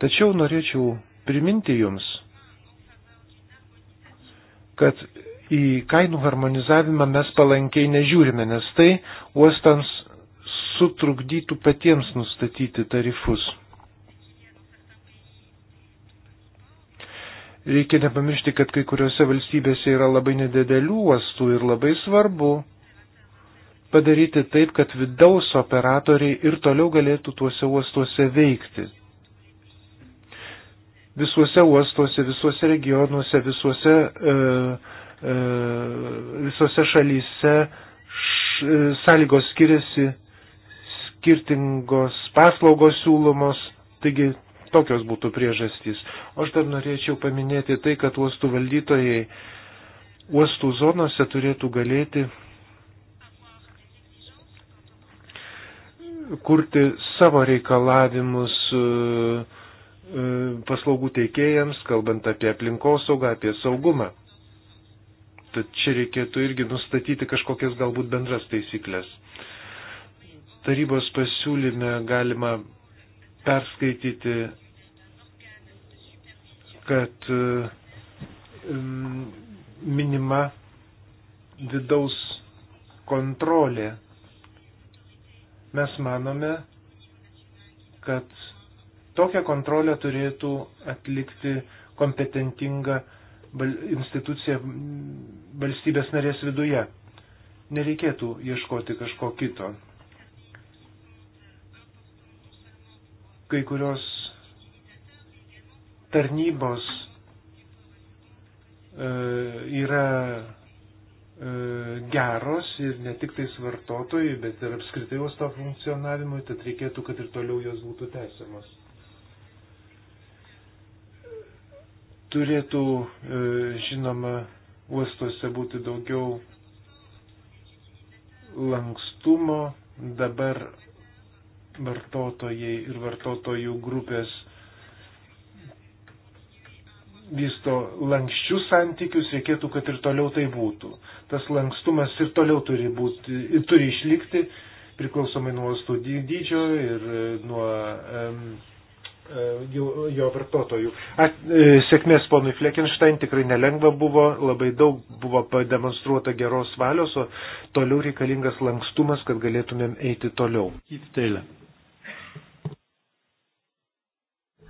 Tačiau norėčiau priminti Jums, kad į kainų harmonizavimą mes palankiai nežiūrime, nes tai uostams sutrukdytų patiems nustatyti tarifus. Reikia nepamiršti, kad kai kuriuose valstybėse yra labai nedidelių uostų ir labai svarbu, padaryti taip, kad vidaus operatoriai ir toliau galėtų tuose uostuose veikti. Visuose uostuose, visuose regionuose, visuose, e, e, visuose šalyse š, e, sąlygos skiriasi, skirtingos paslaugos siūlomos, taigi tokios būtų priežastys. O aš dar norėčiau paminėti tai, kad uostų valdytojai uostų zonose turėtų galėti kurti savo reikalavimus e, e, paslaugų teikėjams, kalbant apie aplinkosaugą, apie saugumą. Tad čia reikėtų irgi nustatyti kažkokias galbūt bendras taisyklės. Tarybos pasiūlyme galima perskaityti, kad e, minima vidaus kontrolė Mes manome, kad tokią kontrolę turėtų atlikti kompetentinga institucija valstybės narės viduje. Nereikėtų ieškoti kažko kito. Kai kurios tarnybos e, yra E, geros ir ne tik tais vartotojai, bet ir apskritai uosto funkcionavimui, tad reikėtų, kad ir toliau jos būtų tęsiamas. Turėtų, e, žinoma, uostuose būti daugiau lankstumo, dabar vartotojai ir vartotojų grupės vysto lankščius santykius, reikėtų, kad ir toliau tai būtų. Tas lankstumas ir toliau turi, būti, turi išlikti priklausomai nuo studijų dydžio ir e, nuo um, e, jo, jo vartotojų. At, e, sėkmės ponui Fleckenstein tikrai nelengva buvo, labai daug buvo pademonstruota geros valios, o toliau reikalingas lankstumas, kad galėtumėm eiti toliau.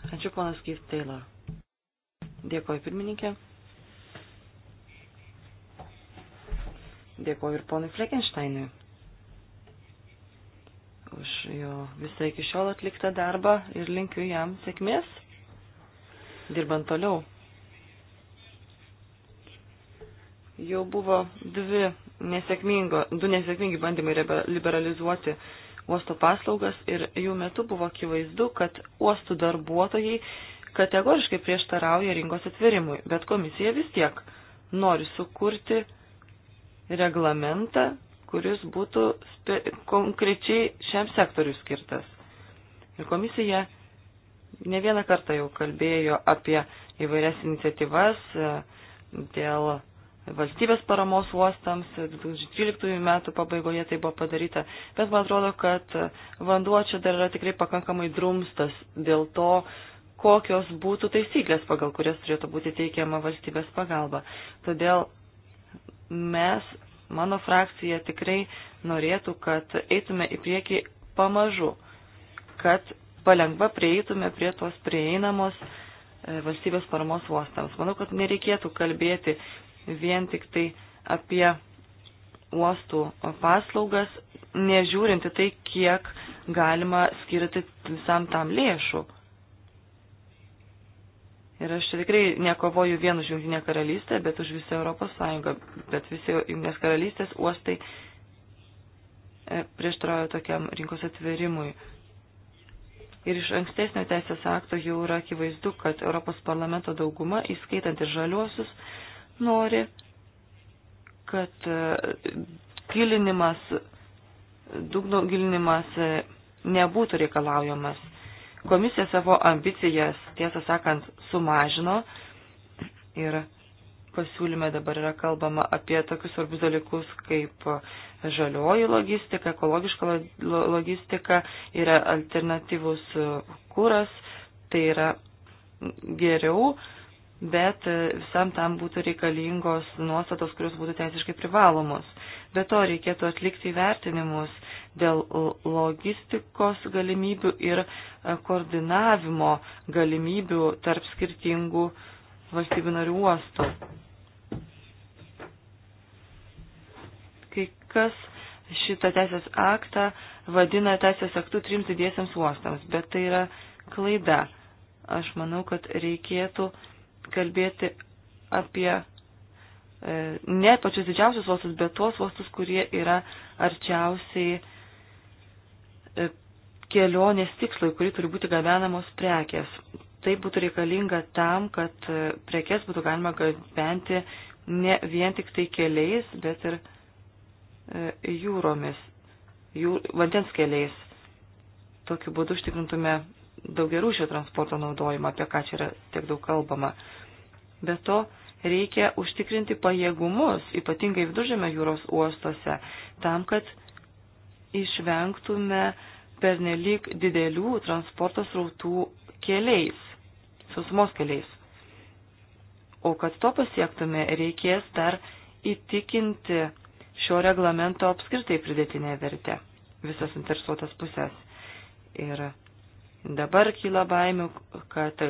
Ačiū, ponas Keith Taylor. Dėkoju pirmininkė. Dėkoju ir ponui Fleckensteinui už jo visą iki šiol atliktą darbą ir linkiu jam sėkmės dirbant toliau. Jau buvo dvi nesėkmingo, du nesėkmingi bandymai liberalizuoti uosto paslaugas ir jų metu buvo akivaizdu, kad uostų darbuotojai kategoriškai prieštarauja rinkos atverimui, bet komisija vis tiek nori sukurti reglamentą, kuris būtų konkrečiai šiam sektoriu skirtas. Ir komisija ne vieną kartą jau kalbėjo apie įvairias iniciatyvas e, dėl valstybės paramos uostams, 2013 e, metų pabaigoje tai buvo padaryta, bet man atrodo, kad vanduo čia dar yra tikrai pakankamai drumstas, dėl to kokios būtų taisyklės, pagal kurias turėtų būti teikiama valstybės pagalba. Todėl mes, mano frakcija, tikrai norėtų, kad eitume į priekį pamažu, kad palengva prieitume prie tos prieinamos e, valstybės paramos uostams. Manau, kad nereikėtų kalbėti vien tik tai apie uostų paslaugas, nežiūrinti tai, kiek galima skirti visam tam lėšų. Ir aš tikrai nekovoju vien už Junktinę karalystę, bet už visą Europos Sąjungą. Bet visi Junktinės karalystės uostai e, prieštarauja tokiam rinkos atverimui. Ir iš ankstesnio teisės akto jau yra akivaizdu, kad Europos parlamento dauguma, įskaitant ir žaliuosius, nori, kad e, gilinimas, dugno gilinimas e, nebūtų reikalaujamas Komisija savo ambicijas, tiesą sakant, sumažino ir pasiūlyme dabar yra kalbama apie tokius svarbius dalykus kaip žalioji logistika, ekologiška logistika, yra alternatyvus kūras, tai yra geriau, bet visam tam būtų reikalingos nuostatos, kurios būtų teisiškai privalomos. Be to reikėtų atlikti įvertinimus dėl e, logistikos galimybių ir e, koordinavimo galimybių tarp skirtingų valstybių narių uostų. Kai kas šitą teisės aktą vadina teisės aktų trims didiesiams uostams, bet tai yra klaida. Aš manau, kad reikėtų kalbėti apie e, ne pačius didžiausius uostus, bet tuos uostus, kurie yra arčiausiai E, kelionės tikslui, kurį turi būti gabenamos prekės. Tai būtų reikalinga tam, kad e, prekes būtų galima gabenti ne vien tik tai keliais, bet ir e, jūromis, jūr, vandens keliais. Tokiu būdu užtikrintume daugiau šio transporto naudojimą, apie ką čia yra tiek daug kalbama. Be to, reikia užtikrinti pajėgumus, ypatingai viduržėme jūros uostuose, tam, kad išvengtume pernelyg didelių transporto srautų keliais, sausumos keliais. O kad to pasiektume, reikės dar įtikinti šio reglamento apskritai pridėtinę vertę visas interesuotas pusės. Ir dabar kyla baimių, kad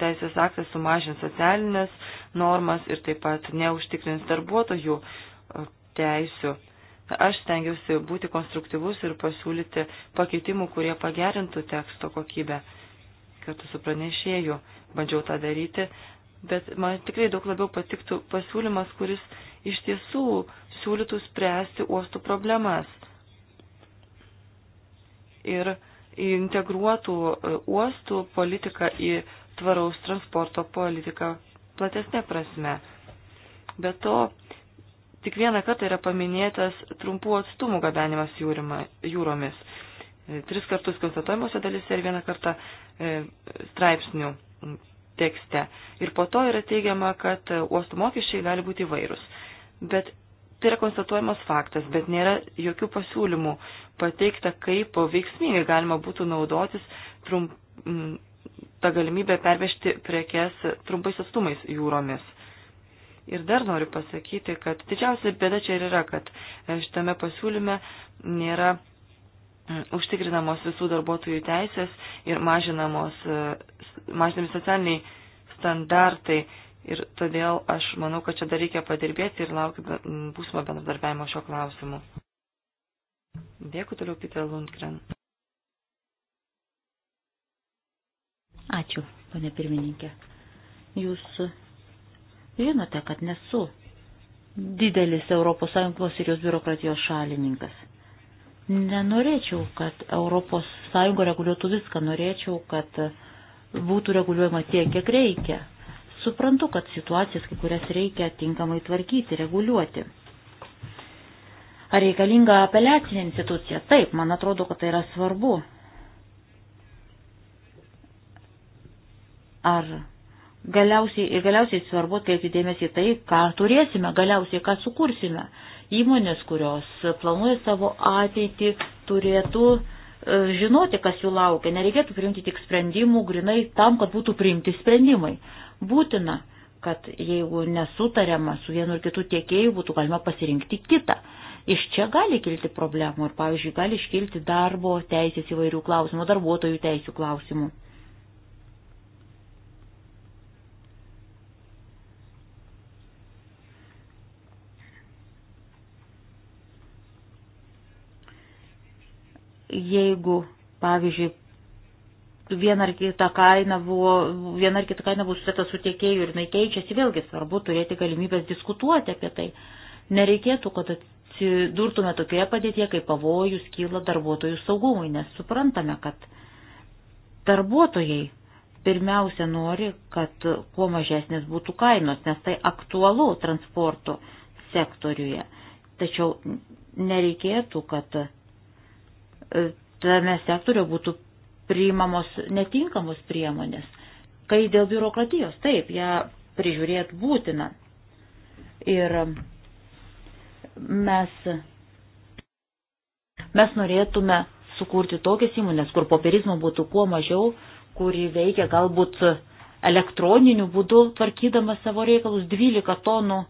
teisės aktas sumažins socialinės normas ir taip pat neužtikrins darbuotojų teisių Aš stengiausi būti konstruktyvus ir pasiūlyti pakeitimų, kurie pagerintų teksto kokybę. Kartu su pranešėju bandžiau tą daryti, bet man tikrai daug labiau patiktų pasiūlymas, kuris iš tiesų siūlytų spręsti uostų problemas ir integruotų e, uostų politiką į tvaraus transporto politiką platesnė prasme. Be to, Tik vieną kartą yra paminėtas trumpų atstumų gabenimas jūrima, jūromis. E, tris kartus konstatuojimuose dalise ir vieną kartą e, straipsnių tekste. Ir po to yra teigiama, kad e, uostų mokesčiai gali būti įvairūs. Bet tai yra konstatuojamas faktas, bet nėra jokių pasiūlymų pateikta, kaip veiksmingai galima būtų naudotis trump, m, tą galimybę pervežti prekes trumpais atstumais jūromis. Ir dar noriu pasakyti, kad didžiausia bėda čia ir yra, kad e, šitame pasiūlyme nėra užtikrinamos visų darbuotojų teisės ir mažinamos, e, mažinami socialiniai standartai. Ir todėl aš manau, kad čia dar reikia padirbėti ir laukiu būsimo bendradarbiavimo šio klausimu. Dėkui toliau, Peter Lundgren. Ačiū, pane pirmininkė. Jūs Žinote, kad nesu didelis ES ir jos biurokratijos šalininkas. Nenorėčiau, kad ES reguliuotų viską, norėčiau, kad būtų reguliuojama tiek, kiek reikia. Suprantu, kad situacijas, kai kurias reikia tinkamai tvarkyti, reguliuoti. Ar reikalinga apeliacinė institucija? Taip, man atrodo, kad tai yra svarbu. Ar Galiausiai, ir galiausiai svarbu atkreipti dėmesį tai, ką turėsime, galiausiai ką sukursime. Įmonės, kurios planuoja savo ateitį, turėtų e, žinoti, kas jų laukia. Nereikėtų priimti tik sprendimų grinai tam, kad būtų priimti sprendimai. Būtina, kad jeigu nesutariama su vienu ar kitu tiekėju, būtų galima pasirinkti kitą. Iš čia gali kilti problemų ir, pavyzdžiui, gali iškilti darbo teisės įvairių klausimų, darbuotojų teisų klausimų. jeigu, pavyzdžiui, viena ar kita kaina buvo, viena ar kita kaina buvo susitėta su tiekėju ir jinai keičiasi, vėlgi svarbu turėti galimybės diskutuoti apie tai. Nereikėtų, kad atsidurtume tokioje padėtėje, kai pavojus kyla darbuotojų saugumui, nes suprantame, kad darbuotojai pirmiausia nori, kad kuo mažesnės būtų kainos, nes tai aktualu transporto sektoriuje. Tačiau nereikėtų, kad tame sektoriu būtų priimamos netinkamos priemonės. Kai dėl biurokratijos, taip, ją prižiūrėt būtina. Ir mes, mes norėtume sukurti tokias įmonės, kur popierizmo būtų kuo mažiau, kuri veikia galbūt elektroniniu būdu, tvarkydama savo reikalus 12 tonų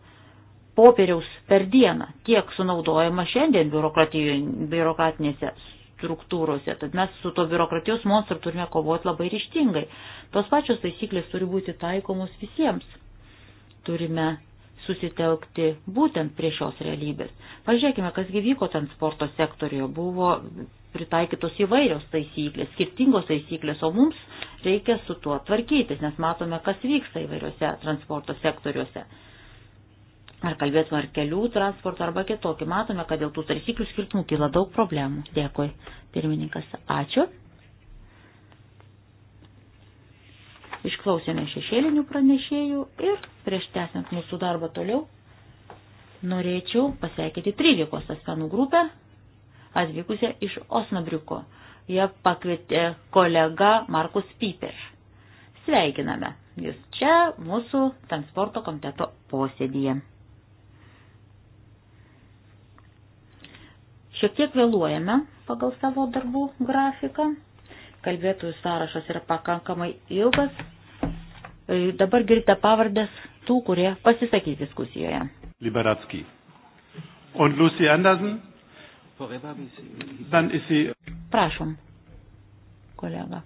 popieriaus per dieną, tiek sunaudojama šiandien biurokratinėse struktūrose. Tad mes su to biurokratijos monstru turime kovoti labai ryštingai. Tos pačios taisyklės turi būti taikomos visiems. Turime susitelkti būtent prie šios realybės. Pažiūrėkime, kas gyvyko transporto sektorijoje. Buvo pritaikytos įvairios taisyklės, skirtingos taisyklės, o mums reikia su tuo tvarkytis, nes matome, kas vyksta įvairiose transporto sektoriuose. Ar kalbėtume ar kelių transporto arba kitokį. Matome, kad dėl tų taisyklių skirtumų kyla daug problemų. Dėkui, pirmininkas. Ačiū. Išklausėme šešėlinių pranešėjų ir prieš tęsiant mūsų darbą toliau, norėčiau pasveikinti 13 asmenų grupę atvykusią iš Osnabriuko. Jie pakvietė kolega Markus Piper. Sveikiname jūs čia mūsų transporto komiteto posėdyje. Šiek tiek vėluojame pagal savo darbų grafiką. Kalbėtojų sąrašas yra pakankamai ilgas. E, dabar girdite pavardės tų, kurie pasisakys diskusijoje. Liberatski. Und Lucy Anderson? Dann ist sie. Prašom, kolega.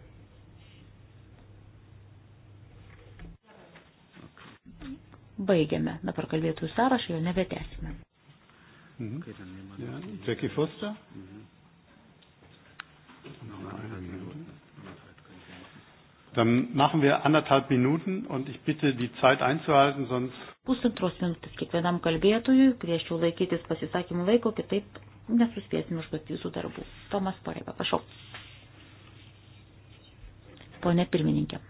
Baigiame. Dabar kalbėtų sąrašą, jo nebetesime. Mhm. Okay, dann nehmen wir ja. Den Jackie den Foster? Mhm. Dann machen wir anderthalb Minuten und ich bitte, die Zeit einzuhalten, sonst. Pusantros minutės kiekvienam kalbėtojui, kvieščiau laikytis pasisakymų laiko, kitaip nesuspėsime užbaigti jūsų darbų. Tomas Poreba, prašau. Pone pirmininkė.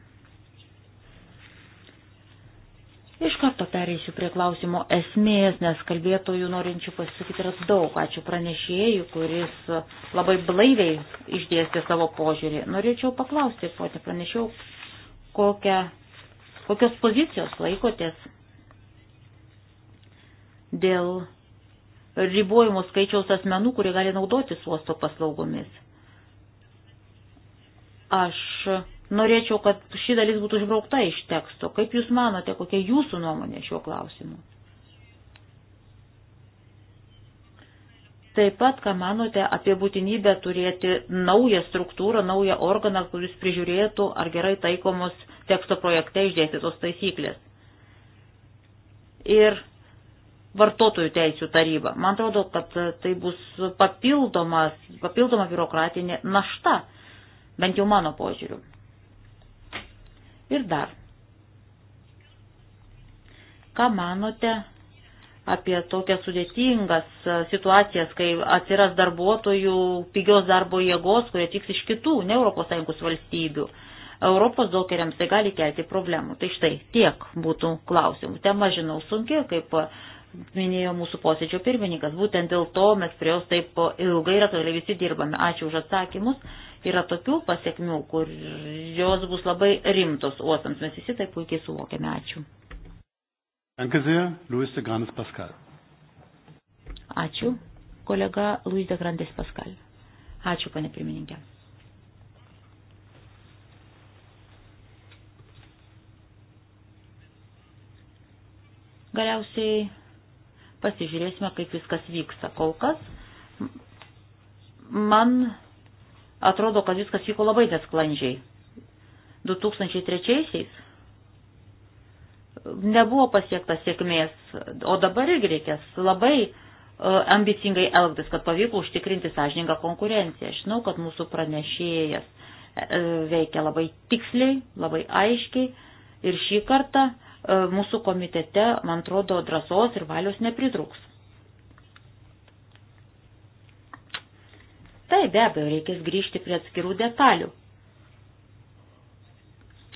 Iš karto pereisiu prie klausimo esmės, nes kalbėtojų norinčių pasisakyti yra daug. Ačiū pranešėjui, kuris labai blaiviai išdėstė savo požiūrį. Norėčiau paklausti, ponė pranešiau, kokią, kokios pozicijos laikotės dėl ribojimų skaičiaus asmenų, kurie gali naudotis uosto paslaugomis. Aš Norėčiau, kad ši dalis būtų išbraukta iš teksto. Kaip Jūs manote, kokia Jūsų nuomonė šiuo klausimu? Taip pat, ką manote apie būtinybę turėti naują struktūrą, naują organą, kuris prižiūrėtų ar gerai taikomos teksto projekte išdėstytos taisyklės. Ir vartotojų teisų taryba. Man atrodo, kad tai bus papildoma biurokratinė našta, bent jau mano požiūriu. Ir dar. Ką manote apie tokias sudėtingas situacijas, kai atsiras darbuotojų pigios darbo jėgos, kurie tiks iš kitų, ne ES valstybių? Europos dokeriams tai gali kelti problemų. Tai štai tiek būtų klausimų. Tema, žinau, sunki, kaip minėjo mūsų posėdžio pirmininkas. Būtent dėl to mes prie jos taip ilgai ir atoliai visi dirbame. Ačiū už atsakymus yra tokių pasiekmių, kurios bus labai rimtos uostams. Mes visi tai puikiai suvokiame. Ačiū. Danke sehr, Luis de Grandes Pascal. Ačiū, kolega Luis de Grandes Pascal. Ačiū, pane pirmininkė. Galiausiai pasižiūrėsime, kaip viskas vyksta. Kol kas man atrodo, kad viskas vyko labai nesklandžiai. 2003-aisiais nebuvo pasiektas sėkmės, o dabar irgi reikės labai e, ambicingai elgtis, kad pavyko užtikrinti sąžiningą konkurenciją. Aš žinau, kad mūsų pranešėjas e, e, veikia labai tiksliai, labai aiškiai ir šį kartą mūsų komitete, man atrodo, drąsos ir valios nepritrūks. Taip, be abejo, reikės grįžti prie atskirų detalių.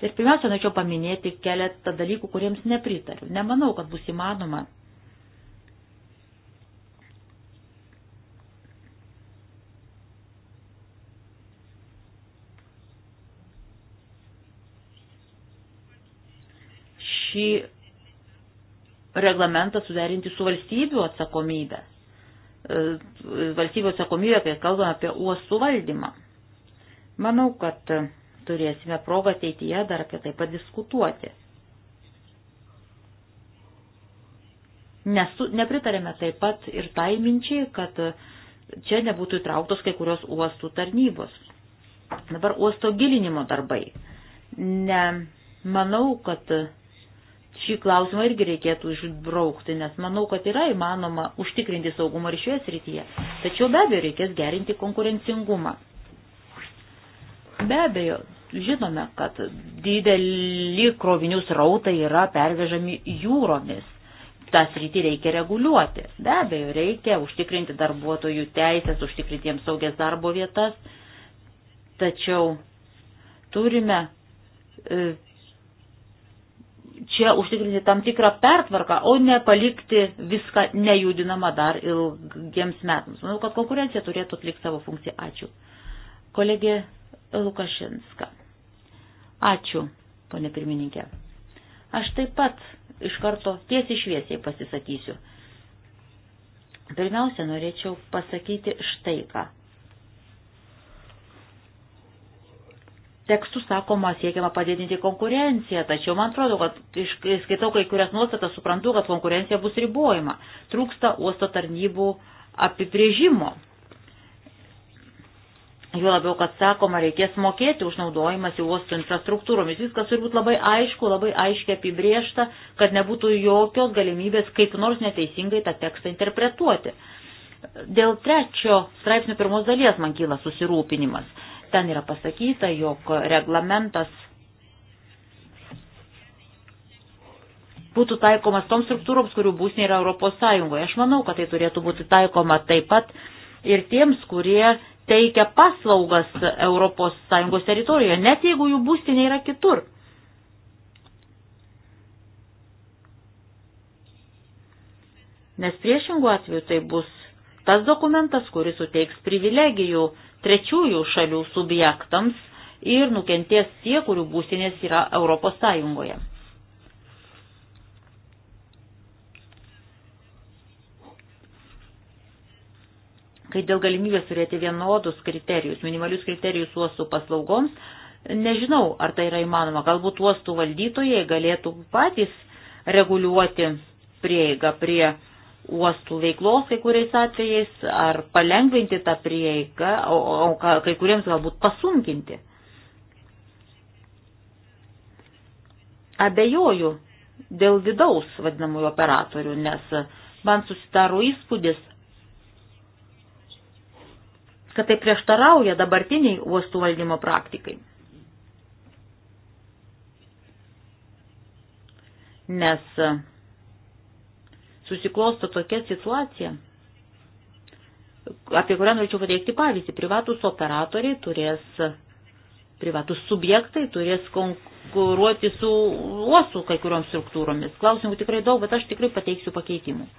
Ir pirmiausia, norėčiau paminėti keletą dalykų, kuriems nepritariu. Nemanau, kad bus įmanoma šį reglamentą suderinti su valstybių atsakomybė. E, valstybės atsakomybę, kai kalbame apie uostų valdymą. Manau, kad turėsime progą ateityje dar apie tai padiskutuoti. Nesu, nepritarėme taip pat ir tai minčiai, kad čia nebūtų įtrauktos kai kurios uostų tarnybos. Dabar uosto gilinimo darbai. Ne, manau, kad šį klausimą irgi reikėtų išbraukti, nes manau, kad yra įmanoma užtikrinti saugumą ir šioje srityje. Tačiau be abejo reikės gerinti konkurencingumą. Be abejo, žinome, kad dideli krovinių srautai yra pervežami jūromis. Ta srity reikia reguliuoti. Be abejo, reikia užtikrinti darbuotojų teisės, užtikrinti jiems saugias darbo vietas. Tačiau turime e, čia užtikrinti tam tikrą pertvarką, o ne palikti viską nejudinamą dar ilgiems metams. Manau, kad konkurencija turėtų atlikti savo funkciją. Ačiū. Kolegė Lukašinska. Ačiū, ponė pirmininkė. Aš taip pat iš karto tiesiai šviesiai pasisakysiu. Pirmiausia, norėčiau pasakyti štai ką. tekstų sakoma siekiama padidinti konkurenciją, tačiau man atrodo, kad išskaitau kai kurias nuostatas, suprantu, kad konkurencija bus ribojama. Trūksta uosto tarnybų apibrėžimo. Jo labiau, kad sakoma, reikės mokėti už naudojimąsi uosto infrastruktūromis. Viskas turi būti labai aišku, labai aiškiai apibriešta, kad nebūtų jokios galimybės kaip nors neteisingai tą tekstą interpretuoti. Dėl trečio straipsnio pirmos dalies man kyla susirūpinimas Ten yra pasakyta, jog reglamentas būtų taikomas toms struktūroms, kurių būsnė yra Europos Sąjungoje. Aš manau, kad tai turėtų būti taikoma taip pat ir tiems, kurie teikia paslaugas Europos Sąjungos teritorijoje, net jeigu jų būstinė yra kitur. Nes priešingų atveju tai bus tas dokumentas, kuris suteiks privilegijų trečiųjų šalių subjektams ir nukentės tie, kurių būstinės yra Europos Sąjungoje. Kai dėl galimybės turėti vienodus kriterijus, minimalius kriterijus uostų paslaugoms, nežinau, ar tai yra įmanoma. Galbūt uostų valdytojai galėtų patys reguliuoti prieigą prie uostų veiklos kai kuriais atvejais, ar palengvinti tą prieigą, o, o kai kuriems galbūt pasunkinti. Abejoju dėl vidaus vadinamųjų operatorių, nes man susidaro įspūdis, kad tai prieštarauja dabartiniai uostų valdymo praktikai. Nes susiklosto tokia situacija, apie kurią norėčiau pateikti pavyzdį. Privatus operatoriai turės, privatus subjektai turės konkuruoti su uostų kai kurioms struktūromis. Klausimų tikrai daug, bet aš tikrai pateiksiu pakeitimų.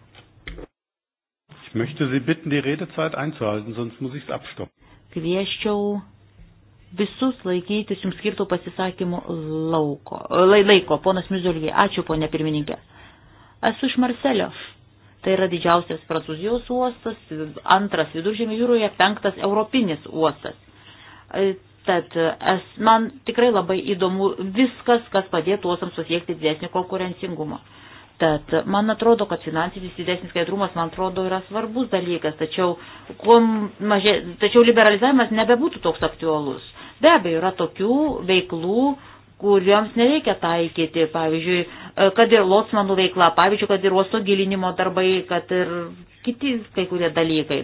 Kvieščiau visus laikytis jums skirto pasisakymų lauko, lai, laiko. Ponas Mizulvė, ačiū ponė pirmininkė. Esu iš Marselio. Tai yra didžiausias Prancūzijos uostas, antras viduržėmio jūroje, penktas europinis uostas. E, Tad e, es, man tikrai labai įdomu viskas, kas padėtų uostams pasiekti didesnį konkurencingumą. Tad man atrodo, kad finansinis didesnis skaidrumas, man atrodo, yra svarbus dalykas, tačiau, mažė, tačiau liberalizavimas nebebūtų toks aktualus. Be abejo, yra tokių veiklų, kuriems nereikia taikyti, pavyzdžiui, e, kad ir lotsmanų veikla, pavyzdžiui, kad ir uosto gilinimo darbai, kad ir kiti kai kurie dalykai.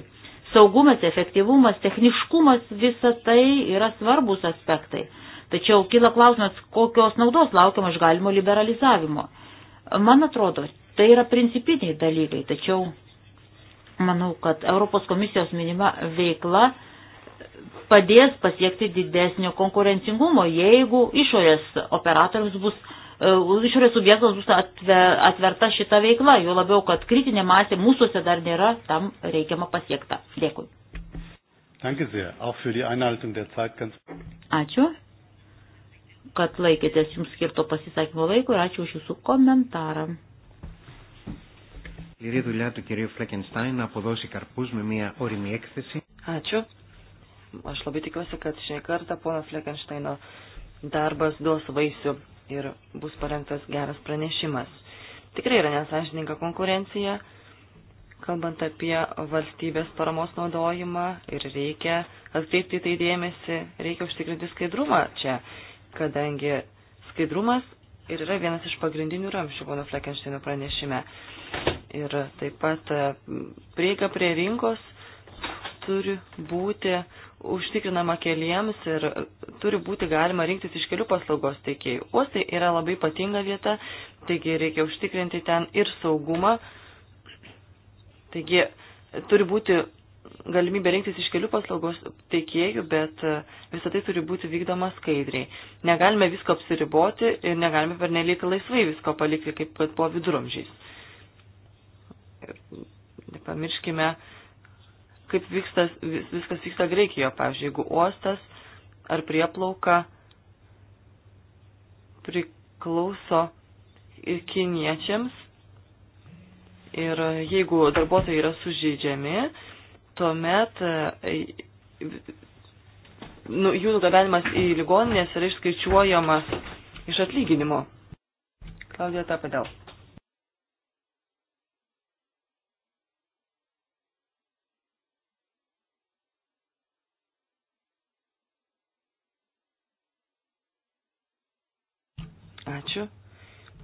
Saugumas, efektyvumas, techniškumas, visa tai yra svarbus aspektai. Tačiau kila klausimas, kokios naudos laukiama iš galimo liberalizavimo. Man atrodo, tai yra principiniai dalykai, tačiau manau, kad Europos komisijos minima veikla padės pasiekti didesnio konkurencingumo, jeigu išorės operatorius bus, e, išorės subjektams bus atverta šita veikla, jo labiau, kad kritinė masė mūsųse dar nėra tam reikiama pasiekta. Dėkui. Ačiū, kad laikėtės jums skirto pasisakymo laiko ir ačiū už jūsų komentarą σκληρή δουλειά του κυρίου Φλεκενστάιν να αποδώσει καρπούς με μια όρημη έκθεση. Ačiū. Aš labai tikiuosi, kad šį kartą ponas Lekenšteino darbas duos vaisių ir bus parengtas geras pranešimas. Tikrai yra nesažininka konkurencija, kalbant apie valstybės paramos naudojimą ir reikia atkreipti tai dėmesį, reikia užtikrinti skaidrumą čia, kadangi skaidrumas ir yra vienas iš pagrindinių ramščių pono Fleckensteino pranešime. Ir taip pat e, prieiga prie rinkos turi būti užtikrinama keliems ir turi būti galima rinktis iš kelių paslaugos teikėjų. Uostai yra labai ypatinga vieta, taigi reikia užtikrinti ten ir saugumą. Taigi turi būti galimybė rinktis iš kelių paslaugos teikėjų, bet e, visą tai turi būti vykdoma skaidriai. Negalime visko apsiriboti ir negalime per nelik laisvai visko palikti, kaip buvo vidurumžiais. Nepamirškime, kaip vyksta, vis, viskas vyksta Graikijoje, pavyzdžiui, jeigu uostas ar prieplauka priklauso ir kiniečiams ir jeigu darbuotojai yra sužeidžiami, tuomet e, nu, jų nugabenimas į ligoninės yra išskaičiuojamas iš atlyginimo. Klaudija Tapadėl. Ačiū.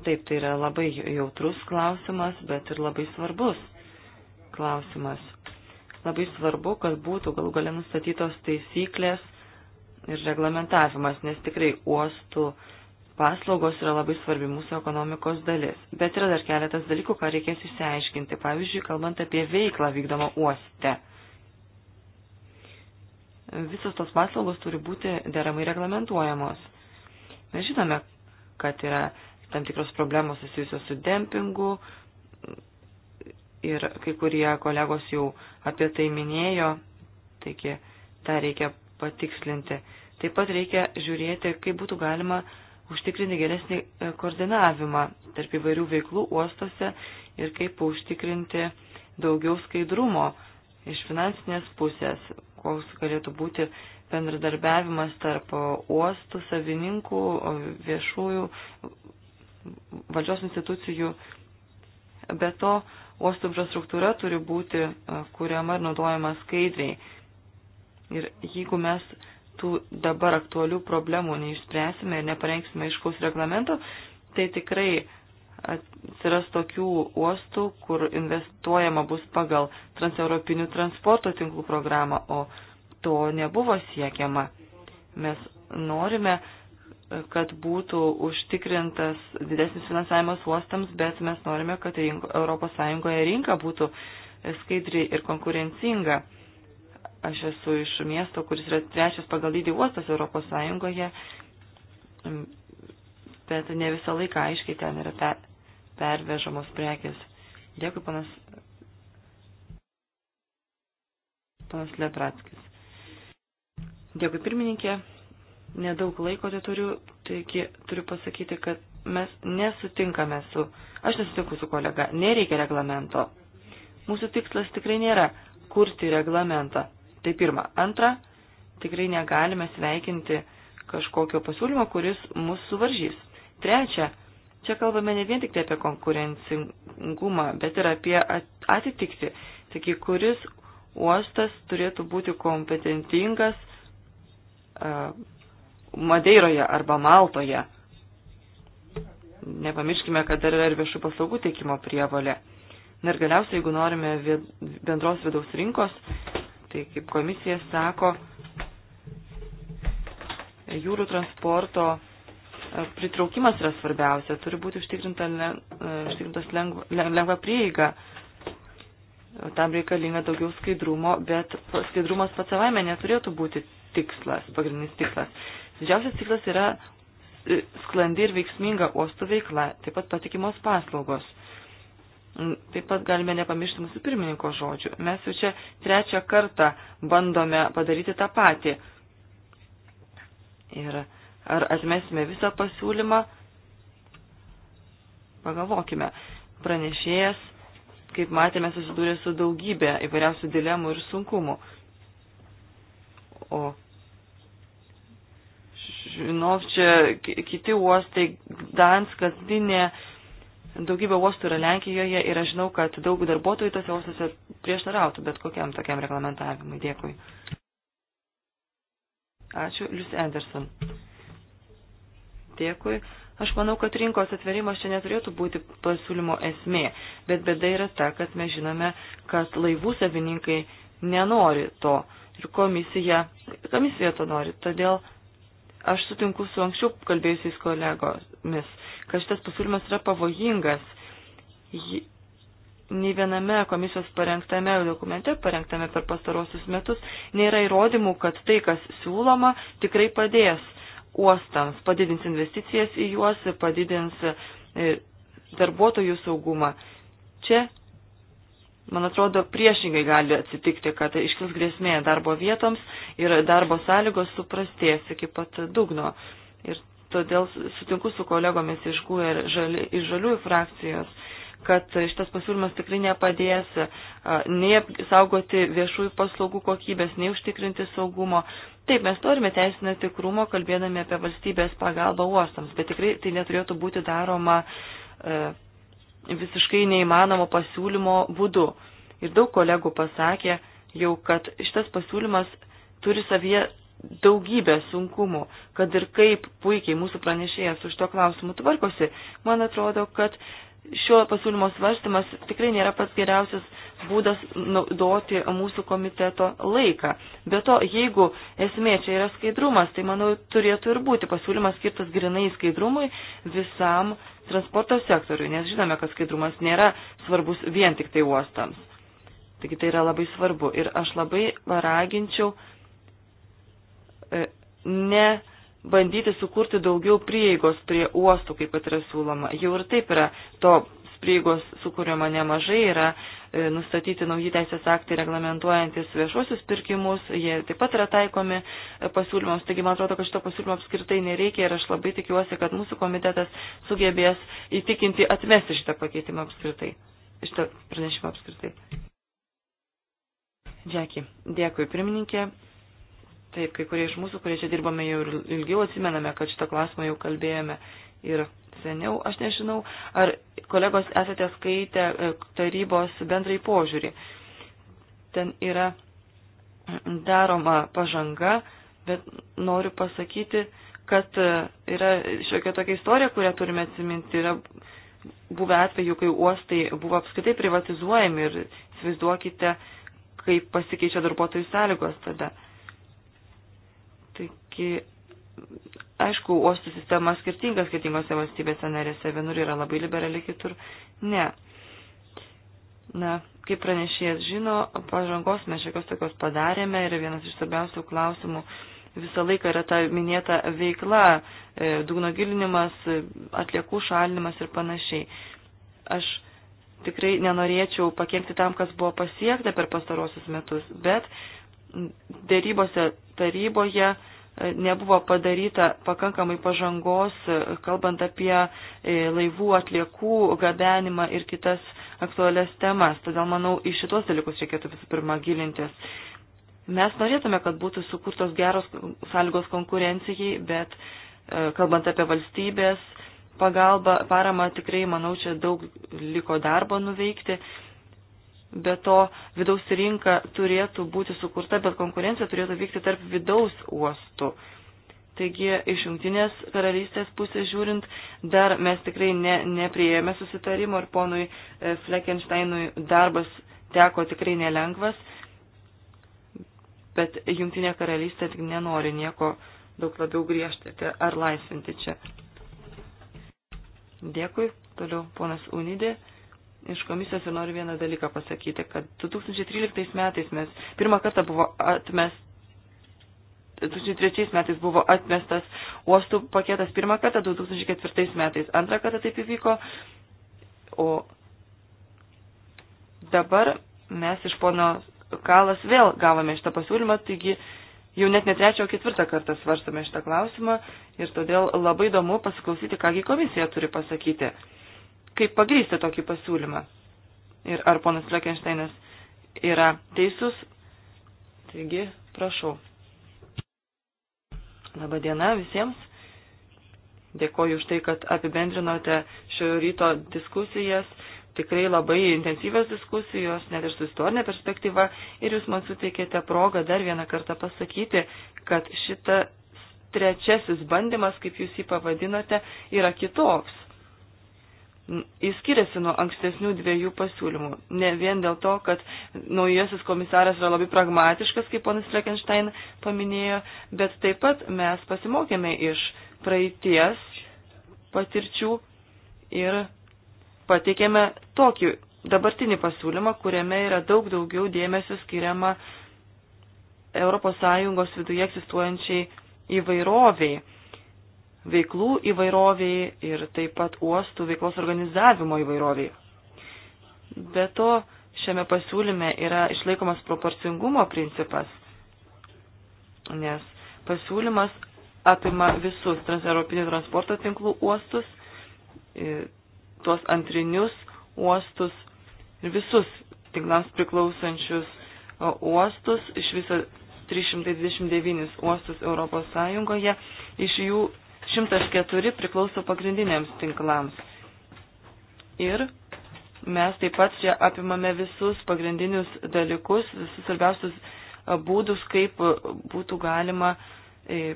Taip, tai yra labai jautrus klausimas, bet ir labai svarbus klausimas. Labai svarbu, kad būtų galų galia nustatytos taisyklės ir reglamentavimas, nes tikrai uostų paslaugos yra labai svarbi mūsų ekonomikos dalis. Bet yra dar keletas dalykų, ką reikės išsiaiškinti. Pavyzdžiui, kalbant apie veiklą vykdomą uoste. Visos tos paslaugos turi būti deramai reglamentuojamos. Mes žinome, kad yra tam tikros problemos susijusios su dempingu ir kai kurie kolegos jau apie tai minėjo, taigi tą reikia patikslinti. Taip pat reikia žiūrėti, kaip būtų galima užtikrinti geresnį e, koordinavimą tarp įvairių veiklų uostose ir kaip užtikrinti daugiau skaidrumo iš finansinės pusės, koks galėtų būti bendradarbiavimas tarp uostų savininkų, viešųjų valdžios institucijų. Be to, uostų infrastruktūra turi būti e, kuriama ir naudojama skaidriai. Ir jeigu mes tų dabar aktualių problemų neišspręsime ir neparengsime iškaus reglamento, tai tikrai atsiras tokių uostų, kur investuojama bus pagal transeuropinių transporto tinklų programą, o to nebuvo siekiama. Mes norime, kad būtų užtikrintas didesnis finansavimas uostams, bet mes norime, kad rinko, ES rinka būtų skaidri ir konkurencinga. Aš esu iš miesto, kuris yra trečias pagal dydį uostas ES, bet ne visą laiką aiškiai ten yra per, pervežamos prekės. Dėkui, panas, panas Lepratskis. Dėkui pirmininkė, nedaug laiko tai turiu, taigi turiu pasakyti, kad mes nesutinkame su, aš nesutinku su kolega, nereikia reglamento. Mūsų tikslas tikrai nėra kurti reglamentą. Tai pirma. Antra, tikrai negalime sveikinti kažkokio pasiūlymo, kuris mus suvaržys. Trečia, čia kalbame ne vien tik tai apie konkurencingumą, bet ir apie atitikti. Taigi, kuris uostas turėtų būti kompetentingas, Madeiroje arba Maltoje. Nepamirškime, kad dar yra ir viešų paslaugų teikimo prievalė. Na ir galiausiai, jeigu norime bendros vidaus rinkos, tai kaip komisija sako, jūrų transporto pritraukimas yra svarbiausia, turi būti užtikrinta užtikrintas lengva, lengva prieiga. Tam reikalinga daugiau skaidrumo, bet skaidrumas pats savaime neturėtų būti tikslas, pagrindinis tikslas. Didžiausias tikslas yra e, sklandi ir veiksminga uostų veikla, taip pat patikimos paslaugos. Mm, taip pat galime nepamiršti mūsų pirmininko žodžių. Mes jau čia trečią kartą bandome padaryti tą patį. Ir ar atmesime visą pasiūlymą? Pagalvokime. Pranešėjas, kaip matėme, susidūrė su daugybė įvairiausių dilemų ir sunkumų. O žinov, čia kiti uostai, Danskas, Dinė, daugybė uostų yra Lenkijoje ir aš žinau, kad daug darbuotojų tose uostuose prieštarautų bet kokiam tokiam reglamentavimui. Dėkui. Ačiū, Lius Anderson. Dėkui. Aš manau, kad rinkos atverimas čia neturėtų būti pasiūlymo esmė, bet bėda yra ta, kad mes žinome, kad laivų savininkai nenori to ir komisija, komisija to nori. Todėl Aš sutinku su anksčiau kalbėjusiais kolegomis, kad šitas pasiūlymas yra pavojingas. Ji, nei viename komisijos parengtame dokumente, parengtame per pastarosius metus, nėra įrodymų, kad tai, kas siūloma, tikrai padės uostams, padidins investicijas į juos, padidins e, darbuotojų saugumą. Čia Man atrodo, priešingai gali atsitikti, kad iškils grėsmė darbo vietoms ir darbo sąlygos suprastės iki pat dugno. Ir todėl sutinku su kolegomis iš GUE ir žali, iš žaliųjų frakcijos, kad šitas pasiūlymas tikrai nepadės nei saugoti viešųjų paslaugų kokybės, nei užtikrinti saugumo. Taip, mes norime teisinę tikrumo, kalbėdami apie valstybės pagalbą uostams, bet tikrai tai neturėtų būti daroma visiškai neįmanomo pasiūlymo būdu. Ir daug kolegų pasakė jau, kad šitas pasiūlymas turi savyje daugybę sunkumų, kad ir kaip puikiai mūsų pranešėjas už to klausimų tvarkosi, man atrodo, kad šio pasiūlymo svarstymas tikrai nėra pats geriausias būdas naudoti mūsų komiteto laiką. Be to, jeigu esmė čia yra skaidrumas, tai manau turėtų ir būti pasiūlymas skirtas grinai skaidrumui visam transporto sektoriui, nes žinome, kad skaidrumas nėra svarbus vien tik tai uostams. Taigi tai yra labai svarbu ir aš labai raginčiau e, ne bandyti sukurti daugiau prieigos prie uostų, kaip kad yra siūloma. Jau ir taip yra to sprygos sukūrėma nemažai, yra e, nustatyti nauji teisės aktai reglamentuojantis viešuosius pirkimus, jie taip pat yra taikomi e, pasiūlymams, taigi man atrodo, kad šito pasiūlymo apskritai nereikia ir aš labai tikiuosi, kad mūsų komitetas sugebės įtikinti atmesti šitą pakeitimą apskritai, šitą pranešimą apskritai. Džeki, dėkui pirmininkė. Taip, kai kurie iš mūsų, kurie čia dirbame jau ilgiau, atsimename, kad šitą klausimą jau kalbėjome ir seniau. Aš nežinau, ar kolegos esate skaitę e, tarybos bendrai požiūrį. Ten yra daroma pažanga, bet noriu pasakyti, kad e, yra šiokia tokia istorija, kurią turime atsiminti. Yra buvę atveju, kai uostai buvo apskaitai privatizuojami ir įsivaizduokite, kaip pasikeičia darbuotojų sąlygos tada. Taigi aišku, uostų sistema skirtinga skirtingose valstybėse narėse, vienur yra labai liberali, kitur ne. Na, kaip pranešėjas žino, pažangos mes šiekios tokios padarėme ir vienas iš svarbiausių klausimų visą laiką yra ta minėta veikla, e, dugno gilinimas, e, atliekų šalinimas ir panašiai. Aš tikrai nenorėčiau pakengti tam, kas buvo pasiekta per pastarosius metus, bet dėrybose taryboje nebuvo padaryta pakankamai pažangos, kalbant apie e, laivų atliekų gabenimą ir kitas aktualias temas. Todėl, manau, į šitos dalykus reikėtų visų pirma gilintis. Mes norėtume, kad būtų sukurtos geros sąlygos konkurencijai, bet e, kalbant apie valstybės pagalbą, paramą tikrai, manau, čia daug liko darbo nuveikti Be to, vidaus rinka turėtų būti sukurta, bet konkurencija turėtų vykti tarp vidaus uostų. Taigi, iš jungtinės karalystės pusės žiūrint, dar mes tikrai ne, neprieėmė susitarimo ir ponui e, Fleckensteinui darbas teko tikrai nelengvas, bet jungtinė karalystė tik nenori nieko daug labiau griežtinti ar laisvinti čia. Dėkui, toliau ponas Unidė iš komisijos ir noriu vieną dalyką pasakyti, kad 2013 metais mes pirmą kartą buvo atmest 2003 metais buvo atmestas uostų paketas pirmą kartą, 2004 metais antrą kartą taip įvyko, o dabar mes iš pono Kalas vėl gavome šitą pasiūlymą, taigi jau net ne trečią, o ketvirtą kartą svarstame šitą klausimą ir todėl labai įdomu pasiklausyti, kągi komisija turi pasakyti kaip pagrysti tokį pasiūlymą. Ir ar ponas Lekenšteinas yra teisus. Taigi, prašau. Labą dieną visiems. Dėkoju už tai, kad apibendrinote šio ryto diskusijas. Tikrai labai intensyvios diskusijos, net ir su istorinė perspektyva. Ir jūs man suteikėte progą dar vieną kartą pasakyti, kad šita trečiasis bandymas, kaip jūs jį pavadinote, yra kitoks. Jis skiriasi nuo ankstesnių dviejų pasiūlymų. Ne vien dėl to, kad naujasis komisaras yra labai pragmatiškas, kaip ponas Fleckenstein paminėjo, bet taip pat mes pasimokėme iš praeities patirčių ir pateikėme tokį dabartinį pasiūlymą, kuriame yra daug daugiau dėmesio skiriama ES viduje egzistuojančiai įvairoviai veiklų įvairoviai ir taip pat uostų veiklos organizavimo įvairoviai. Be to, šiame pasiūlyme yra išlaikomas proporcingumo principas, nes pasiūlymas apima visus transeuropinių transporto tinklų uostus, tuos antrinius uostus ir visus tinklams priklausančius uostus, iš viso 329 uostus Europos Sąjungoje, iš jų 104 priklauso pagrindiniams tinklams. Ir mes taip pat čia apimame visus pagrindinius dalykus, visus svarbiausius e, būdus, kaip e, būtų galima e,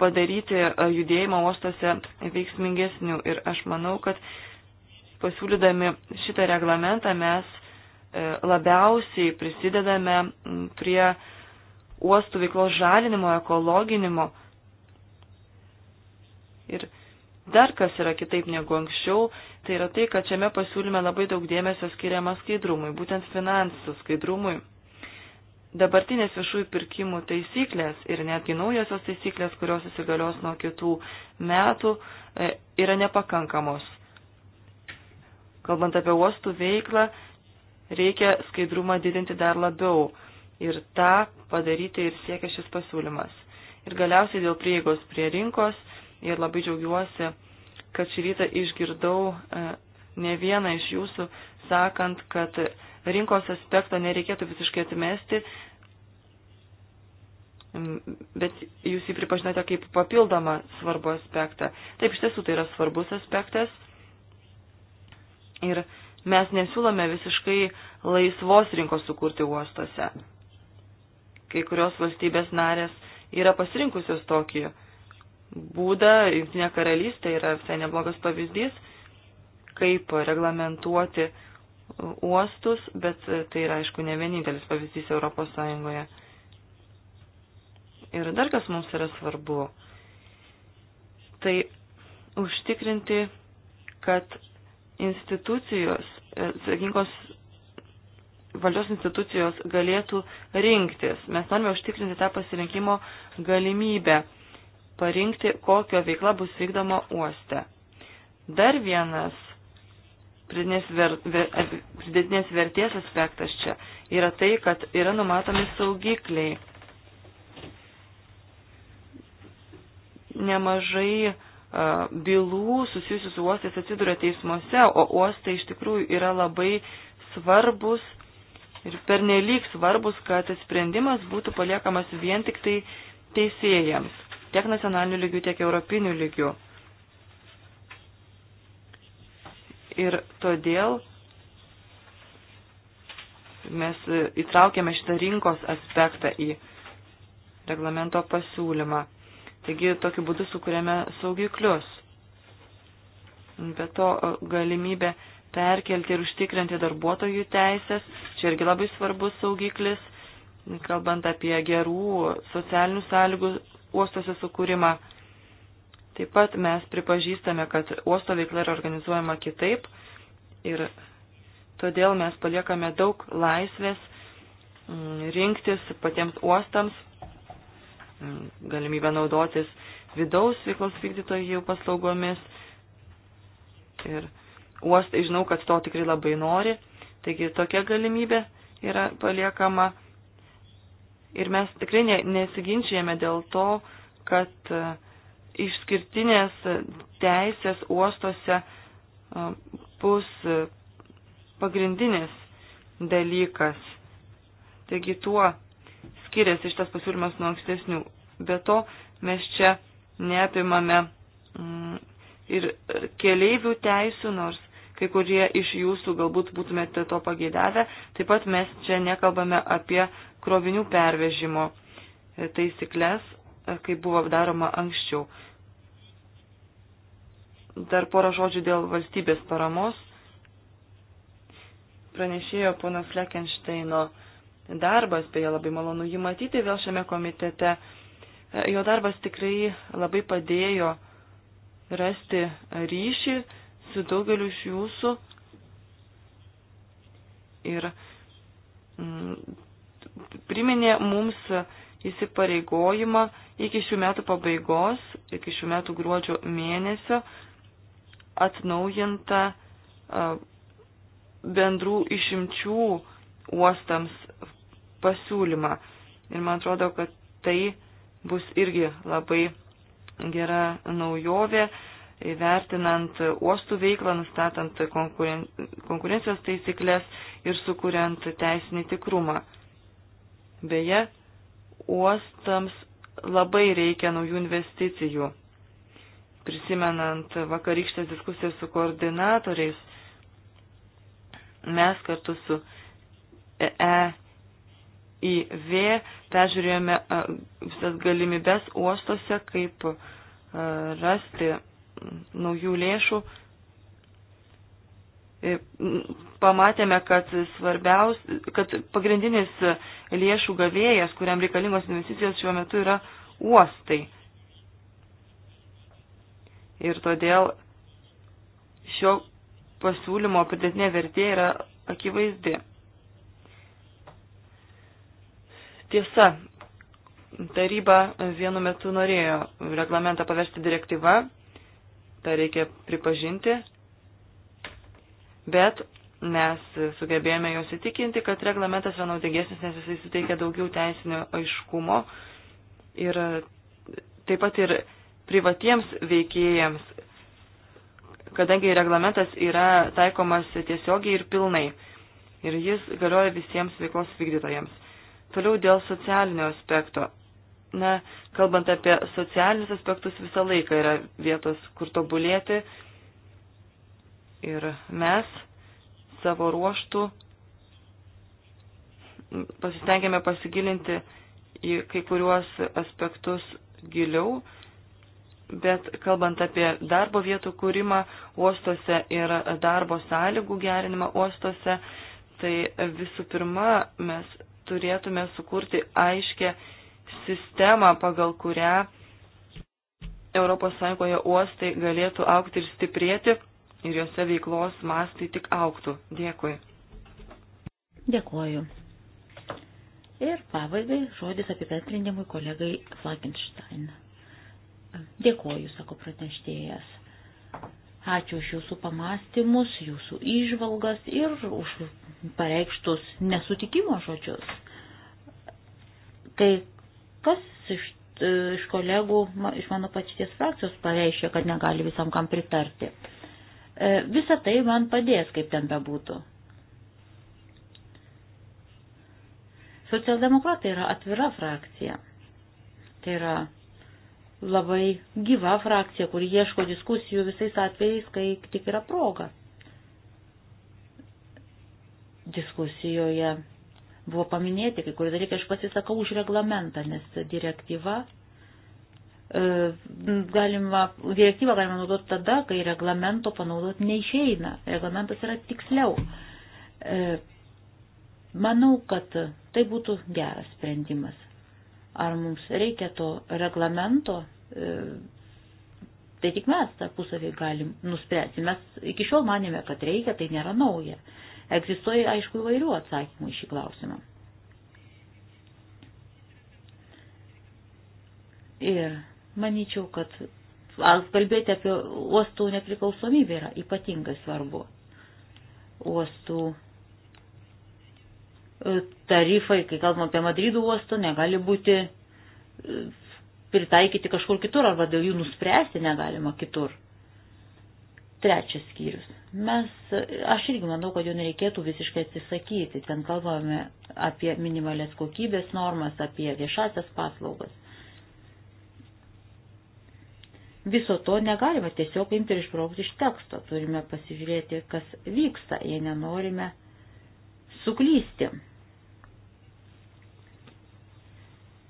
padaryti judėjimą uostose veiksmingesnių. Ir aš manau, kad pasiūlydami šitą reglamentą mes labiausiai prisidedame prie uostų veiklos žalinimo, ekologinimo Ir dar kas yra kitaip negu anksčiau, tai yra tai, kad šiame pasiūlyme labai daug dėmesio skiriama skaidrumui, būtent finansų skaidrumui. Dabartinės viešųjų pirkimų taisyklės ir netgi naujosios taisyklės, kurios įsigalios nuo kitų metų, e, yra nepakankamos. Kalbant apie uostų veiklą, reikia skaidrumą didinti dar labiau ir tą padaryti ir siekia šis pasiūlymas. Ir galiausiai dėl prieigos prie rinkos ir labai džiaugiuosi, kad šį rytą išgirdau e, ne vieną iš jūsų, sakant, kad rinkos aspekto nereikėtų visiškai atmesti, bet jūs jį pripažinote kaip papildomą svarbų aspektą. Taip, iš tiesų tai yra svarbus aspektas. Ir mes nesiūlome visiškai laisvos rinkos sukurti uostuose. Kai kurios valstybės narės yra pasirinkusios tokį būdą, Junktinė karalystė yra visai neblogas pavyzdys, kaip reglamentuoti uostus, bet tai yra aišku ne vienintelis pavyzdys Europos Sąjungoje. Ir dar kas mums yra svarbu, tai užtikrinti, kad institucijos, e, sakingos valdžios institucijos galėtų rinktis. Mes norime užtikrinti tą pasirinkimo galimybę parinkti, kokio veikla bus vykdoma uoste. Dar vienas pridėtinės vertės aspektas čia yra tai, kad yra numatomi saugikliai. Nemažai bylų susijusių su uostais atsiduria teismuose, o uostai iš tikrųjų yra labai svarbus ir pernelyg svarbus, kad sprendimas būtų paliekamas vien tik tai teisėjams tiek nacionaliniu lygiu, tiek europiniu lygiu. Ir todėl mes įtraukėme šitą rinkos aspektą į reglamento pasiūlymą. Taigi tokiu būdu sukūrėme saugiklius. Be to galimybė perkelti ir užtikrinti darbuotojų teisės, čia irgi labai svarbus saugiklis, kalbant apie gerų socialinių sąlygų uostose sukūrimą. Taip pat mes pripažįstame, kad uosto veikla yra organizuojama kitaip ir todėl mes paliekame daug laisvės mm, rinktis patiems uostams, mm, galimybę naudotis vidaus veiklos vykdytojų paslaugomis. Ir uostai žinau, kad to tikrai labai nori. Taigi tokia galimybė yra paliekama Ir mes tikrai nesiginčijame dėl to, kad e, išskirtinės teisės uostuose e, bus e, pagrindinis dalykas. Taigi tuo skiriasi šitas pasiūlymas nuo ankstesnių. Be to, mes čia neapimame mm, ir keleivių teisų, nors kai kurie iš jūsų galbūt būtumėte to pageidavę. Taip pat mes čia nekalbame apie krovinių pervežimo e, taisyklės, e, kaip buvo daroma anksčiau. Dar porą žodžių dėl valstybės paramos. Pranešėjo ponas Lekenšteino darbas, beje, labai malonu jį matyti vėl šiame komitete. E, jo darbas tikrai labai padėjo rasti ryšį su daugeliu iš jūsų ir mm, priminė mums įsipareigojimą iki šių metų pabaigos, iki šių metų gruodžio mėnesio atnaujinta bendrų išimčių uostams pasiūlymą. Ir man atrodo, kad tai bus irgi labai gera naujovė, vertinant uostų veiklą, nustatant konkuren... konkurencijos taisyklės ir sukuriant teisinį tikrumą. Beje, uostams labai reikia naujų investicijų. Prisimenant vakarykštės diskusijas su koordinatoriais, mes kartu su EIV peržiūrėjome visas galimybės uostose, kaip rasti naujų lėšų, e, pamatėme, kad, svarbiaus, kad pagrindinis lėšų gavėjas, kuriam reikalingos investicijos šiuo metu yra uostai. Ir todėl šio pasiūlymo pridėtinė vertė yra akivaizdi. Tiesa, taryba vienu metu norėjo reglamentą paversti direktyvą, tą reikia pripažinti, bet mes sugebėjome juos įtikinti, kad reglamentas yra naudingesnis, nes jisai suteikia daugiau teisinio aiškumo ir taip pat ir privatiems veikėjams, kadangi reglamentas yra taikomas tiesiogiai ir pilnai ir jis galioja visiems veiklos vykdytojams. Toliau dėl socialinio aspekto. Na, kalbant apie socialinius aspektus, visą laiką yra vietos, kur tobulėti. Ir mes savo ruoštų pasistengėme pasigilinti į kai kuriuos aspektus giliau, bet kalbant apie darbo vietų kūrimą uostose ir darbo sąlygų gerinimą uostose, tai visų pirma mes turėtume sukurti aiškę sistemą, pagal kurią ES uostai galėtų aukti ir stiprėti ir juose veiklos mastai tik auktų. Dėkui. Dėkuoju. Ir pabaigai žodis apibendrinimui kolegai Flagenstein. Dėkuoju, sako praneštėjas. Ačiū už jūsų pamastymus, jūsų išvalgas ir už pareikštus nesutikimo žodžius. Kai Kas iš, e, iš kolegų, iš mano pačities frakcijos pareiškia, kad negali visam kam pritarti. E, visa tai man padės, kaip ten bebūtų. Socialdemokratai yra atvira frakcija. Tai yra labai gyva frakcija, kuri ieško diskusijų visais atvejais, kai tik yra proga. Diskusijoje buvo paminėti, kai kurie dalykai aš pasisakau už reglamentą, nes direktyva e, galima, direktyvą galima naudoti tada, kai reglamento panaudoti neišeina. Reglamentas yra tiksliau. E, manau, kad tai būtų geras sprendimas. Ar mums reikia to reglamento, e, tai tik mes tarpusavį galim nuspręsti. Mes iki šiol manėme, kad reikia, tai nėra nauja. Egzistuoja, aišku, įvairių atsakymų į šį klausimą. Ir manyčiau, kad kalbėti apie uostų nepriklausomybę yra ypatingai svarbu. Uostų e, tarifai, kai kalbam apie Madridų uostų, negali būti e, pritaikyti kažkur kitur arba dėl jų nuspręsti negalima kitur. Trečias skyrius. Mes, aš irgi manau, kad jo nereikėtų visiškai atsisakyti. Ten kalbame apie minimalės kokybės normas, apie viešasias paslaugas. Viso to negalima tiesiog imti ir išbraukti iš teksto. Turime pasižiūrėti, kas vyksta, jei nenorime suklysti.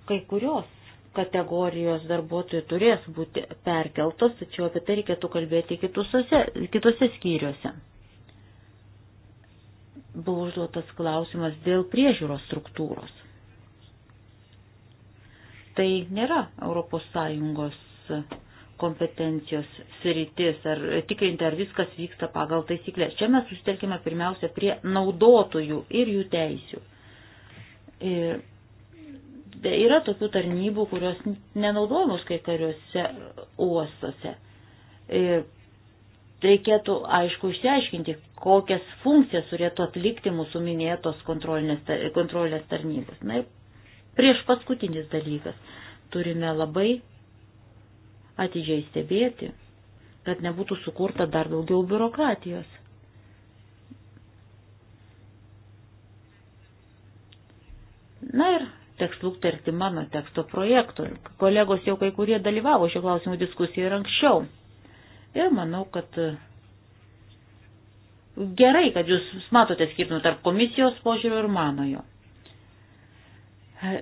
Kai kurios kategorijos darbuotojų turės būti perkeltos, tačiau apie tai reikėtų kalbėti kitose, kitose skyriuose. Buvo užduotas klausimas dėl priežiūros struktūros. Tai nėra ES kompetencijos sritis, ar tikrinti, ar viskas vyksta pagal taisyklės. Čia mes susitelkime pirmiausia prie naudotojų ir jų teisių. Ir Yra tokių tarnybų, kurios nenaudojamos kai kariuose uostose. Ir e, reikėtų, aišku, išsiaiškinti, kokias funkcijas turėtų atlikti mūsų minėtos kontrolės, kontrolės tarnybos. Na ir prieš paskutinis dalykas. Turime labai atidžiai stebėti, kad nebūtų sukurta dar daugiau biurokratijos. Na ir tekstu tarti mano teksto projektų. Kolegos jau kai kurie dalyvavo šio klausimų diskusijoje ir anksčiau. Ir manau, kad e, gerai, kad jūs matote skirtumą tarp komisijos požiūrio ir manojo. E,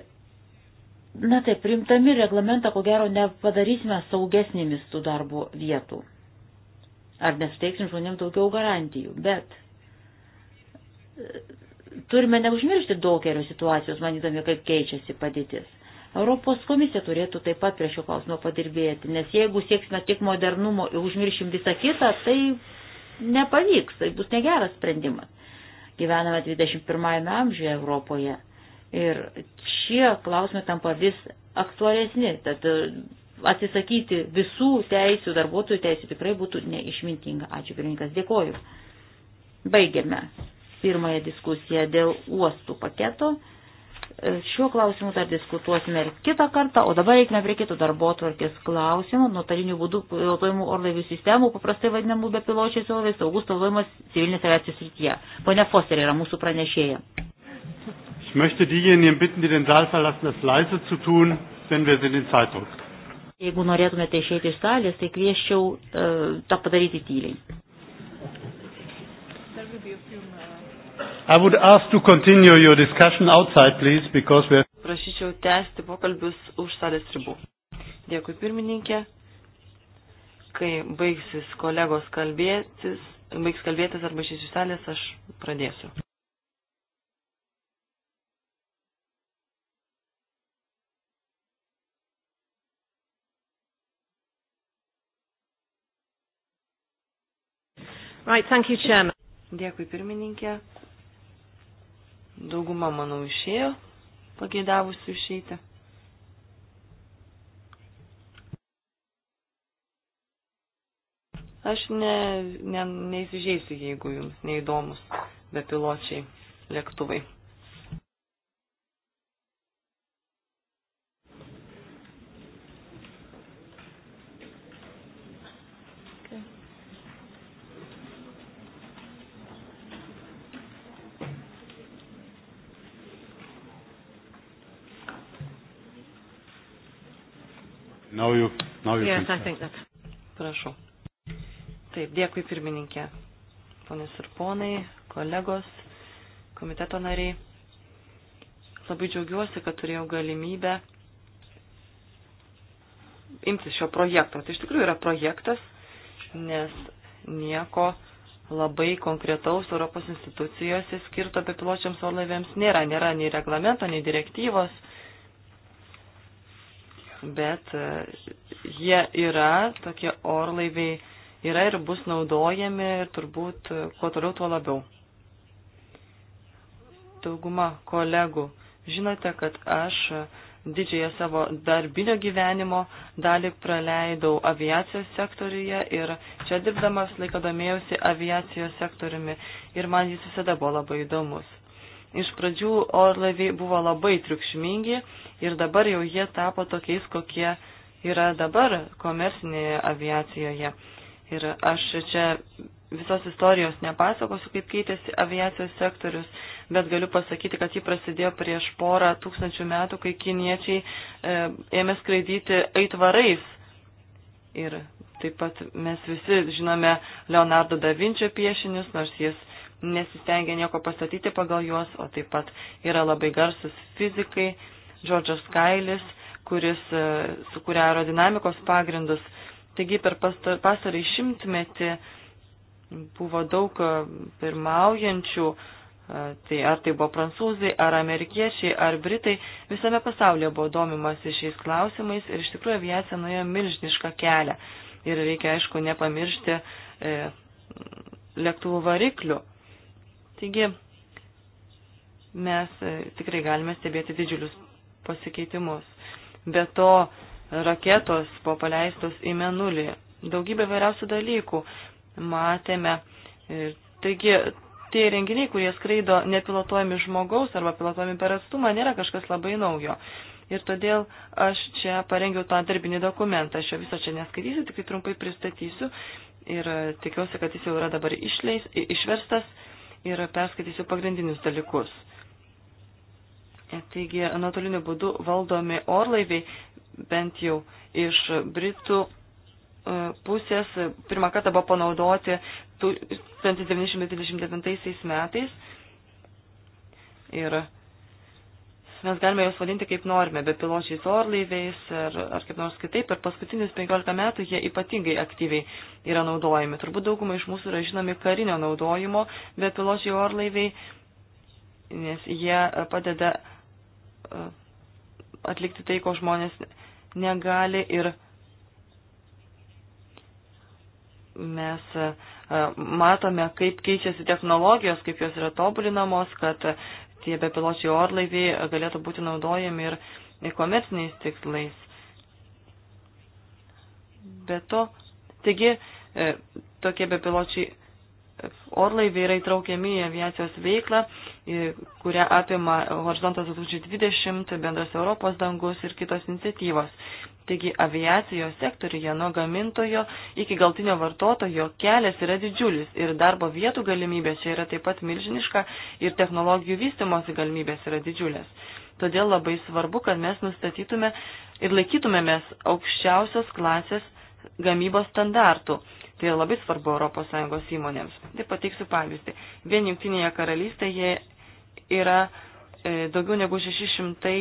na taip, primtami reglamentą, ko gero, nepadarysime saugesnėmis tų darbo vietų. Ar nesuteiksim žmonėms daugiau garantijų, bet e, turime neužmiršti daugelio situacijos, manydami, kaip keičiasi padėtis. Europos komisija turėtų taip pat prie šio klausimo padirbėti, nes jeigu sieksime tik modernumo ir užmiršim visą kitą, tai nepavyks, tai bus negeras sprendimas. Gyvename 21 amžiuje Europoje ir šie klausimai tampa vis aktualesni, tad e, atsisakyti visų teisių, darbuotojų teisių tikrai būtų neišmintinga. Ačiū, pirmininkas, dėkoju. Baigėme pirmąją diskusiją dėl uostų paketo. E, šiuo klausimu dar diskutuosime ir kitą kartą, o dabar reikime prie kito darbo tvarkės klausimų, nuotolinių būdų pilotuojimų orlaivių sistemų, paprastai vadinamų bepiločiais orlaiviais, saugus naudojimas civilinės aviacijos srityje. Pone Foster yra mūsų pranešėja. Ich möchte diejenigen bitten, die den Saal verlassen, das leise zu tun, denn wir sind in Zeitdruck. Jeigu norėtumėte išeiti iš salės, tai kvieščiau uh, tą padaryti tyliai. I would ask to continue your discussion outside, please, because we are... Prašyčiau tęsti pokalbius už salės ribų. Dėkui pirmininkė. Kai baigsis kolegos kalbėtis, baigs kalbėtis arba šis iš salės, aš pradėsiu. Right, thank you, Chairman. Dėkui pirmininkė. Dauguma, manau, išėjo, pageidavusių išeiti. Aš ne, ne, neįsižeisiu, jeigu jums neįdomus bepiločiai lėktuvai. Now you, now you yes, I think that. Prašau. Taip, dėkui pirmininkė. Ponės ir ponai, kolegos, komiteto nariai. Labai džiaugiuosi, kad turėjau galimybę imtis šio projekto. Tai iš tikrųjų yra projektas, nes nieko labai konkretaus Europos institucijose skirto bepiločiams orlaiviams nėra. Nėra nei reglamento, nei direktyvos bet e, jie yra, tokie orlaiviai yra ir bus naudojami ir turbūt e, kuo toliau, tuo labiau. Dauguma kolegų, žinote, kad aš e, didžiąją savo darbinio gyvenimo dalį praleidau aviacijos sektoriuje ir čia dirbdamas laiką domėjausi aviacijos sektoriumi ir man jis visada buvo labai įdomus. Iš pradžių orlaiviai buvo labai triukšmingi, ir dabar jau jie tapo tokiais, kokie yra dabar komercinėje aviacijoje. Ir aš čia visos istorijos nepasakosiu, kaip keitėsi aviacijos sektorius, bet galiu pasakyti, kad jį prasidėjo prieš porą tūkstančių metų, kai kiniečiai e, ėmė skraidyti aitvarais. Ir taip pat mes visi žinome Leonardo da Vinčio piešinius, nors jis nesistengia nieko pastatyti pagal juos, o taip pat yra labai garsus fizikai Džordžas Kailis, kuris e, sukūrė aerodinamikos pagrindus. Taigi per pastarį šimtmetį buvo daug e, pirmaujančių, e, tai ar tai buvo prancūzai, ar amerikiečiai, ar britai, visame pasaulyje buvo domimasi šiais klausimais ir iš tikrųjų aviacija nuėjo milžinišką kelią. Ir reikia, aišku, nepamiršti e, lėktuvų variklių. Taigi mes tikrai galime stebėti didžiulius pasikeitimus. Be to, raketos buvo paleistos į menulį. Daugybė vairiausių dalykų matėme. Ir taigi, tie renginiai, kurie skraido nepilotuojami žmogaus arba pilotuojami per atstumą, nėra kažkas labai naujo. Ir todėl aš čia parengiau tą darbinį dokumentą. Aš jo viso čia neskaitysiu, tik tai trumpai pristatysiu. Ir e, tikiuosi, kad jis jau yra dabar išleis, išverstas ir perskaitysiu pagrindinius dalykus. Taigi, nuotoliniu būdu valdomi orlaiviai, bent jau iš Britų e, pusės, pirmą kartą buvo panaudoti 1929 metais. Ir mes galime juos vadinti kaip norime, bepiločiais orlaiviais ar, ar kaip nors kitaip. Per paskutinius 15 metų jie ypatingai aktyviai yra naudojami. Turbūt dauguma iš mūsų yra žinomi karinio naudojimo bepiločiai orlaiviai, nes jie padeda E, atlikti tai, ko žmonės negali ir mes e, matome, kaip keičiasi technologijos, kaip jos yra tobulinamos, kad tie bepiločiai orlaiviai galėtų būti naudojami ir komerciniais tikslais. Be to, taigi e, tokie bepiločiai orlaiviai yra įtraukiami į aviacijos veiklą, kurią apima Horizontas 2020, bendras Europos dangus ir kitos iniciatyvos. Taigi aviacijos sektoriuje nuo gamintojo iki galtinio vartotojo kelias yra didžiulis ir darbo vietų galimybės čia yra taip pat milžiniška ir technologijų vystimosi galimybės yra didžiulės. Todėl labai svarbu, kad mes nustatytume ir laikytumėmės aukščiausios klasės gamybos standartų Tai yra labai svarbu ES įmonėms. Tai pateiksiu pavyzdį. Vien Junktinėje karalystėje yra e, daugiau negu 600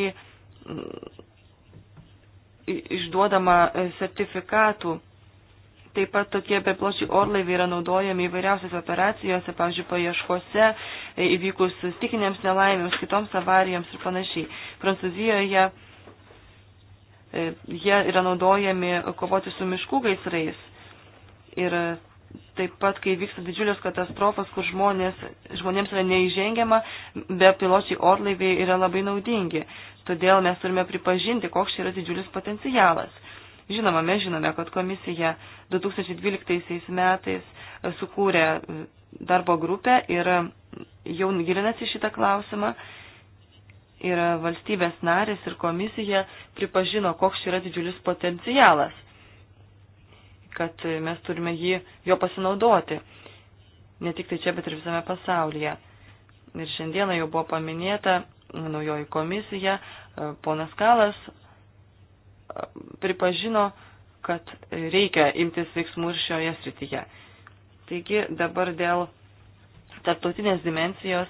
išduodama e, sertifikatų Taip pat tokie bepločiai orlaiviai yra naudojami įvairiausiose operacijose, pavyzdžiui, paieškose, e, įvykus stikinėms nelaimėms, kitoms avarijoms ir panašiai. Prancūzijoje jie yra naudojami kovoti su miškų gaisrais. Ir taip pat, kai vyksta didžiulės katastrofos, kur žmonės, žmonėms yra neįžengiama, be piločiai orlaiviai yra labai naudingi. Todėl mes turime pripažinti, koks čia yra didžiulis potencialas. Žinoma, mes žinome, kad komisija 2012 metais sukūrė darbo grupę ir jau gilinasi šitą klausimą. Ir valstybės narės ir komisija pripažino, koks yra didžiulis potencialas kad mes turime jį, jo pasinaudoti. Ne tik tai čia, bet ir visame pasaulyje. Ir šiandieną jau buvo paminėta naujoji komisija, ponas Kalas pripažino, kad reikia imtis veiksmų ir šioje srityje. Taigi dabar dėl tarptautinės dimensijos,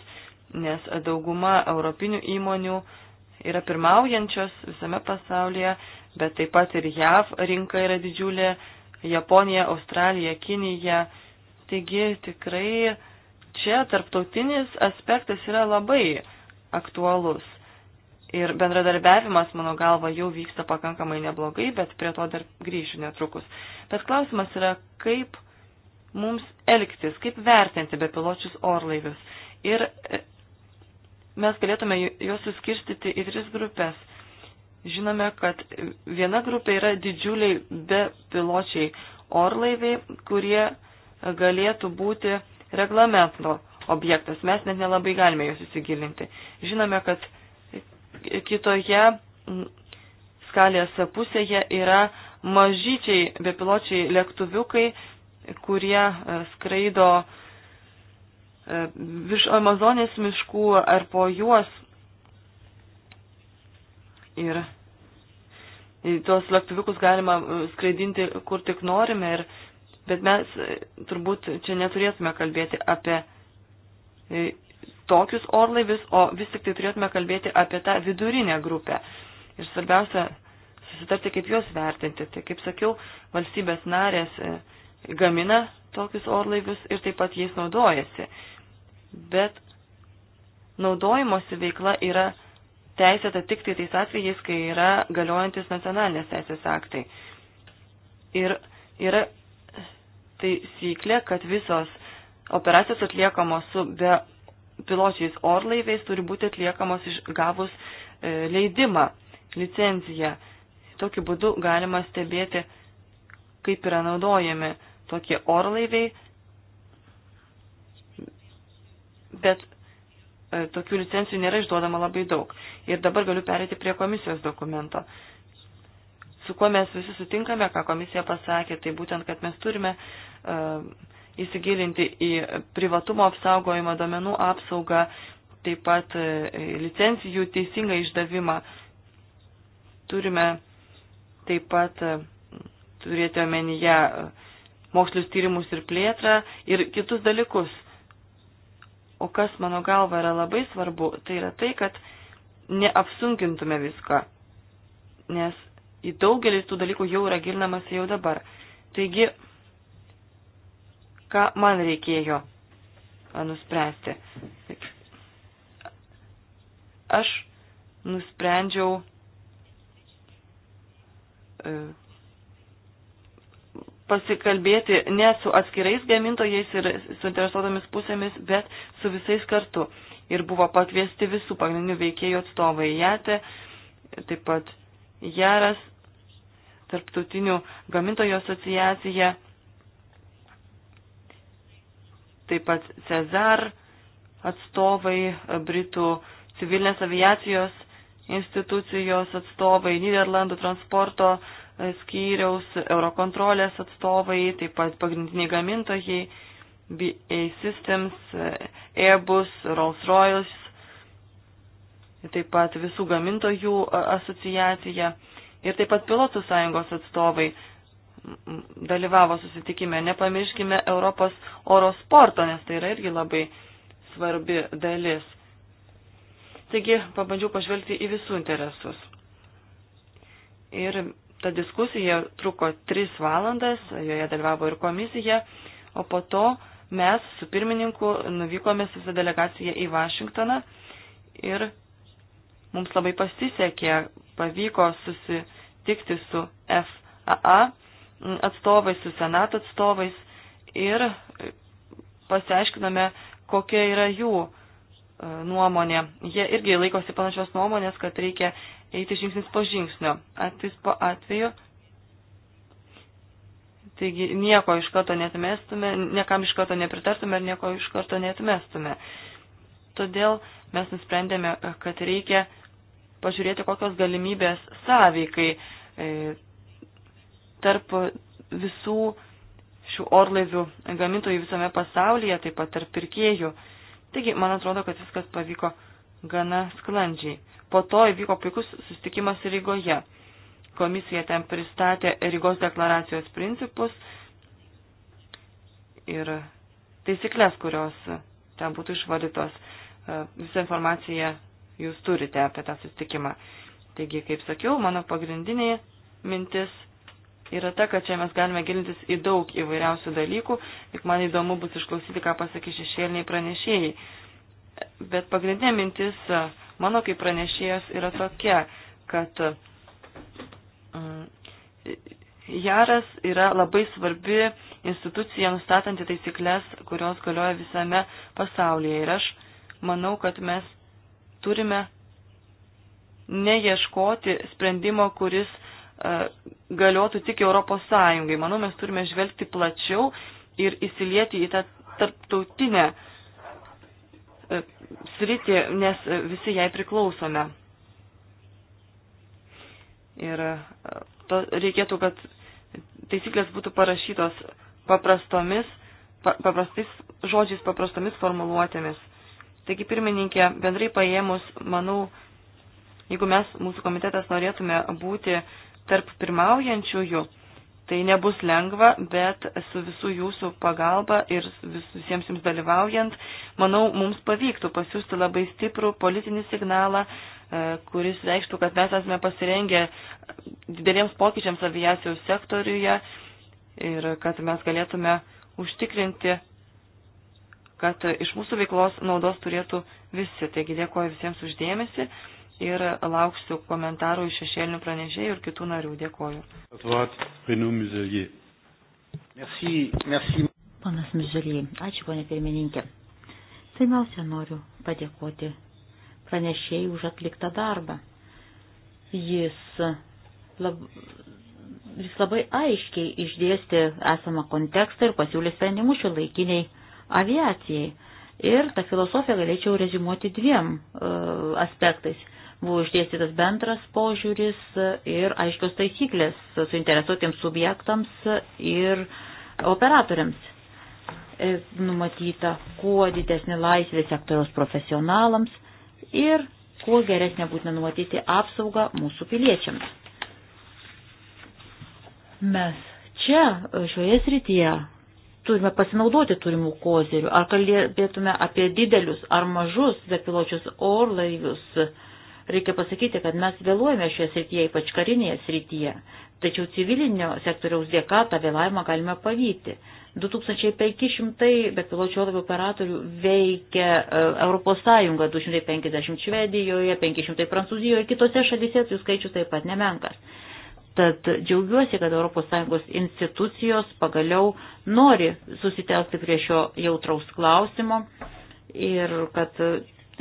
nes dauguma europinių įmonių yra pirmaujančios visame pasaulyje, bet taip pat ir JAV rinka yra didžiulė, Japonija, Australija, Kinija. Taigi tikrai čia tarptautinis aspektas yra labai aktualus. Ir bendradarbiavimas, mano galva, jau vyksta pakankamai neblogai, bet prie to dar grįšiu netrukus. Bet klausimas yra, kaip mums elgtis, kaip vertinti bepiločius orlaivius. Ir e, mes galėtume juos suskirstyti į tris grupės žinome, kad viena grupė yra didžiuliai bepiločiai orlaiviai, kurie galėtų būti reglamento objektas. Mes net nelabai galime juos įsigilinti. Žinome, kad kitoje skalės pusėje yra mažyčiai bepiločiai lėktuviukai, kurie skraido e, virš Amazonės miškų ar po juos Ir tuos lėktuviukus galima uh, skraidinti kur tik norime, ir, bet mes uh, turbūt čia neturėtume kalbėti apie uh, tokius orlaivius, o vis tik tai turėtume kalbėti apie tą vidurinę grupę. Ir svarbiausia susitarti, kaip juos vertinti. Tai kaip sakiau, valstybės narės gamina tokius orlaivius ir taip pat jais naudojasi. Bet naudojimosi veikla yra teisėta tik tai tais atvejais, kai yra galiojantis nacionalinės teisės aktai. Ir yra taisyklė, kad visos operacijos atliekamos su be piločiais orlaiviais turi būti atliekamos gavus e, leidimą, licenciją. Tokiu būdu galima stebėti, kaip yra naudojami tokie orlaiviai, bet E, tokių licencijų nėra išduodama labai daug. Ir dabar galiu perėti prie komisijos dokumento. Su kuo mes visi sutinkame, ką komisija pasakė, tai būtent, kad mes turime uh, įsigilinti į privatumo apsaugojimą, domenų apsaugą, taip pat uh, licencijų teisingą išdavimą. Turime taip pat uh, turėti omenyje uh, mokslinius tyrimus ir plėtrą ir kitus dalykus. O kas mano galva yra labai svarbu, tai yra tai, kad neapsunkintume viską, nes į daugelį tų dalykų jau yra gilinamas jau dabar. Taigi, ką man reikėjo nuspręsti? Aš nusprendžiau. E, pasikalbėti ne su atskirais gamintojais ir suinteresuotomis pusėmis, bet su visais kartu. Ir buvo pakviesti visų pagrindinių veikėjų atstovai JATE, taip pat JARAS, Tarptautinių gamintojų asociacija, taip pat CEZAR atstovai, Britų civilinės aviacijos institucijos atstovai, Niderlandų transporto skyriaus, Eurokontrolės atstovai, taip pat pagrindiniai gamintojai, BA Systems, Airbus, Rolls Royce, taip pat visų gamintojų asociacija ir taip pat pilotų sąjungos atstovai dalyvavo susitikime. Nepamirškime Europos oro sporto, nes tai yra irgi labai svarbi dalis. Taigi pabandžiau pažvelgti į visų interesus. Ir Ta diskusija truko tris valandas, joje dalyvavo ir komisija, o po to mes su pirmininku nuvykome su visą delegaciją į Vašingtoną ir mums labai pasisekė, pavyko susitikti su FAA atstovais, su Senato atstovais ir pasiaiškiname, kokia yra jų e, nuomonė. Jie irgi laikosi panašios nuomonės, kad reikia eiti žingsnis po žingsnio, atvejs po atveju. Taigi nieko iš karto netmestume, niekam iš karto nepritartume ir nieko iš karto netmestume. Todėl mes nusprendėme, kad reikia pažiūrėti, kokios galimybės sąveikai e, tarp visų šių orlaivių gamintojų visame pasaulyje, taip pat tarp pirkėjų. Taigi, man atrodo, kad viskas pavyko gana sklandžiai. Po to įvyko puikus sustikimas Rygoje. Komisija ten pristatė Rygos deklaracijos principus ir taisyklės, kurios ten būtų išvadytos. E, visą informaciją jūs turite apie tą sustikimą. Taigi, kaip sakiau, mano pagrindinė mintis yra ta, kad čia mes galime gilintis į daug įvairiausių dalykų, tik man įdomu bus išklausyti, ką pasakys šešėliniai pranešėjai. Bet pagrindinė mintis mano kaip pranešėjas yra tokia, kad mm, Jaras yra labai svarbi institucija nustatanti taisyklės, kurios galioja visame pasaulyje. Ir aš manau, kad mes turime neieškoti sprendimo, kuris galiotų tik Europos Sąjungai. Manau, mes turime žvelgti plačiau ir įsilieti į tą tarptautinę uh, E, sritį, nes visi jai priklausome. Ir e, to reikėtų, kad taisyklės būtų parašytos paprastomis, paprastais žodžiais, paprastomis formuluotėmis. Taigi, pirmininkė, bendrai paėmus, manau, jeigu mes, mūsų komitetas, norėtume būti tarp pirmaujančiųjų, Tai nebus lengva, bet su visų jūsų pagalba ir visiems jums dalyvaujant, manau, mums pavyktų pasiūsti labai stiprų politinį signalą, e, kuris reikštų, kad mes esame pasirengę dideliems pokyčiams aviacijos sektoriuje ir kad mes galėtume užtikrinti, kad iš mūsų veiklos naudos turėtų visi. Taigi dėkuoju visiems uždėmesi ir lauksiu komentarų iš šešėlinių pranešėjų ir kitų narių. Dėkoju. Panas Mizelį, ačiū ponė pirmininkė. Pirmiausia, noriu padėkoti pranešėjai už atliktą darbą. Jis, lab, jis labai aiškiai išdėstė esamą kontekstą ir pasiūlė sprendimus šio laikiniai aviacijai. Ir tą filosofiją galėčiau rezimuoti dviem e, aspektais. Buvo išdėstytas bendras požiūris ir aiškios taisyklės suinteresuotiems subjektams ir operatoriams. E, numatyta kuo didesnė laisvė sektoriaus profesionalams ir kuo geresnė būtina numatyti apsaugą mūsų piliečiams. Mes čia, e, šioje srityje, turime pasinaudoti turimų kozerių, ar kalbėtume apie didelius ar mažus bepiločius orlaivius, Reikia pasakyti, kad mes vėluojame šioje srityje, ypač karinėje srityje, tačiau civilinio sektoriaus dėka tą vėlavimą galime pavyti. 2500 bepiločių orlaivių operatorių veikia e, Europos Sąjunga, 250 Švedijoje, 500 Prancūzijoje ir kitose šalyse jų skaičius taip pat nemenkas. Tad džiaugiuosi, kad ES institucijos pagaliau nori susitelkti prie šio jautraus klausimo ir kad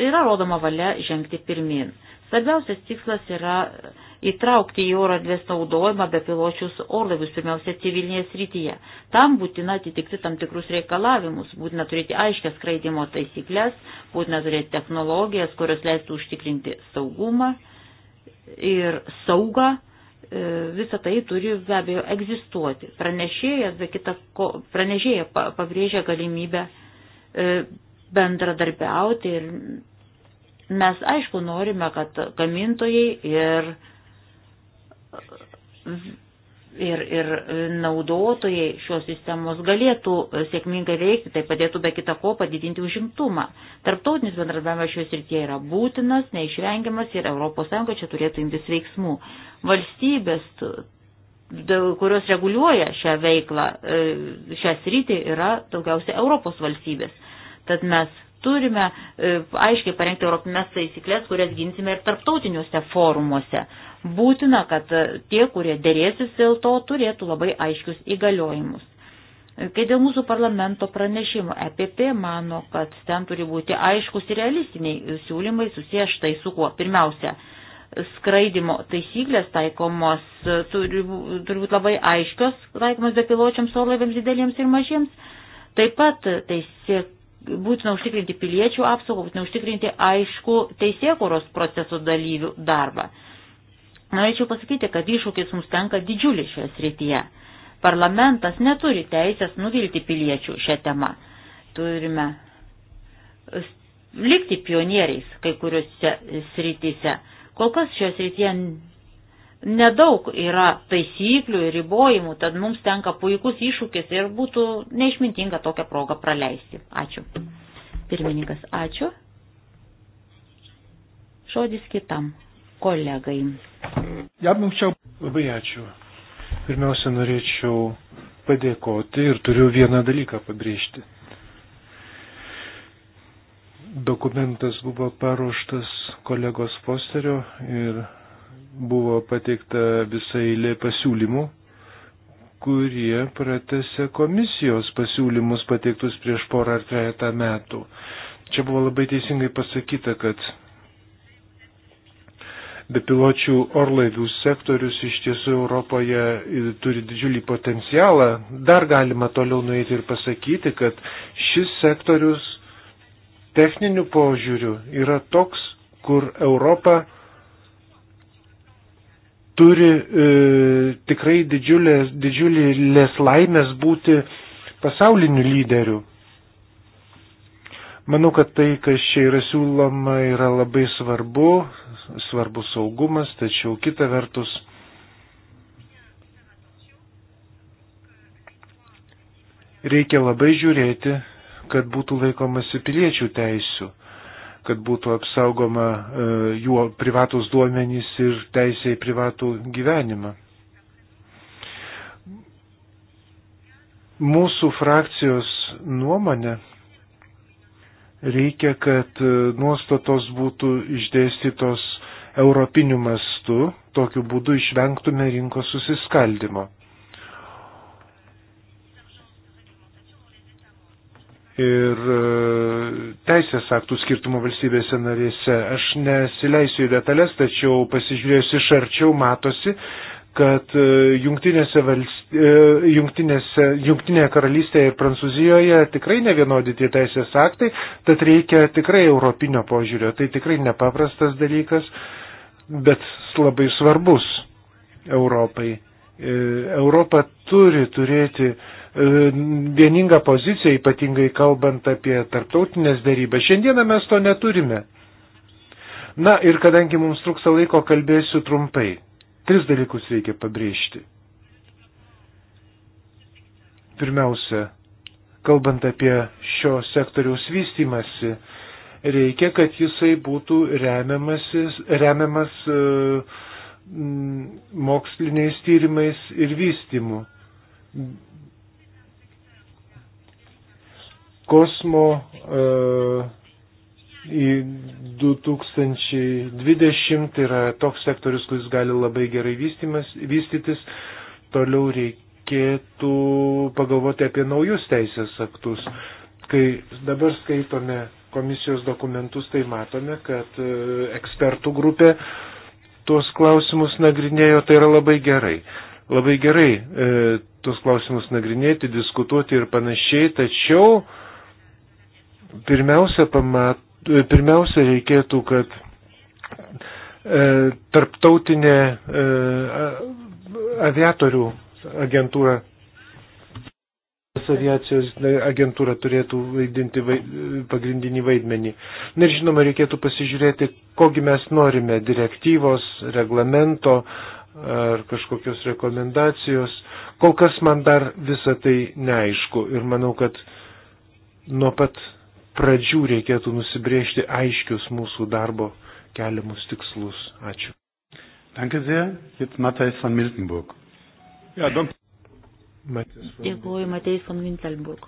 yra rodoma valia žengti pirmin. Svarbiausias tikslas yra įtraukti į oro erdvės naudojimą bepiločius orlaivius, pirmiausia, civilinėje srityje. Tam būtina atitikti tam tikrus reikalavimus, būtina turėti aiškias skraidimo taisyklės, būtina turėti technologijas, kurios leistų užtikrinti saugumą ir saugą. E, Visą tai turi be abejo egzistuoti. Pranešėjas, be kita ko, pranešėja pabrėžia galimybę e, bendradarbiauti ir Mes aišku norime, kad gamintojai ir, ir, ir naudotojai šios sistemos galėtų sėkmingai veikti, tai padėtų be kita ko padidinti užimtumą. Tarptautinis bendradarbiavimas šios rytyje yra būtinas, neišvengiamas ir ES čia turėtų imtis veiksmų. Valstybės kurios reguliuoja šią veiklą, e, šią sritį yra daugiausia Europos valstybės. Tad mes Turime e, aiškiai parengti europinės taisyklės, kurias ginsime ir tarptautiniuose forumuose. Būtina, kad e, tie, kurie dėrėsis dėl to, turėtų labai aiškius įgaliojimus. E, kai dėl mūsų parlamento pranešimo EPP mano, kad ten turi būti aiškus ir realistiniai siūlymai susiję štai su kuo. Pirmiausia, skraidimo taisyklės taikomos turi, turi būti labai aiškios, taikomos bepiločiams orlaiviams dideliems ir mažiems. Taip pat teisė būtina užtikrinti piliečių apsaugą, būtina užtikrinti aišku teisėkuros proceso dalyvių darbą. Norėčiau pasakyti, kad iššūkis mums tenka didžiulis šioje srityje. Parlamentas neturi teisės nuvilti piliečių šią temą. Turime likti pionieriais kai kuriuose srityse. Kol kas šioje srityje nedaug yra taisyklių ir ribojimų, tad mums tenka puikus iššūkis ir būtų neišmintinga tokią progą praleisti. Ačiū. Pirmininkas, ačiū. Žodis kitam kolegai. Ja, čia... Labai ačiū. Pirmiausia, norėčiau padėkoti ir turiu vieną dalyką pabrėžti. Dokumentas buvo paruoštas kolegos Fosterio ir buvo pateikta visai lė pasiūlymų, kurie pratese komisijos pasiūlymus pateiktus prieš porą ar trejata metų. Čia buvo labai teisingai pasakyta, kad bepiločių orlaivių sektorius iš tiesų Europoje turi didžiulį potencialą. Dar galima toliau nueiti ir pasakyti, kad šis sektorius techniniu požiūriu yra toks, kur Europa turi e, tikrai didžiulės, didžiulės laimės būti pasauliniu lyderiu. Manau, kad tai, kas čia yra siūloma, yra labai svarbu, svarbu saugumas, tačiau kita vertus. Reikia labai žiūrėti, kad būtų laikomasi piliečių teisių kad būtų apsaugoma e, jų privatus duomenys ir teisė į privatų gyvenimą. Mūsų frakcijos nuomonė reikia, kad e, nuostatos būtų išdėstytos europiniu mastu, tokiu būdu išvengtume rinkos susiskaldimo. ir e, teisės aktų skirtumų valstybėse narėse. Aš nesileisiu į detalės, tačiau pasižiūrėjus iš arčiau matosi, kad e, jungtinėse valst... E, jungtinėse... jungtinėje karalystėje ir Prancūzijoje tikrai nevienodi tie teisės aktai, tad reikia tikrai europinio požiūrio. Tai tikrai nepaprastas dalykas, bet labai svarbus Europai. Europa turi turėti uh, E, vieningą poziciją, ypatingai kalbant apie tarptautinės dėrybas. Šiandieną mes to neturime. Na ir kadangi mums trūksta laiko, kalbėsiu trumpai. Tris dalykus reikia pabrėžti. Pirmiausia, kalbant apie šio sektoriaus vystimasi, reikia, kad jisai būtų remiamas, remiamas moksliniais tyrimais ir vystimu. Kosmo e, į 2020 tai yra toks sektorius, kuris gali labai gerai vystytis. Toliau reikėtų pagalvoti apie naujus teisės aktus. Kai dabar skaitome komisijos dokumentus, tai matome, kad e, ekspertų grupė tuos klausimus nagrinėjo, tai yra labai gerai. Labai gerai e, tuos klausimus nagrinėti, diskutuoti ir panašiai, tačiau e, Pirmiausia, pamat, pirmiausia reikėtų, kad e, tarptautinė e, aviatorių agentūra, aviacijos agentūra turėtų vaidinti pagrindinį vaidmenį. Na ir žinoma, reikėtų pasižiūrėti, kogi mes norime - direktyvos, reglamento ar kažkokios rekomendacijos. Kol kas man dar visa tai neaišku ir manau, kad nuo pat pradžių reikėtų nusibriežti aiškius mūsų darbo keliamus tikslus. Ačiū. Danke sehr. Jetzt Matthijs van Miltenburg. Ja, dank. Dėkuoju, Matėjus von Wintelburg.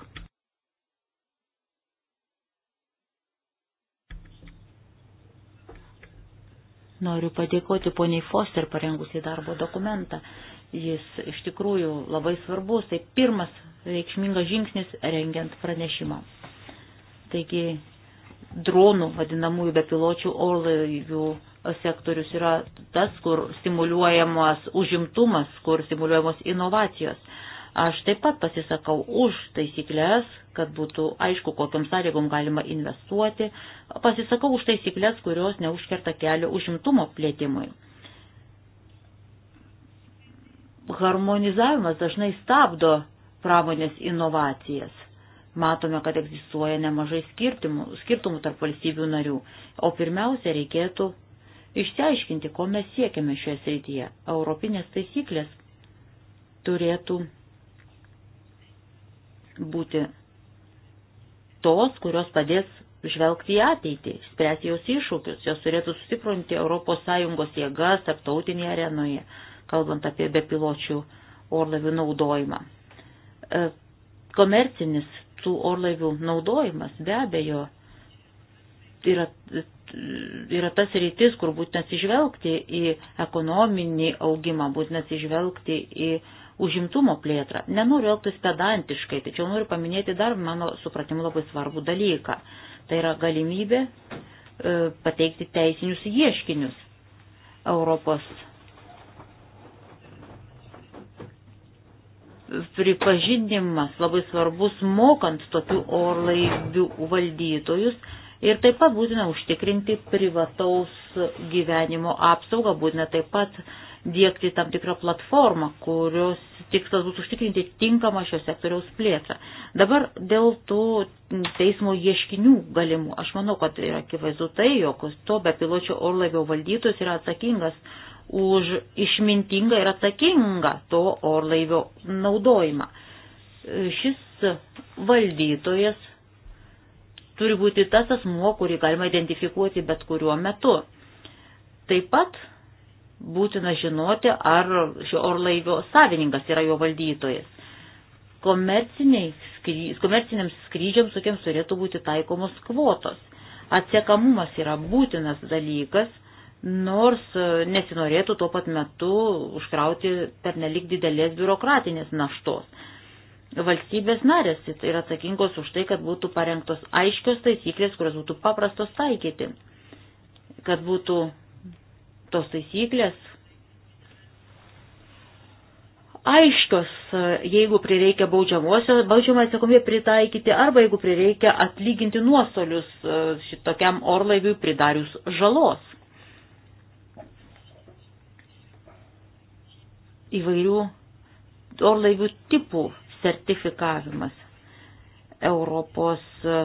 Noriu padėkoti poniai Foster parengusiai darbo dokumentą. Jis iš tikrųjų labai svarbus, tai pirmas reikšmingas žingsnis rengiant pranešimą. Taigi dronų vadinamųjų bepiločių orlaivių sektorius yra tas, kur stimuliuojamas užimtumas, kur stimuliuojamos inovacijos. Aš taip pat pasisakau už taisyklės, kad būtų aišku, kokiam sąlygom galima investuoti. Pasisakau už taisyklės, kurios neužkerta kelio užimtumo plėtimui. Harmonizavimas dažnai stabdo pramonės inovacijas. Matome, kad egzistuoja nemažai skirtumų, skirtumų tarp valstybių narių, o pirmiausia reikėtų išsiaiškinti, ko mes siekiame šioje srityje. Europinės taisyklės turėtų būti tos, kurios padės žvelgti į ateitį, spręsti jos iššūkius, jos turėtų sustiprinti ES jėgas tarptautinėje arenoje, kalbant apie bepiločių orlavių naudojimą. E, komercinis tų orlaivių naudojimas be abejo yra, yra tas rytis, kur būtina atsižvelgti į ekonominį augimą, būtina atsižvelgti į užimtumo plėtrą. Nenoriu elgtis pedantiškai, tačiau noriu paminėti dar mano supratimu labai svarbų dalyką. Tai yra galimybė e, pateikti teisinius ieškinius Europos pripažinimas labai svarbus mokant tokių orlaivių valdytojus ir taip pat būtina užtikrinti privataus gyvenimo apsaugą, būtina taip pat dėkti tam tikrą platformą, kurios tikslas būtų užtikrinti tinkamą šio sektoriaus plėtrą. Dabar dėl tų teismo ieškinių galimų, aš manau, kad yra akivaizdu tai, jog to bepiločio orlaivio valdytojas yra atsakingas už išmintingą ir atsakingą to orlaivio naudojimą. Šis valdytojas turi būti tas asmuo, kurį galima identifikuoti bet kuriuo metu. Taip pat būtina žinoti, ar šio orlaivio savininkas yra jo valdytojas. Skry, komerciniams skrydžiams tokiems turėtų būti taikomos kvotos. Atsiekamumas yra būtinas dalykas, nors e, nesinorėtų tuo pat metu užkrauti per nelik didelės biurokratinės naštos. Valstybės narės yra atsakingos už tai, kad būtų parengtos aiškios taisyklės, kurios būtų paprastos taikyti, kad būtų tos taisyklės aiškios, e, jeigu prireikia baudžiamą atsakomybę pritaikyti arba jeigu prireikia atlyginti nuostolius e, šitokiam orlaiviui pridarius žalos. įvairių orlaivių tipų sertifikavimas. Europos e,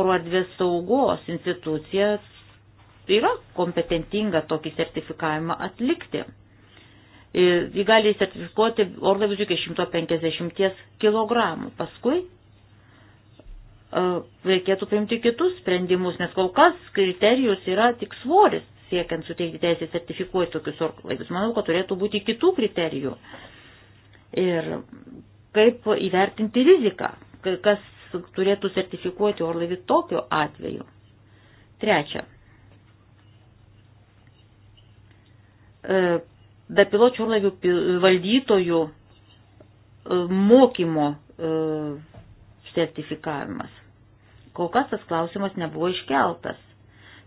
oro erdvės saugos institucija yra kompetentinga tokį sertifikavimą atlikti. E, Jį gali sertifikuoti orlaivius iki 150 kg. Paskui e, reikėtų priimti kitus sprendimus, nes kol kas kriterijus yra tik svoris siekiant suteikti teisę sertifikuoti tokius orklaivius. Manau, kad turėtų būti kitų kriterijų. Ir kaip įvertinti riziką, kas turėtų sertifikuoti orlaivį tokiu atveju. Trečia. E, be piločių orlaivių valdytojų e, mokymo e, sertifikavimas. Kol kas tas klausimas nebuvo iškeltas.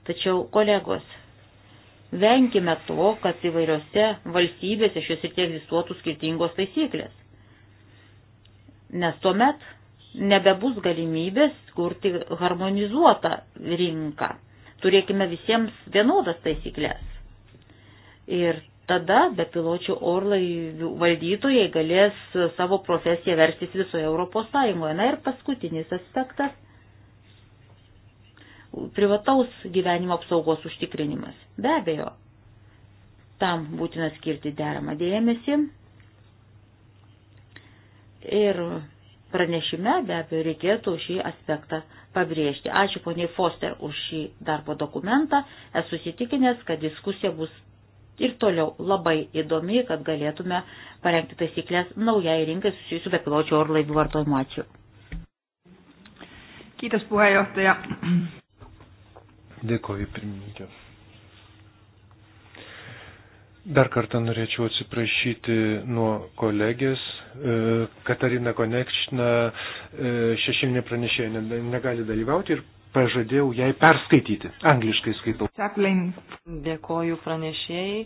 Tačiau, kolegos, Venkime to, kad įvairiose valstybėse šiuose tie egzistuotų skirtingos taisyklės. Nes tuomet nebebus galimybės kurti harmonizuotą rinką. Turėkime visiems vienodas taisyklės. Ir tada bepiločių orlaivių valdytojai galės savo profesiją verstis visoje Europos Sąjungoje. Na ir paskutinis aspektas privataus gyvenimo apsaugos užtikrinimas. Be abejo, tam būtina skirti deramą dėmesį. Ir pranešime be abejo reikėtų šį aspektą pabrėžti. Ačiū poniai Foster už šį darbo dokumentą. Esu įsitikinęs, kad diskusija bus ir toliau labai įdomi, kad galėtume parengti taisyklės naujai rinkai susijusių bepiločių orlaivių vartojimo. Ačiū. Kiitos puheenjohtaja. Dėkoju, pirmininkė. Dar kartą norėčiau atsiprašyti nuo kolegės. E, Katarina Konekšna e, šešimnė pranešėja negali dalyvauti ir pažadėjau jai perskaityti. Angliškai skaitau. Chaplin. Dėkoju pranešėjai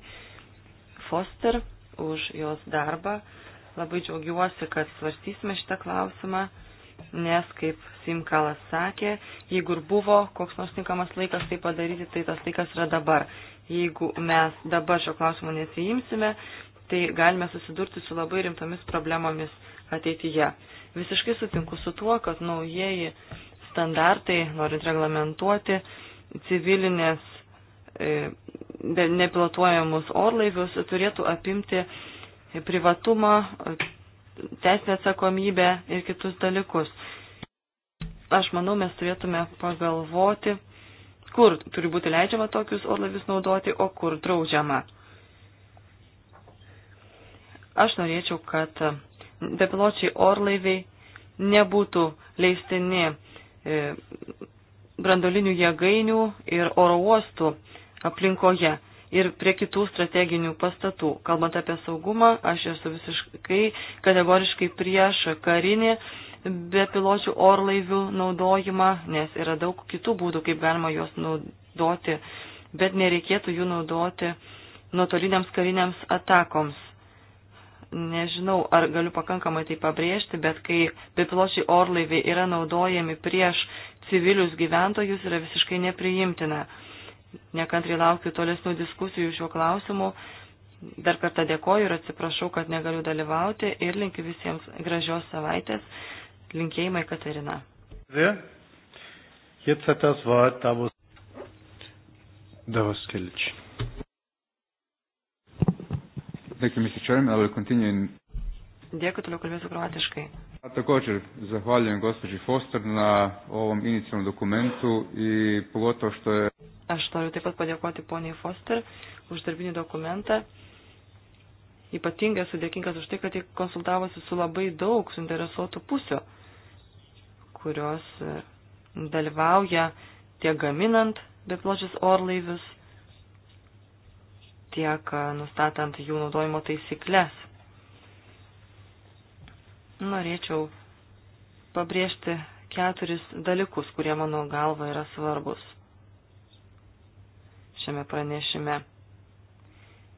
Foster už jos darbą. Labai džiaugiuosi, kad svarstysime šitą klausimą nes, kaip Simkalas sakė, jeigu ir buvo koks nors tinkamas laikas tai padaryti, tai tas laikas yra dabar. Jeigu mes dabar šio klausimo nesijimsime, tai galime susidurti su labai rimtomis problemomis ateityje. Visiškai sutinku su tuo, kad naujieji standartai, norint reglamentuoti civilinės e, nepilotuojamus orlaivius, turėtų apimti privatumą, teisinę atsakomybę ir kitus dalykus. Aš manau, mes turėtume pagalvoti, kur turi būti leidžiama tokius orlaivius naudoti, o kur draudžiama. Aš norėčiau, kad bepiločiai orlaiviai nebūtų leistini e, brandolinių jėgainių ir oro uostų aplinkoje ir prie kitų strateginių pastatų. Kalbant apie saugumą, aš esu visiškai kategoriškai prieš karinį bepiločių orlaivių naudojimą, nes yra daug kitų būdų, kaip galima juos naudoti, bet nereikėtų jų naudoti nuotoliniams kariniams atakoms. Nežinau, ar galiu pakankamai tai pabrėžti, bet kai bepiločiai orlaiviai yra naudojami prieš civilius gyventojus, yra visiškai nepriimtina nekantrai laukiu tolesnių diskusijų šiuo klausimu. Dar kartą dėkoju ir atsiprašau, kad negaliu dalyvauti ir linkiu visiems gražios savaitės. Linkėjimai Katerina. Davos Kilic. Dėkui, Mr. Chairman, I will continue in... Dėkui, toliau kalbėsiu kroatiškai. A također zahvaljujem gospođi Foster na ovom inicijalnom dokumentu i pogotovo što je... Aš noriu taip pat padėkoti poniai Foster už darbinį dokumentą. Ypatingai esu dėkingas už tai, kad jie konsultavosi su labai daug suinteresuotų pusių, kurios e, dalyvauja tiek gaminant bepločius orlaivius, tiek e, nustatant jų naudojimo taisyklės norėčiau pabrėžti keturis dalykus, kurie mano galva yra svarbus šiame pranešime.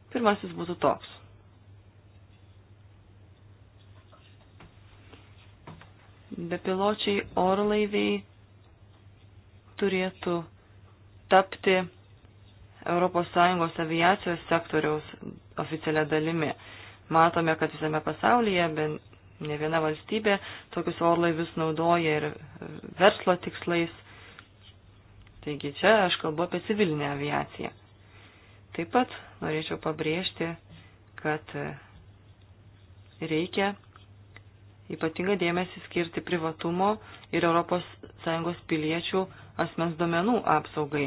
Pirmasis būtų toks. Bepiločiai orlaiviai turėtų tapti ES aviacijos sektoriaus oficialia dalimi. Matome, kad visame pasaulyje, ben, Ne viena valstybė tokius orlaivius naudoja ir verslo tikslais. Taigi čia aš kalbu apie civilinę aviaciją. Taip pat norėčiau pabrėžti, kad e, reikia ypatingą dėmesį skirti privatumo ir ES piliečių asmens domenų apsaugai.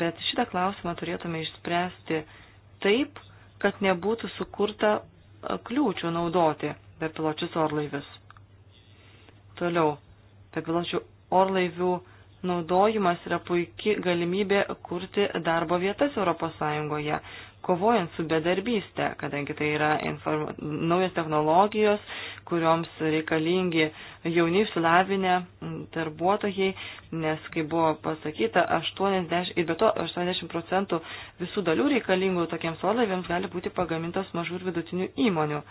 Bet šitą klausimą turėtume išspręsti taip, kad nebūtų sukurta kliūčių naudoti bepiločius orlaivius. Toliau, bepiločių orlaivių naudojimas yra puikia galimybė kurti darbo vietas ES, kovojant su bedarbystė, kadangi tai yra inform... naujas technologijos, kurioms reikalingi jauni išsilavinę darbuotojai, nes, kaip buvo pasakyta, 80, ir be to 80 procentų visų dalių reikalingų tokiems orlaiviams gali būti pagamintos mažų ir vidutinių įmonių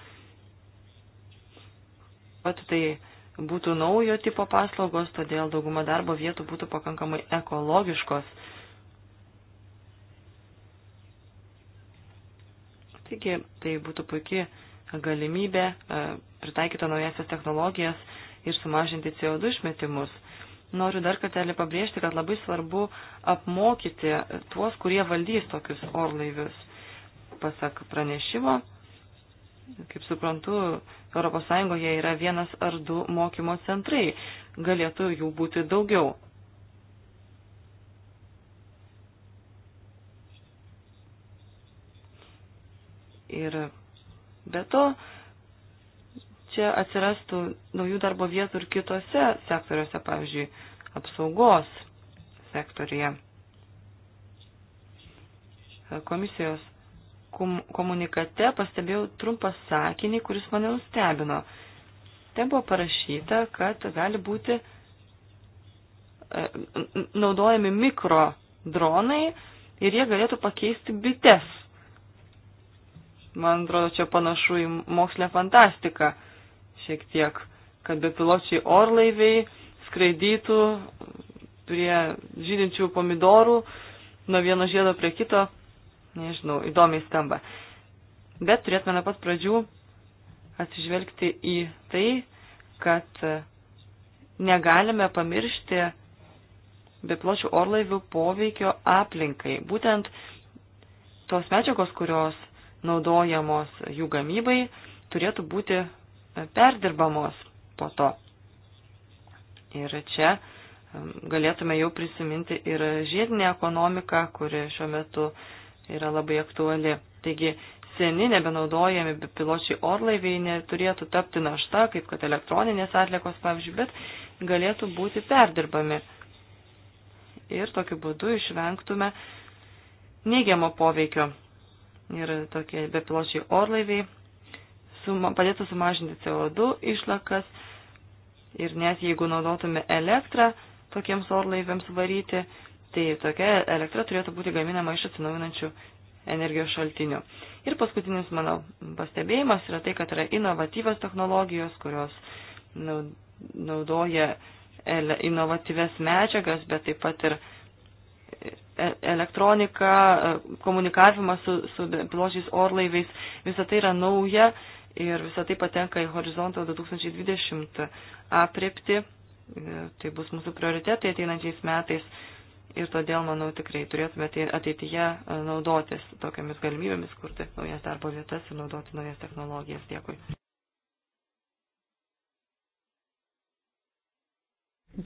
pat tai būtų naujo tipo paslaugos, todėl dauguma darbo vietų būtų pakankamai ekologiškos. Taigi tai būtų puikia galimybė e, pritaikyti naujasias technologijas ir sumažinti CO2 išmetimus. Noriu dar kartelį pabrėžti, kad labai svarbu apmokyti tuos, kurie valdys tokius orlaivius. Pasak pranešimo, kaip suprantu, ES yra vienas ar du mokymo centrai, galėtų jų būti daugiau. Ir be to, čia atsirastų naujų darbo vietų ir kitose sektoriuose, pavyzdžiui, apsaugos sektorija. Komisijos komunikate pastebėjau trumpą sakinį, kuris mane nustebino. Ten buvo parašyta, kad gali būti e, naudojami mikro dronai ir jie galėtų pakeisti bites. Man atrodo, čia panašu į mokslę fantastiką šiek tiek, kad bepiločiai orlaiviai skraidytų prie žydinčių pomidorų nuo vieno žiedo prie kito, nežinau, įdomiai skamba. Bet turėtume nuo pat pradžių atsižvelgti į tai, kad negalime pamiršti bepločių orlaivių poveikio aplinkai. Būtent tos medžiagos, kurios naudojamos jų gamybai, turėtų būti perdirbamos po to. Ir čia um, galėtume jau prisiminti ir žiedinę ekonomiką, kuri šiuo metu uh, yra labai aktuali. Taigi seni nebenaudojami piločiai orlaiviai neturėtų tapti našta, kaip kad elektroninės atliekos, pavyzdžiui, bet galėtų būti perdirbami. Ir tokiu būdu išvengtume neigiamo poveikio. Ir tokie bepiločiai orlaiviai suma, padėtų sumažinti CO2 išlakas. Ir net jeigu naudotume elektrą tokiems orlaiviams varyti, Tai tokia elektra turėtų būti gaminama iš atsinaujinančių energijos šaltinių. Ir paskutinis mano pastebėjimas yra tai, kad yra inovatyvios technologijos, kurios naudoja inovatyves medžiagas, bet taip pat ir e-, elektronika, komunikavimas su, su pložiais orlaiviais, visa tai yra nauja ir visa tai patenka į horizontą 2020 aprepti. Tai bus mūsų prioritetai ateinančiais metais ir todėl, manau, tikrai turėtume tai ateityje e, naudotis tokiamis galimybėmis, kurti naujas darbo vietas ir naudoti naujas technologijas. Dėkui.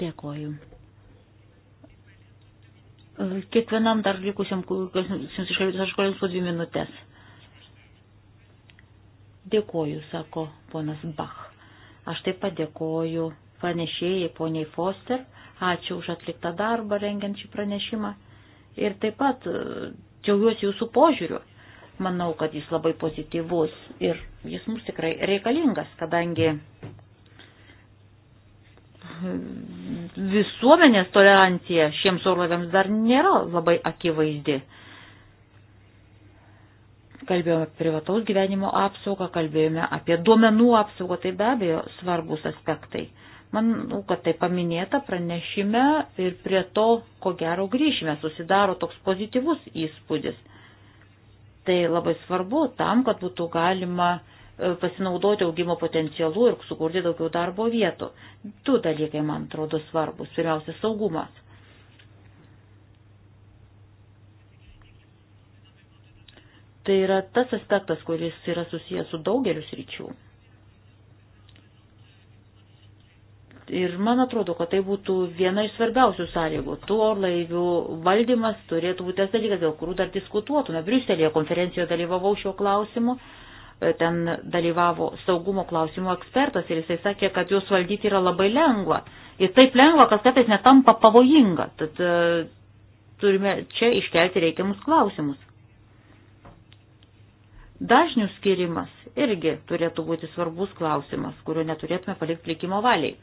Dėkoju. E, kiekvienam dar likusiam, kas jums iškalbės, aš kolegams po dvi minutės. Dėkoju, sako ponas Bach. Aš taip pat dėkoju panešėjai poniai Foster. Ačiū už atliktą darbą rengiant šį pranešimą. Ir taip pat e, džiaugiuosi jūsų požiūriu. Manau, kad jis labai pozityvus ir jis mums tikrai reikalingas, kadangi visuomenės tolerancija šiems orlaviams dar nėra labai akivaizdi. Kalbėjome apie privataus gyvenimo apsaugą, kalbėjome apie duomenų apsaugą, tai be abejo svarbus aspektai. Manau, kad tai paminėta pranešime ir prie to, ko gero, grįšime. Susidaro toks pozityvus įspūdis. Tai labai svarbu tam, kad būtų galima e, pasinaudoti augimo potencialu ir sukurti daugiau darbo vietų. Du dalykai, man atrodo, svarbus. Pirmiausia, saugumas. Tai yra tas aspektas, kuris yra susijęs su daugelius ryčių. Ir man atrodo, kad tai būtų viena iš svarbiausių sąlygų. Tų orlaivių valdymas turėtų būti tas dalykas, dėl kurių dar diskutuotume. Briuselėje konferencijoje dalyvavau šio klausimu, e, ten dalyvavo saugumo klausimų ekspertas ir jisai sakė, kad juos valdyti yra labai lengva. Ir taip lengva, kad kartais netampa pavojinga. Tad e, turime čia iškelti reikiamus klausimus. Dažnių skirimas irgi turėtų būti svarbus klausimas, kurio neturėtume palikti likimo valiai.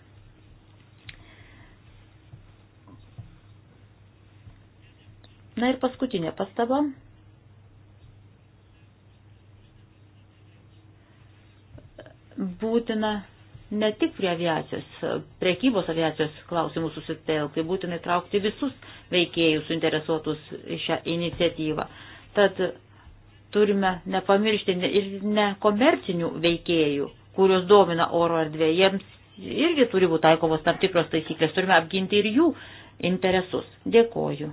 Na ir paskutinė pastaba. Būtina ne tik prie aviacijos, priekybos aviacijos klausimų susitelkti, tai būtinai traukti visus veikėjus suinteresuotus šią iniciatyvą. Tad turime nepamiršti ir nekomercinių veikėjų, kurios domina oro erdvė. Jiems irgi turi būti taikomos tam tikros taisyklės, turime apginti ir jų interesus. Dėkoju.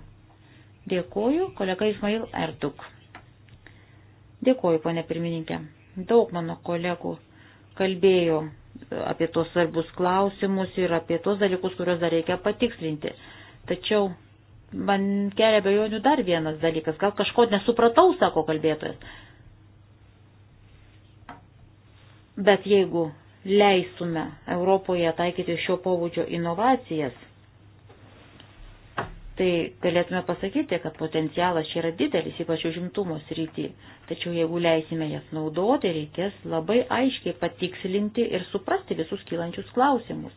Dėkuoju, kolega Ismail Ertuk. Dėkuoju, ponė pirmininkė. Daug mano kolegų kalbėjo apie tos svarbus klausimus ir apie tos dalykus, kuriuos dar reikia patikslinti. Tačiau man kelia bejonių dar vienas dalykas. Gal kažko nesupratau, sako kalbėtojas. Bet jeigu leistume Europoje taikyti šio pobūdžio inovacijas, tai galėtume pasakyti, kad potencialas čia yra didelis, ypač užimtumo srity. Tačiau jeigu leisime jas naudoti, reikės labai aiškiai patikslinti ir suprasti visus kylančius klausimus.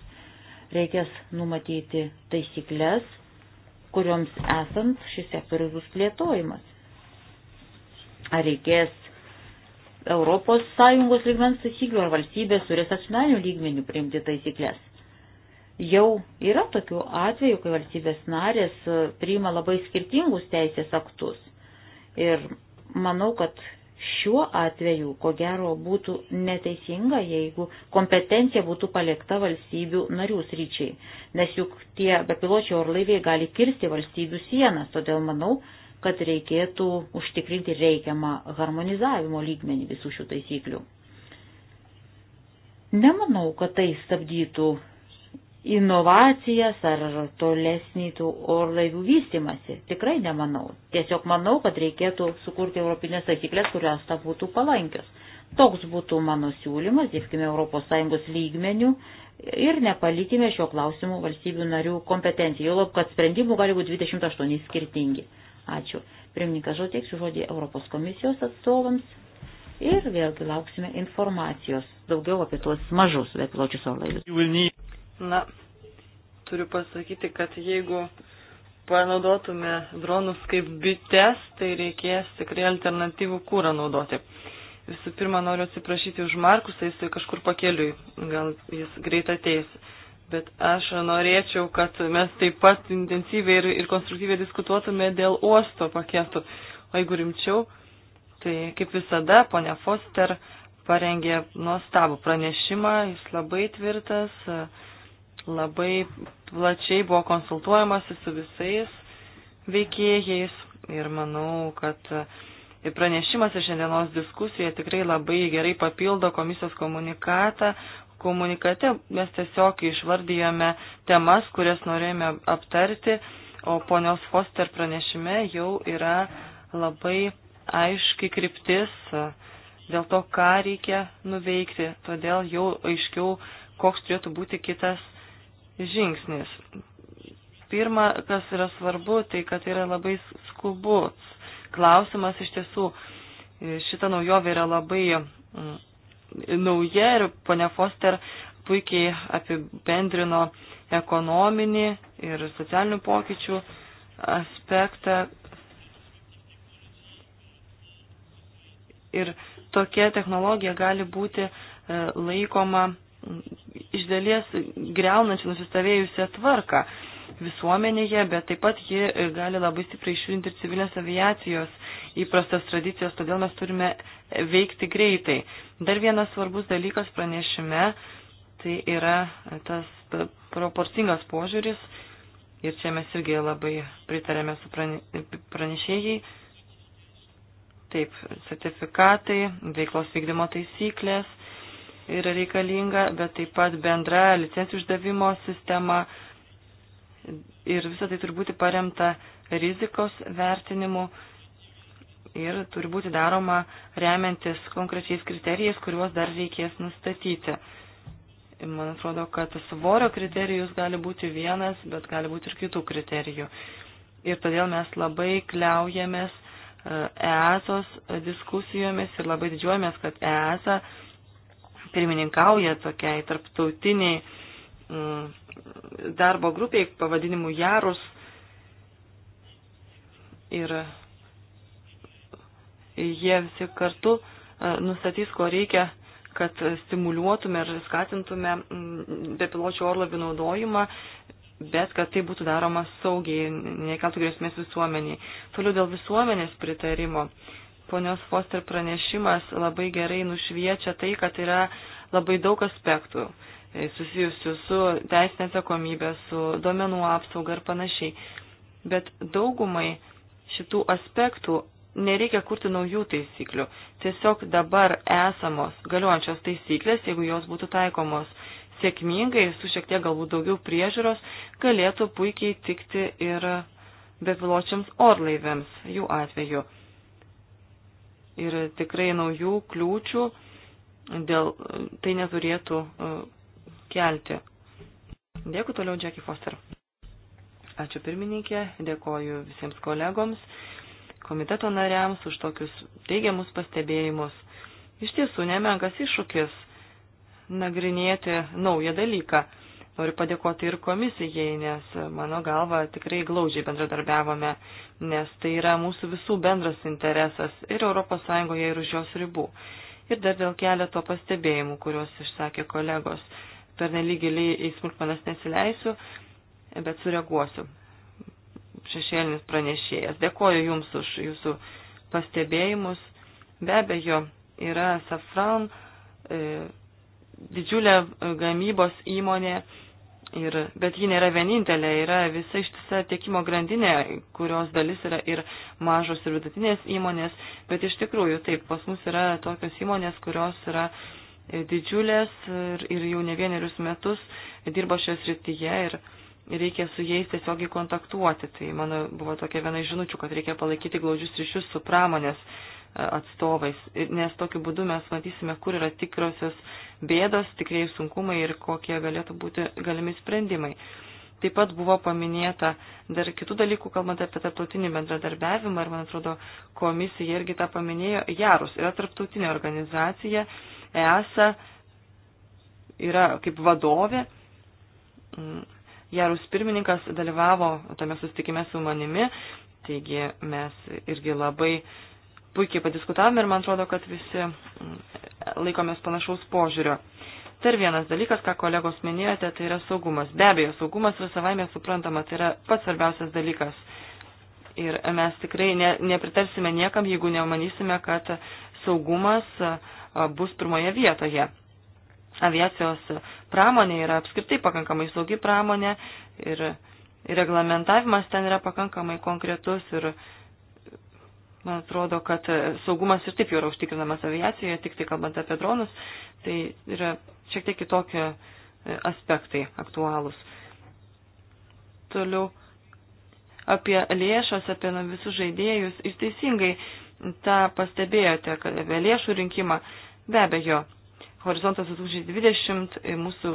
Reikės numatyti taisyklės, kurioms esant šis sektorius bus plėtojimas. Ar reikės Europos Sąjungos lygmens taisyklių, ar valstybės turės asmenių lygmenių priimti taisyklės Jau yra tokių atvejų, kai valstybės narės e, priima labai skirtingus teisės aktus. Ir manau, kad šiuo atveju, ko gero, būtų neteisinga, jeigu kompetencija būtų palikta valstybių narių sryčiai, nes juk tie bepiločiai orlaiviai gali kirsti valstybių sienas, todėl manau, kad reikėtų užtikrinti reikiamą harmonizavimo lygmenį visų šių taisyklių. Nemanau, kad tai stabdytų inovacijas ar tolesnį tų orlaivių vystimasi. Tikrai nemanau. Tiesiog manau, kad reikėtų sukurti europinės taisyklės, kurios ta būtų palankios. Toks būtų mano siūlymas, dirbkime ES lygmenių ir nepalikime šio klausimų valstybių narių kompetencijų, jau lab, kad sprendimų gali būti 28 skirtingi. Ačiū. Pirmininkas žodėksiu žodį Europos komisijos atstovams ir vėlgi lauksime informacijos daugiau apie tuos mažus bepiločius orlaivius. Na, turiu pasakyti, kad jeigu panaudotume dronus kaip bites, tai reikės tikrai alternatyvų kūrą naudoti. Visų pirma, noriu atsiprašyti už Markusą, tai jis kažkur pakeliui, gal jis greit ateis. Bet aš norėčiau, kad mes taip pat intensyviai ir, ir konstruktyviai diskutuotume dėl uosto paketų. O jeigu rimčiau, tai kaip visada, ponia Foster parengė nuostabų pranešimą, jis labai tvirtas. Uh, Labai plačiai buvo konsultuojamasi su visais veikėjais ir manau, kad ir pranešimas ir šiandienos diskusija tikrai labai gerai papildo komisijos komunikatą. Komunikate mes tiesiog išvardyjome temas, kurias norėjome aptarti, o ponios Foster pranešime jau yra labai aiški kryptis dėl to, ką reikia nuveikti. Todėl jau aiškiau, koks turėtų būti kitas žingsnis. Pirma, kas yra svarbu, tai kad tai yra labai skubus klausimas iš tiesų. Šita naujovė yra labai mm, nauja ir ponia Foster puikiai apibendrino ekonominį ir socialinių pokyčių aspektą. Ir tokia technologija gali būti e, laikoma iš dalies greunančią nusistovėjusią tvarką visuomenėje, bet taip pat ji gali labai stipriai išjudinti ir civilinės aviacijos įprastas tradicijas, todėl mes turime veikti greitai. Dar vienas svarbus dalykas pranešime, tai yra tas proporcingas požiūris, ir čia mes irgi labai pritarėme su pranešėjai. Taip, sertifikatai, veiklos vykdymo taisyklės, yra reikalinga, bet taip pat bendra licencijų išdavimo sistema ir visą tai turi būti paremta rizikos vertinimu ir turi būti daroma remiantis konkrečiais kriterijais, kuriuos dar reikės nustatyti. Ir man atrodo, kad svorio kriterijus gali būti vienas, bet gali būti ir kitų kriterijų. Ir todėl mes labai kliaujamės EASOS e diskusijomis ir labai didžiuojamės, kad EASA pirmininkauja tokiai tarptautiniai mm, darbo grupiai pavadinimu Jarus. Ir jie visi kartu e, nustatys, ko reikia, kad stimuliuotume ir skatintume mm, bepiločių orlavių naudojimą, bet kad tai būtų daroma saugiai, nekeltų grėsmės visuomeniai. Toliau dėl visuomenės pritarimo ponios Foster pranešimas labai gerai nušviečia tai, kad yra labai daug aspektų e, susijusių su teisinė atsakomybė, su duomenų apsauga ir panašiai. Bet daugumai šitų aspektų nereikia kurti naujų taisyklių. Tiesiog dabar esamos galiojančios taisyklės, jeigu jos būtų taikomos sėkmingai, su šiek tiek galbūt daugiau priežiūros, galėtų puikiai tikti ir bepiločiams orlaiviams jų atveju ir tikrai naujų kliūčių dėl tai neturėtų e, kelti. Dėkui toliau, Jackie Foster. Ačiū pirmininkė, dėkoju visiems kolegoms, komiteto nariams už tokius teigiamus pastebėjimus. Iš tiesų nemenkas iššūkis nagrinėti naują dalyką. Noriu padėkoti ir komisijai, nes mano galva tikrai glaudžiai bendradarbiavome, nes tai yra mūsų visų bendras interesas ir ES ir už jos ribų. Ir dar dėl keleto pastebėjimų, kuriuos išsakė kolegos. Per neligiliai į smulkmenas nesileisiu, bet sureaguosiu. Šešėlinis pranešėjas. Dėkoju Jums už Jūsų pastebėjimus. Be abejo, yra Safran. E, didžiulė gamybos įmonė Ir, bet ji nėra vienintelė, yra visa ištisa tiekimo grandinė, kurios dalis yra ir mažos ir vidutinės įmonės, bet iš tikrųjų taip, pas mus yra tokios įmonės, kurios yra e, didžiulės ir, ir jau ne vienerius metus dirba šioje srityje ir reikia su jais tiesiogiai kontaktuoti. Tai mano buvo tokia viena iš žinučių, kad reikia palaikyti glaudžius ryšius su pramonės e, atstovais, nes tokiu būdu mes matysime, kur yra tikrosios bėdos, tikrieji sunkumai ir kokie galėtų būti galimi sprendimai. Taip pat buvo paminėta dar kitų dalykų, kalbant apie tarptautinį bendradarbiavimą, ir man atrodo, komisija irgi tą paminėjo. Jarus yra tarptautinė organizacija, ESA yra kaip vadovė. Mm, Jarus pirmininkas dalyvavo tame sustikime su manimi, taigi mes irgi labai puikiai padiskutavome ir man atrodo, kad visi mm, laikomės panašaus požiūrio. Dar vienas dalykas, ką kolegos minėjote, tai yra saugumas. Be abejo, saugumas visą laimę suprantama, tai yra pats svarbiausias dalykas. Ir mes tikrai ne, nepritarsime niekam, jeigu nemanysime, kad saugumas bus pirmoje vietoje. Aviacijos pramonė yra apskritai pakankamai saugi pramonė ir reglamentavimas ten yra pakankamai konkretus ir uh, Man atrodo, kad e, saugumas ir taip jau yra užtikrinamas aviacijoje, tik tai kalbant apie dronus, tai yra šiek tiek kitokie e, aspektai aktualūs. Toliau apie lėšas, apie na, visus žaidėjus. Jūs teisingai tą pastebėjote, kad apie lėšų rinkimą be abejo Horizontas 2020 e, mūsų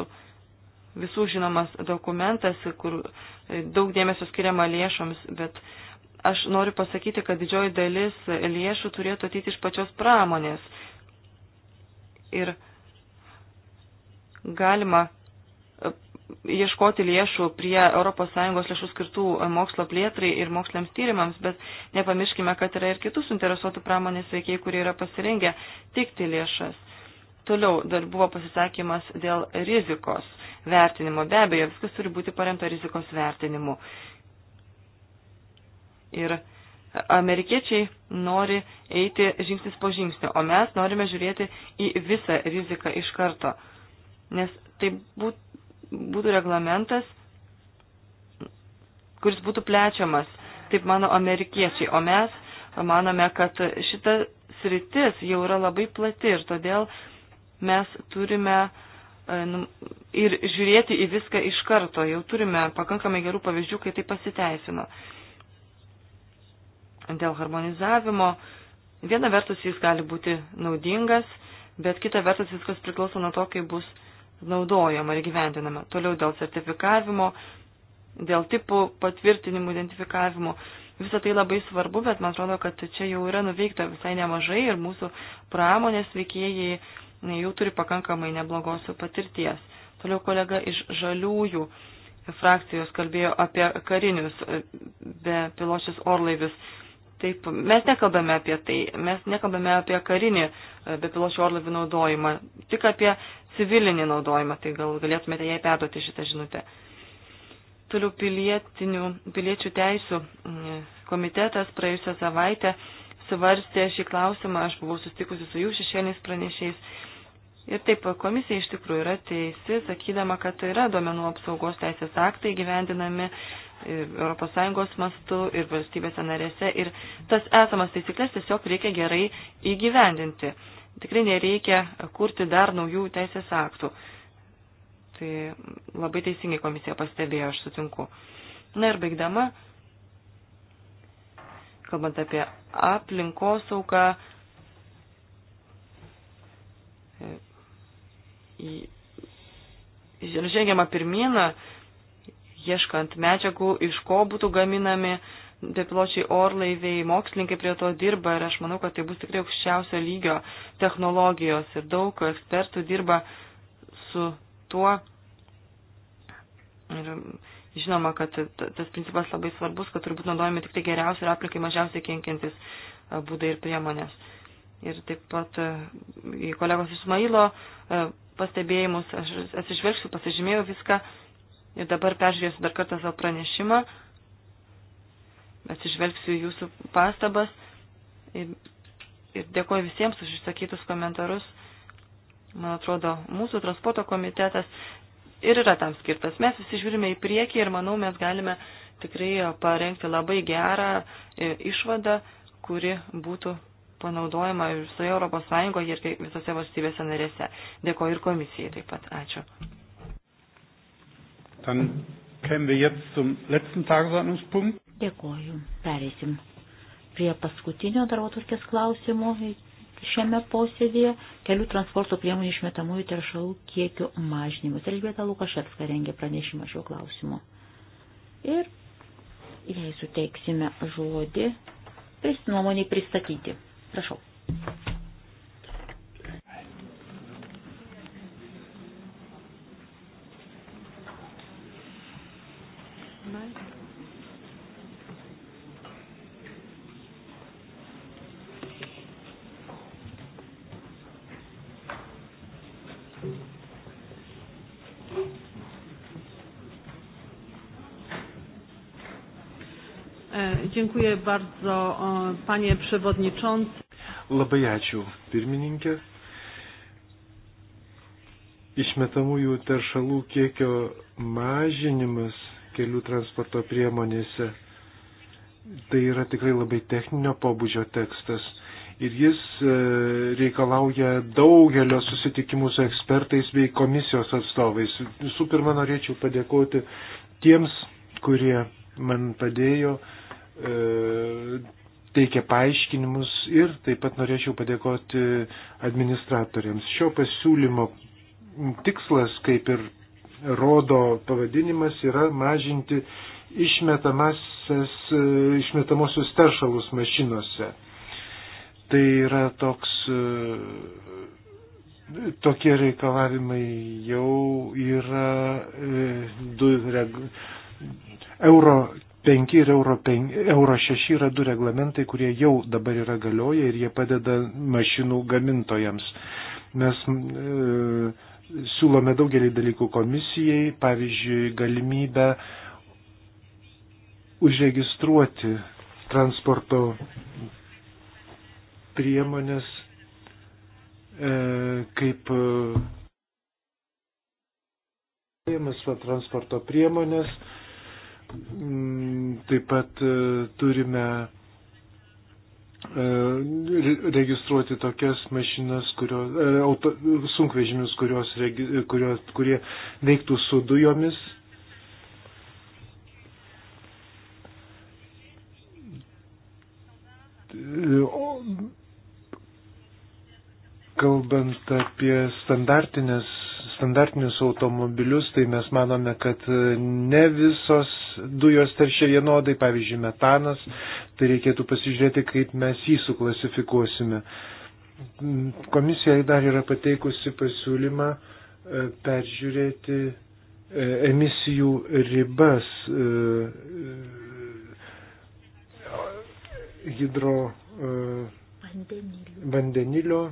visų žinomas dokumentas, kur daug dėmesio skiriama lėšoms, bet Aš noriu pasakyti, kad didžioji dalis lėšų turėtų ateiti iš pačios pramonės. Ir galima e, ieškoti lėšų prie ES lėšų skirtų mokslo plėtrai ir moksliams tyrimams, bet nepamirškime, kad yra ir kitų suinteresuotų pramonės veikiai, kurie yra pasirengę tikti lėšas. Toliau dar buvo pasisakymas dėl rizikos vertinimo. Be abejo, viskas turi būti paremta rizikos vertinimu. Ir amerikiečiai nori eiti žingsnis po žingsnio, o mes norime žiūrėti į visą riziką iš karto. Nes tai būt, būtų reglamentas, kuris būtų plečiamas, taip mano amerikiečiai, o mes manome, kad šita sritis jau yra labai plati ir todėl mes turime e, ir žiūrėti į viską iš karto. Jau turime pakankamai gerų pavyzdžių, kai tai pasiteisino dėl harmonizavimo. Viena vertus jis gali būti naudingas, bet kita vertus viskas priklauso nuo to, kaip bus naudojama ir gyvendinama. Toliau dėl sertifikavimo, dėl tipų patvirtinimų, identifikavimo. Visą tai labai svarbu, bet man atrodo, kad čia jau yra nuveikta visai nemažai ir mūsų pramonės veikėjai jau turi pakankamai neblogos patirties. Toliau kolega iš žaliųjų frakcijos kalbėjo apie karinius e, bepiločius orlaivius. Taip, mes nekalbame apie tai, mes nekalbame apie karinį e, bepiločių orlavių naudojimą, tik apie civilinį naudojimą, tai gal galėtumėte jai perduoti šitą žinutę. Toliau piliečių teisų komitetas praėjusią savaitę svarstė šį klausimą, aš buvau sustikusi su jų šešėliais pranešiais. Ir taip, komisija iš tikrųjų yra teisi, sakydama, kad tai yra duomenų apsaugos teisės aktai gyvendinami ES mastu ir valstybėse narėse ir tas esamas taisyklės tiesiog reikia gerai įgyvendinti. Tikrai nereikia kurti dar naujų teisės aktų. Tai labai teisingai komisija pastebėjo, aš sutinku. Na ir baigdama, kalbant apie aplinkosauką, žengiama pirmiena, ieškant medžiagų, iš ko būtų gaminami bepiločiai orlaiviai, mokslininkai prie to dirba ir aš manau, kad tai bus tikrai aukščiausio lygio technologijos ir daug ekspertų dirba su tuo. Ir žinoma, kad tas principas labai svarbus, kad turbūt naudojami tik tai geriausi ir aplinkai mažiausiai kenkintis būdai ir priemonės. Ir taip pat į kolegos Ismailo pastebėjimus aš atsižvelgsiu, pasižymėjau viską Ir dabar peržiūrėsiu dar kartą savo pranešimą, atsižvelgsiu jūsų pastabas ir, ir dėkoju visiems už išsakytus komentarus. Man atrodo, mūsų transporto komitetas ir yra tam skirtas. Mes visi žiūrime į priekį ir manau, mes galime tikrai parengti labai gerą e, išvadą, kuri būtų panaudojama visoje Europos Sąjungoje ir visose valstybėse narėse. Dėkoju ir komisijai taip pat. Ačiū. Dann kämen wir jetzt zum letzten Tagesordnungspunkt. Dėkoju. Pereisim prie paskutinio darbotvarkės klausimo šiame posėdėje kelių transporto priemonių išmetamųjų teršalų kiekio mažinimas. Elžbieta Lukaševska rengė pranešimą šiuo klausimu. Ir jei suteiksime žodį, nuomonį pristatyti. Prašau. E, dziękuję bardzo, panie przewodniczący. Labai ačiū, pirmininkė. Išmetamųjų teršalų kiekio mažinimas kelių transporto priemonėse. Tai yra tikrai labai techninio pobūdžio tekstas. Ir jis e, reikalauja daugelio susitikimų su ekspertais bei komisijos atstovais. Visų pirma, norėčiau padėkoti tiems, kurie man padėjo, e, teikė paaiškinimus ir taip pat norėčiau padėkoti administratoriams. Šio pasiūlymo tikslas, kaip ir rodo pavadinimas, yra mažinti e, išmetamosius teršalus mašinose. Tai yra toks, e, tokie reikalavimai jau yra e, du, reg, euro 5 ir euro, 5, euro 6 yra du reglamentai, kurie jau dabar yra galioja ir jie padeda mašinų gamintojams. Mes e, siūlome daugelį dalykų komisijai, pavyzdžiui, galimybę užregistruoti transporto priemonės e, kaip e, transporto priemonės. Mm, taip pat e, turime E, registruoti tokias mašinas, kurios, e, auto, sunkvežimius, kurios, kurios, kurie veiktų su dujomis. E, o, kalbant apie standartinės standartinius automobilius, tai mes manome, kad e, ne visos dujos teršia vienodai, pavyzdžiui, metanas, tai reikėtų pasižiūrėti, kaip mes jį suklasifikuosime. Komisija dar yra pateikusi pasiūlymą e, peržiūrėti e, emisijų ribas hidro vandenilio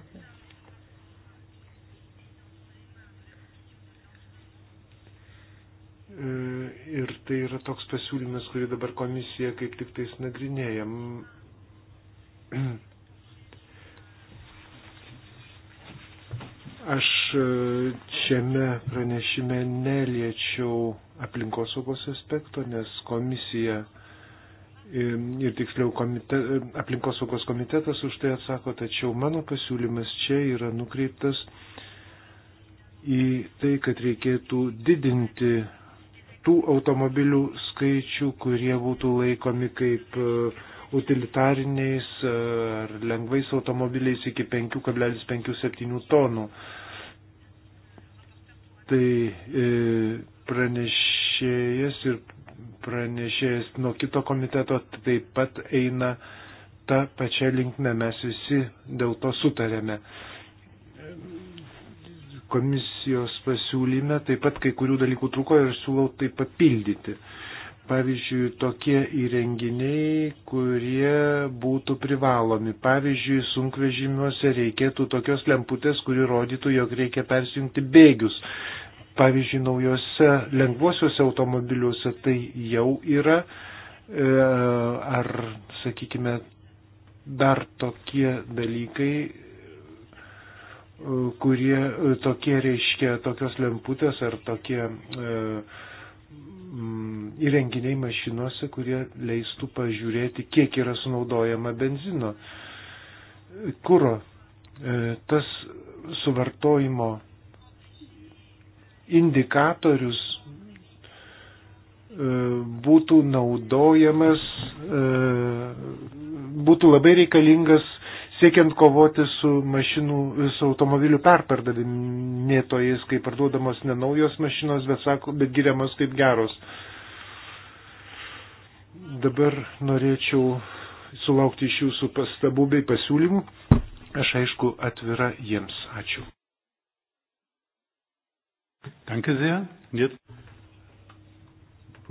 E, ir tai yra toks pasiūlymas, kurį dabar komisija kaip tik tais nagrinėjam. Aš e, šiame pranešime neliečiau aplinkosaugos aspekto, nes komisija e, ir tiksliau komite, aplinkosaugos komitetas už tai atsako, tačiau mano pasiūlymas čia yra nukreiptas į tai, kad reikėtų didinti tų automobilių skaičių, kurie būtų laikomi kaip e, utilitariniais e, ar lengvais automobiliais iki 5,57 tonų. Tai e, pranešėjas ir pranešėjas nuo kito komiteto taip pat eina tą pačią linkmę, mes visi dėl to sutarėme komisijos pasiūlyme taip pat kai kurių dalykų trūko ir siūlau tai papildyti. Pavyzdžiui, tokie įrenginiai, kurie būtų privalomi. Pavyzdžiui, sunkvežimiuose reikėtų tokios lemputės, kuri rodytų, jog reikia persijungti bėgius. Pavyzdžiui, naujose lengvuosiuose automobiliuose tai jau yra. E, ar, sakykime, dar tokie dalykai kurie tokie reiškia tokios lemputės ar tokie e, mm, įrenginiai mašinuose, kurie leistų pažiūrėti, kiek yra sunaudojama benzino, kūro. E, tas suvartojimo indikatorius e, būtų naudojamas, e, būtų labai reikalingas siekiant kovoti su mašinų, su automobilių perpardavinėtojais, kai parduodamos ne naujos mašinos, bet, sako, bet giriamos kaip geros. Dabar norėčiau sulaukti iš jūsų pastabų bei pasiūlymų. Aš aišku atvira jiems. Ačiū. Danke sehr. Jetzt.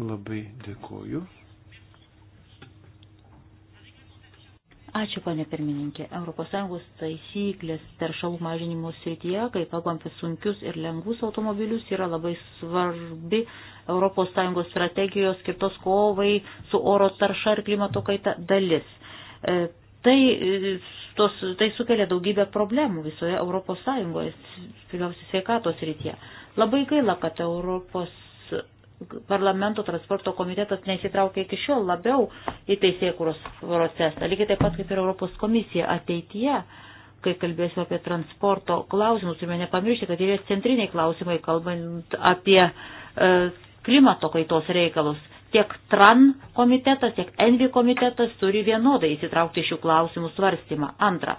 Labai dėkoju. Ačiū, ponė pirmininkė. ES taisyklės taršalų mažinimo srityje, kai kalbam apie sunkius ir lengvus automobilius, yra labai svarbi ES strategijos skirtos kovai su oro tarša ir klimato kaita dalis. E, tai, e, tos, tai sukelia daugybę problemų visoje ES, pirmiausia, sveikatos srityje. Labai gaila, kad ES parlamento transporto komitetas neįsitraukia iki šiol labiau į teisėkūros procesą, lygiai taip pat kaip ir Europos komisija ateityje, kai kalbėsime apie transporto klausimus, turime nepamiršti, kad yra centriniai klausimai, kalbant apie e, klimato kaitos reikalus. Tiek TRAN komitetas, tiek ENVI komitetas turi vienodai įsitraukti šių klausimų svarstymą. Antra,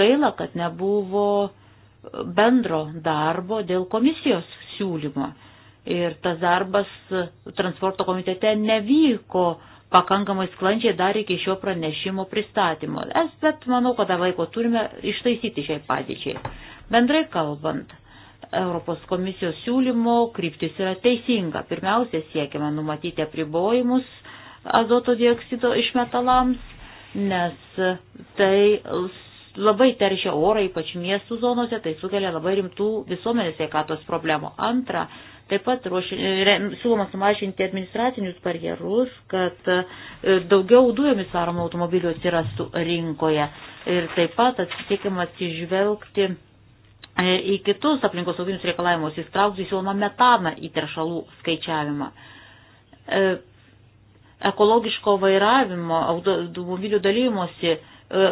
gaila, kad nebuvo bendro darbo dėl komisijos siūlymo Ir tas darbas transporto komitete nevyko pakankamai sklandžiai dar iki šio pranešimo pristatymo. Es, bet manau, kad dar laiko turime ištaisyti šiai padėčiai. Bendrai kalbant, Europos komisijos siūlymo kryptis yra teisinga. Pirmiausia, siekiama numatyti apribojimus azoto dioksido išmetalams, nes tai labai teršia orą, ypač miestų zonose, tai sukelia labai rimtų visuomenės sveikatos problemų. Antra, Taip pat siūloma sumažinti administracinius barjerus, kad e, daugiau dujomis varomų automobilių atsirastų rinkoje. Ir taip pat atsitikima atsižvelgti e, į kitus aplinkosauginius reikalavimus, įstraukti siūloma metaną į teršalų skaičiavimą. E, ekologiško vairavimo, automobilių dalymosi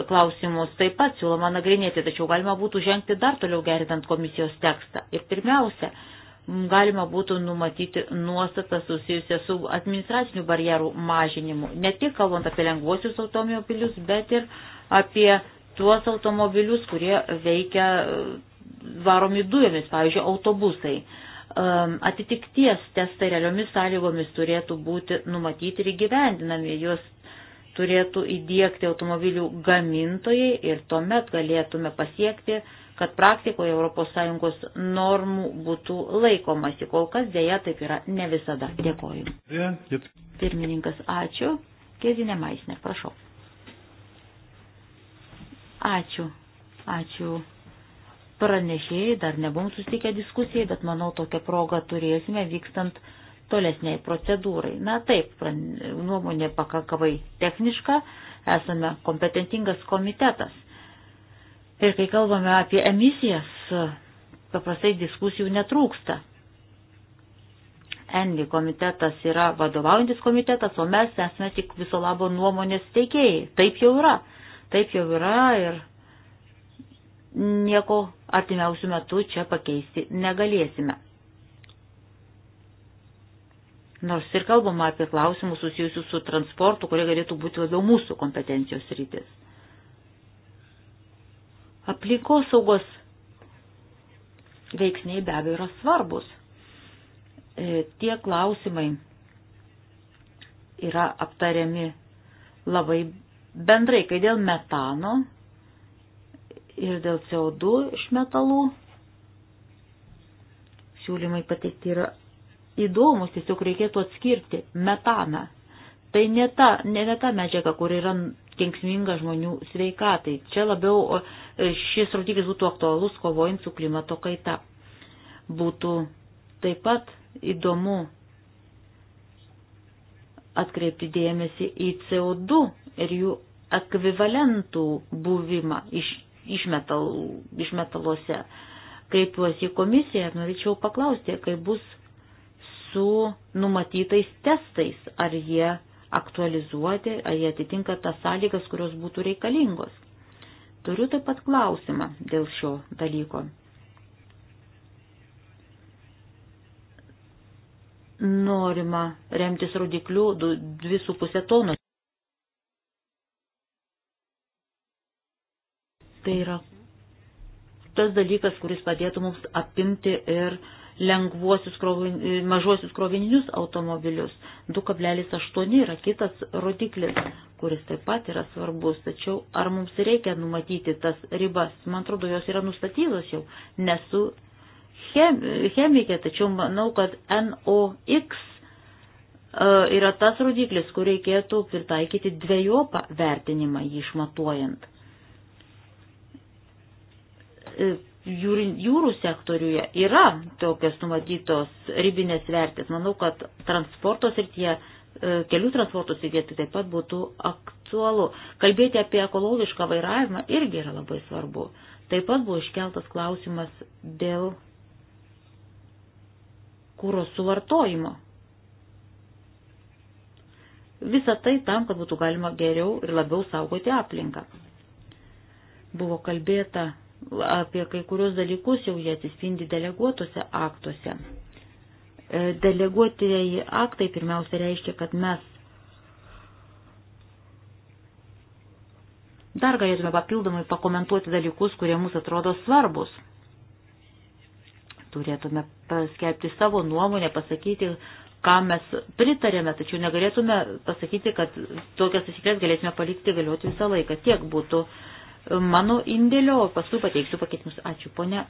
klausimus taip pat siūloma nagrinėti, tačiau galima būtų žengti dar toliau gerinant komisijos tekstą. Ir pirmiausia, galima būtų numatyti nuostatą susijusią su administracinių barjerų mažinimu. Ne tik kalbant apie lengvuosius automobilius, bet ir apie tuos automobilius, kurie veikia e, varomi dujomis, pavyzdžiui, autobusai. E, atitikties testai realiomis sąlygomis turėtų būti numatyti ir įgyvendinami, juos turėtų įdėkti automobilių gamintojai ir tuomet galėtume pasiekti kad praktikoje ES normų būtų laikomasi. Kol kas dėja taip yra ne visada. Dėkoju. Ja, Pirmininkas, ačiū. Kezinė Maisner, prašau. Ačiū. Ačiū. Pranešėjai, dar nebuvom susitikę diskusijai, bet manau tokią progą turėsime vykstant tolesniai procedūrai. Na taip, nuomonė pakankamai techniška, esame kompetentingas komitetas Ir kai kalbame apie emisijas, paprastai diskusijų netrūksta. Envi komitetas yra vadovaujantis komitetas, o mes esame tik viso labo nuomonės teikėjai. Taip jau yra. Taip jau yra ir nieko artimiausių metų čia pakeisti negalėsime. Nors ir kalbama apie klausimus susijusius su transportu, kurie galėtų būti labiau mūsų kompetencijos rytis. Aplinkosaugos veiksniai be abejo yra svarbus. E, tie klausimai yra aptariami labai bendrai, kai dėl metano ir dėl CO2 iš metalų siūlymai pateikti yra įdomus, tiesiog reikėtų atskirti metaną. Tai ne ta, ne, ne ta medžiaga, kur yra kenksminga žmonių sveikatai. Čia labiau e, šis rodiklis būtų aktualus kovojant su klimato kaita. Būtų taip pat įdomu atkreipti dėmesį į CO2 ir jų ekvivalentų buvimą iš, iš, metal, iš metaluose. Kaip juos į komisiją, norėčiau paklausti, kaip bus su numatytais testais, ar jie aktualizuoti, ar jie atitinka tas sąlygas, kurios būtų reikalingos. Turiu taip pat klausimą dėl šio dalyko. Norima remtis rodikliu 2,5 tonos. Tai yra tas dalykas, kuris padėtų mums apimti ir uh, lengvuosius krovin, mažuosius krovininius automobilius. 2,8 yra kitas rodiklis, kuris taip pat yra svarbus. Tačiau ar mums reikia numatyti tas ribas? Man atrodo, jos yra nustatytos jau. Nesu chemikė, tačiau manau, kad NOX e, yra tas rodiklis, kur reikėtų pritaikyti dviejopą vertinimą jį išmatuojant e, jūrų, jūrų sektoriuje yra tokios numatytos ribinės vertės. Manau, kad transporto srityje, e, kelių transporto srityje tai taip pat būtų aktualu. Kalbėti apie ekologišką vairavimą irgi yra labai svarbu. Taip pat buvo iškeltas klausimas dėl kūro suvartojimo. Visą tai tam, kad būtų galima geriau ir labiau saugoti aplinką. Buvo kalbėta apie kai kurios dalykus jau jie atsispindi deleguotose aktuose. E, deleguotieji aktai pirmiausia reiškia, kad mes dar galėtume papildomai pakomentuoti dalykus, kurie mums atrodo svarbus. Turėtume paskelbti savo nuomonę, pasakyti, ką mes pritarėme, tačiau negalėtume pasakyti, kad tokias taisyklės galėtume palikti galioti visą laiką. Tiek būtų uh, mano indėlio, o paskui pateiksiu pakeitimus. Ačiū, ponia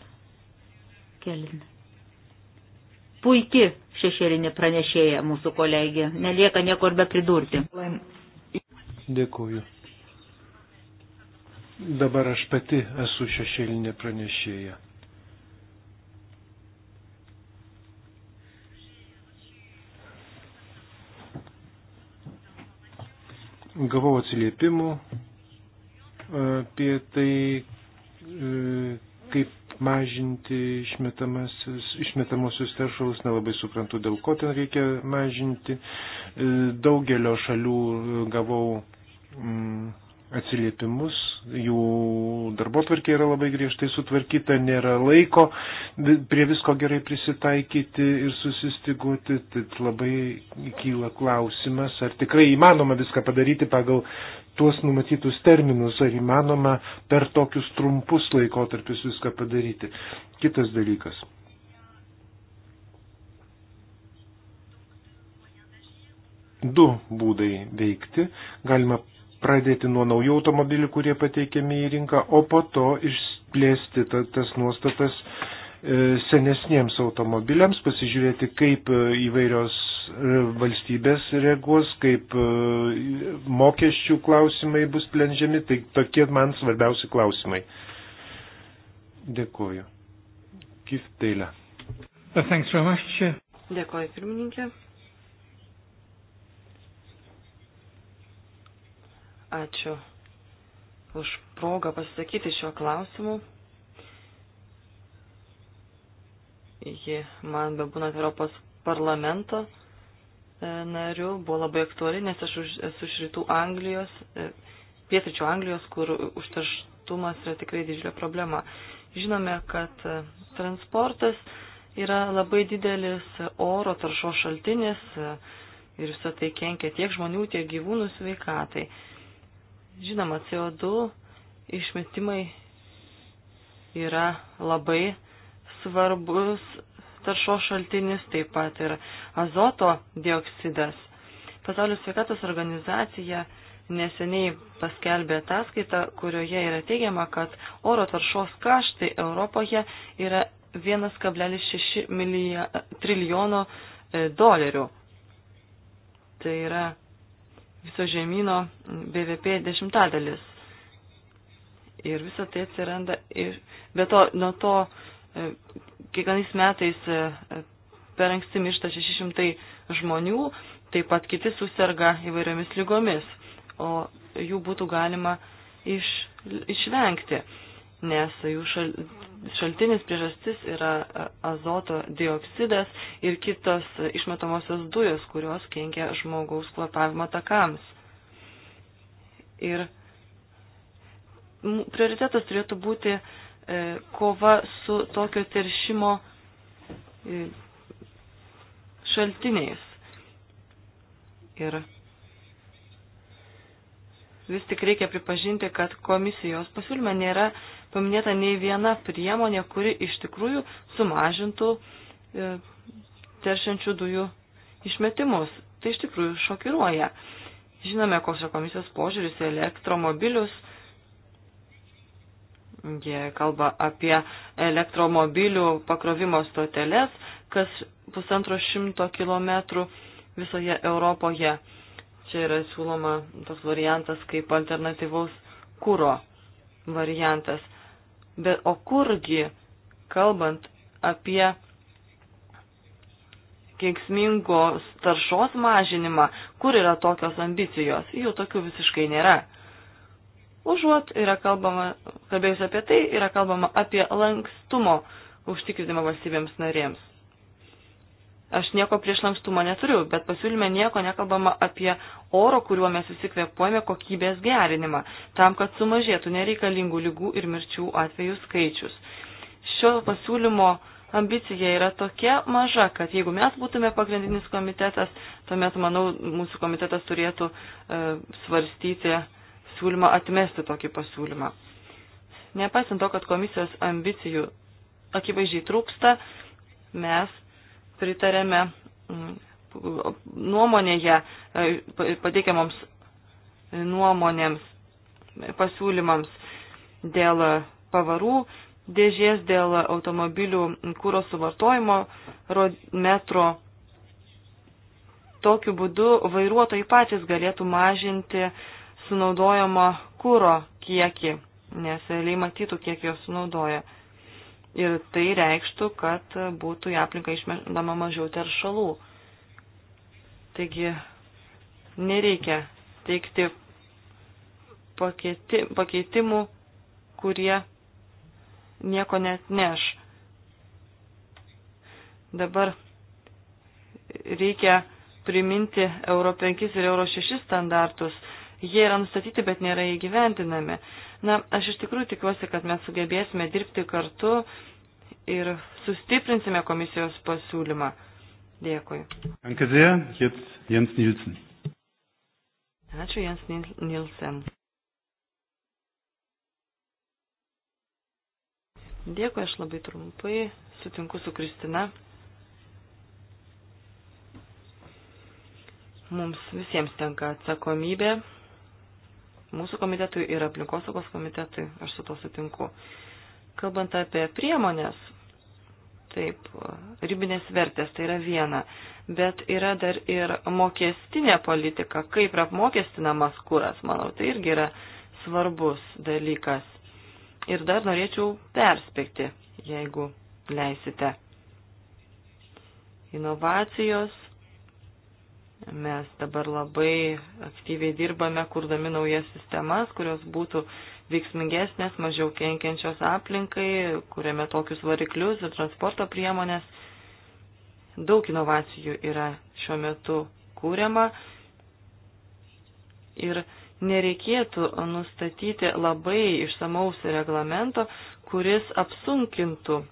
Kelin. Puiki šešėlinė pranešėja mūsų kolegė. Nelieka niekur be pridurti. Dėkuoju. Dabar aš pati esu šešėlinė pranešėja. Gavau atsiliepimų apie tai, e, kaip mažinti išmetamosius teršalus, nelabai suprantu, dėl ko ten reikia mažinti. E, daugelio šalių gavau mm, atsiliepimus, jų darbo tvarkė yra labai griežtai sutvarkyta, nėra laiko prie visko gerai prisitaikyti ir susistiguoti, tai labai kyla klausimas, ar tikrai įmanoma viską padaryti pagal tuos numatytus terminus, ar įmanoma per tokius trumpus laikotarpius viską padaryti. Kitas dalykas. Du būdai veikti. Galima pradėti nuo naujų automobilių, kurie pateikiami į rinką, o po to išplėsti ta, tas nuostatas e, senesniems automobiliams, pasižiūrėti, kaip e, įvairios E, valstybės reaguos, kaip e, mokesčių klausimai bus plendžiami, tai tokie man svarbiausi klausimai. Dėkuoju. Kifteilė. Uh, Dėkuoju, pirmininkė. Ačiū už progą pasisakyti šiuo klausimu. Ji man bebūnant Europos parlamento E, nariu buvo labai aktuali, nes aš už, esu iš rytų Anglijos, e, pietričių Anglijos, kur užterštumas yra tikrai didžiulė problema. Žinome, kad e, transportas yra labai didelis oro taršo šaltinis ir visą tai kenkia tiek žmonių, tiek gyvūnų sveikatai. Žinoma, CO2 išmetimai yra labai svarbus taršos šaltinis, taip pat ir azoto dioksidas. Pasaulio sveikatos organizacija neseniai paskelbė ataskaitą, kurioje yra teigiama, kad oro taršos kaštai Europoje yra 1,6 trilijono e, dolerių. Tai yra viso žemynų BVP dešimtadalis. Ir visą tai atsiranda ir, be to, nuo to e, Kiekvienais metais e, per anksti miršta 600 žmonių, taip pat kiti susirga įvairiomis lygomis, o jų būtų galima iš, išvengti, nes jų šal, šaltinis priežastis yra e, azoto dioksidas ir kitos išmetamosios dujos, kurios kenkia žmogaus kvapavimo takams. Ir prioritetas turėtų būti uh, E, kova su tokio teršimo e, šaltiniais. Ir vis tik reikia pripažinti, kad komisijos pasiūlyme nėra paminėta nei viena priemonė, kuri iš tikrųjų sumažintų e, teršiančių dujų išmetimus. Tai iš tikrųjų šokiruoja. Žinome, koks yra komisijos požiūris į elektromobilius, Jie kalba apie elektromobilių pakrovimo stoteles, kas pusantro šimto kilometrų visoje Europoje. Čia yra siūloma tas variantas kaip alternatyvaus kūro variantas. Bet o kurgi, kalbant apie kenksmingos taršos mažinimą, kur yra tokios ambicijos, jų tokių visiškai nėra. Užuot yra kalbama, kalbėjus apie tai, yra kalbama apie lankstumo užtikrinimą valstybėms narėms. Aš nieko prieš lankstumą neturiu, bet pasiūlyme nieko nekalbama apie oro, kuriuo mes visi kvepuojame, kokybės gerinimą, tam, kad sumažėtų nereikalingų lygų ir mirčių atvejų skaičius. Šio pasiūlymo ambicija yra tokia maža, kad jeigu mes būtume pagrindinis komitetas, tuomet, manau, mūsų komitetas turėtų e, svarstyti siūlymą atmesti tokį pasiūlymą. Nepaisant to, kad komisijos ambicijų akivaizdžiai trūksta, mes pritarėme mm, nuomonėje e, pateikiamoms nuomonėms, pasiūlymams dėl pavarų dėžės, dėl automobilių kūro suvartojimo metro. Tokiu būdu vairuotojai patys galėtų mažinti uh, sunaudojama kūro kiekį, nes realiai matytų, kiek jos sunaudoja. Ir tai reikštų, kad būtų į aplinką išmetama mažiau teršalų. Taigi nereikia teikti pakeiti, pakeitimų, kurie nieko net neš. Dabar reikia priminti Euro 5 ir Euro 6 standartus, Jie yra nustatyti, bet nėra įgyvendinami. Na, aš iš tikrųjų tikiuosi, kad mes sugebėsime dirbti kartu ir sustiprinsime komisijos pasiūlymą. Dėkui. Danke sehr. Jetzt Jens Nielsen. Ačiū Jens Nielsen. Dėkui, aš labai trumpai sutinku su Kristina. Mums visiems tenka atsakomybė mūsų komitetui ir aplinkosaugos komitetui, aš su to sutinku. Kalbant apie priemonės, taip, ribinės vertės tai yra viena, bet yra dar ir mokestinė politika, kaip yra apmokestinamas kuras, manau, tai irgi yra svarbus dalykas. Ir dar norėčiau perspekti, jeigu leisite. Inovacijos Mes dabar labai aktyviai dirbame, kurdami naujas sistemas, kurios būtų veiksmingesnės, mažiau kenkiančios aplinkai, kuriame tokius variklius ir transporto priemonės. Daug inovacijų yra šiuo metu kūriama ir nereikėtų nustatyti labai išsamaus reglamento, kuris apsunkintų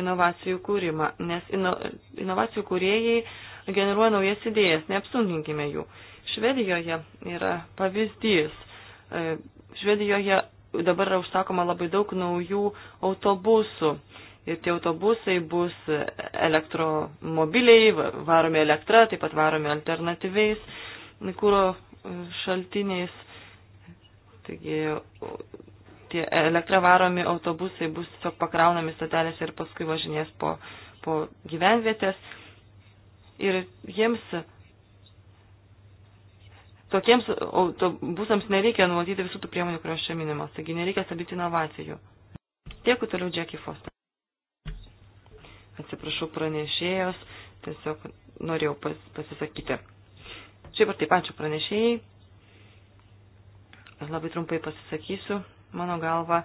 inovacijų kūrimą, nes ino, inovacijų kūrėjai generuoja naujas idėjas, neapsunkinkime jų. Švedijoje yra pavyzdys. E, Švedijoje dabar yra užsakoma labai daug naujų autobusų. Ir tie autobusai bus elektromobiliai, varomi elektra, taip pat varomi alternatyviais kūro šaltiniais. Taigi tie elektra varomi autobusai bus tiesiog pakraunami statelėse ir paskui važinės po, po gyvenvietės ir jiems tokiems autobusams nereikia numatyti visų tų priemonių, kurios čia minimas, taigi nereikia stabdyti inovacijų. Dėkui toliau Jackie Foster. Atsiprašau pranešėjos, tiesiog norėjau pas, pasisakyti. Šiaip ar taip ačiū pranešėjai. Aš labai trumpai pasisakysiu. Mano galva,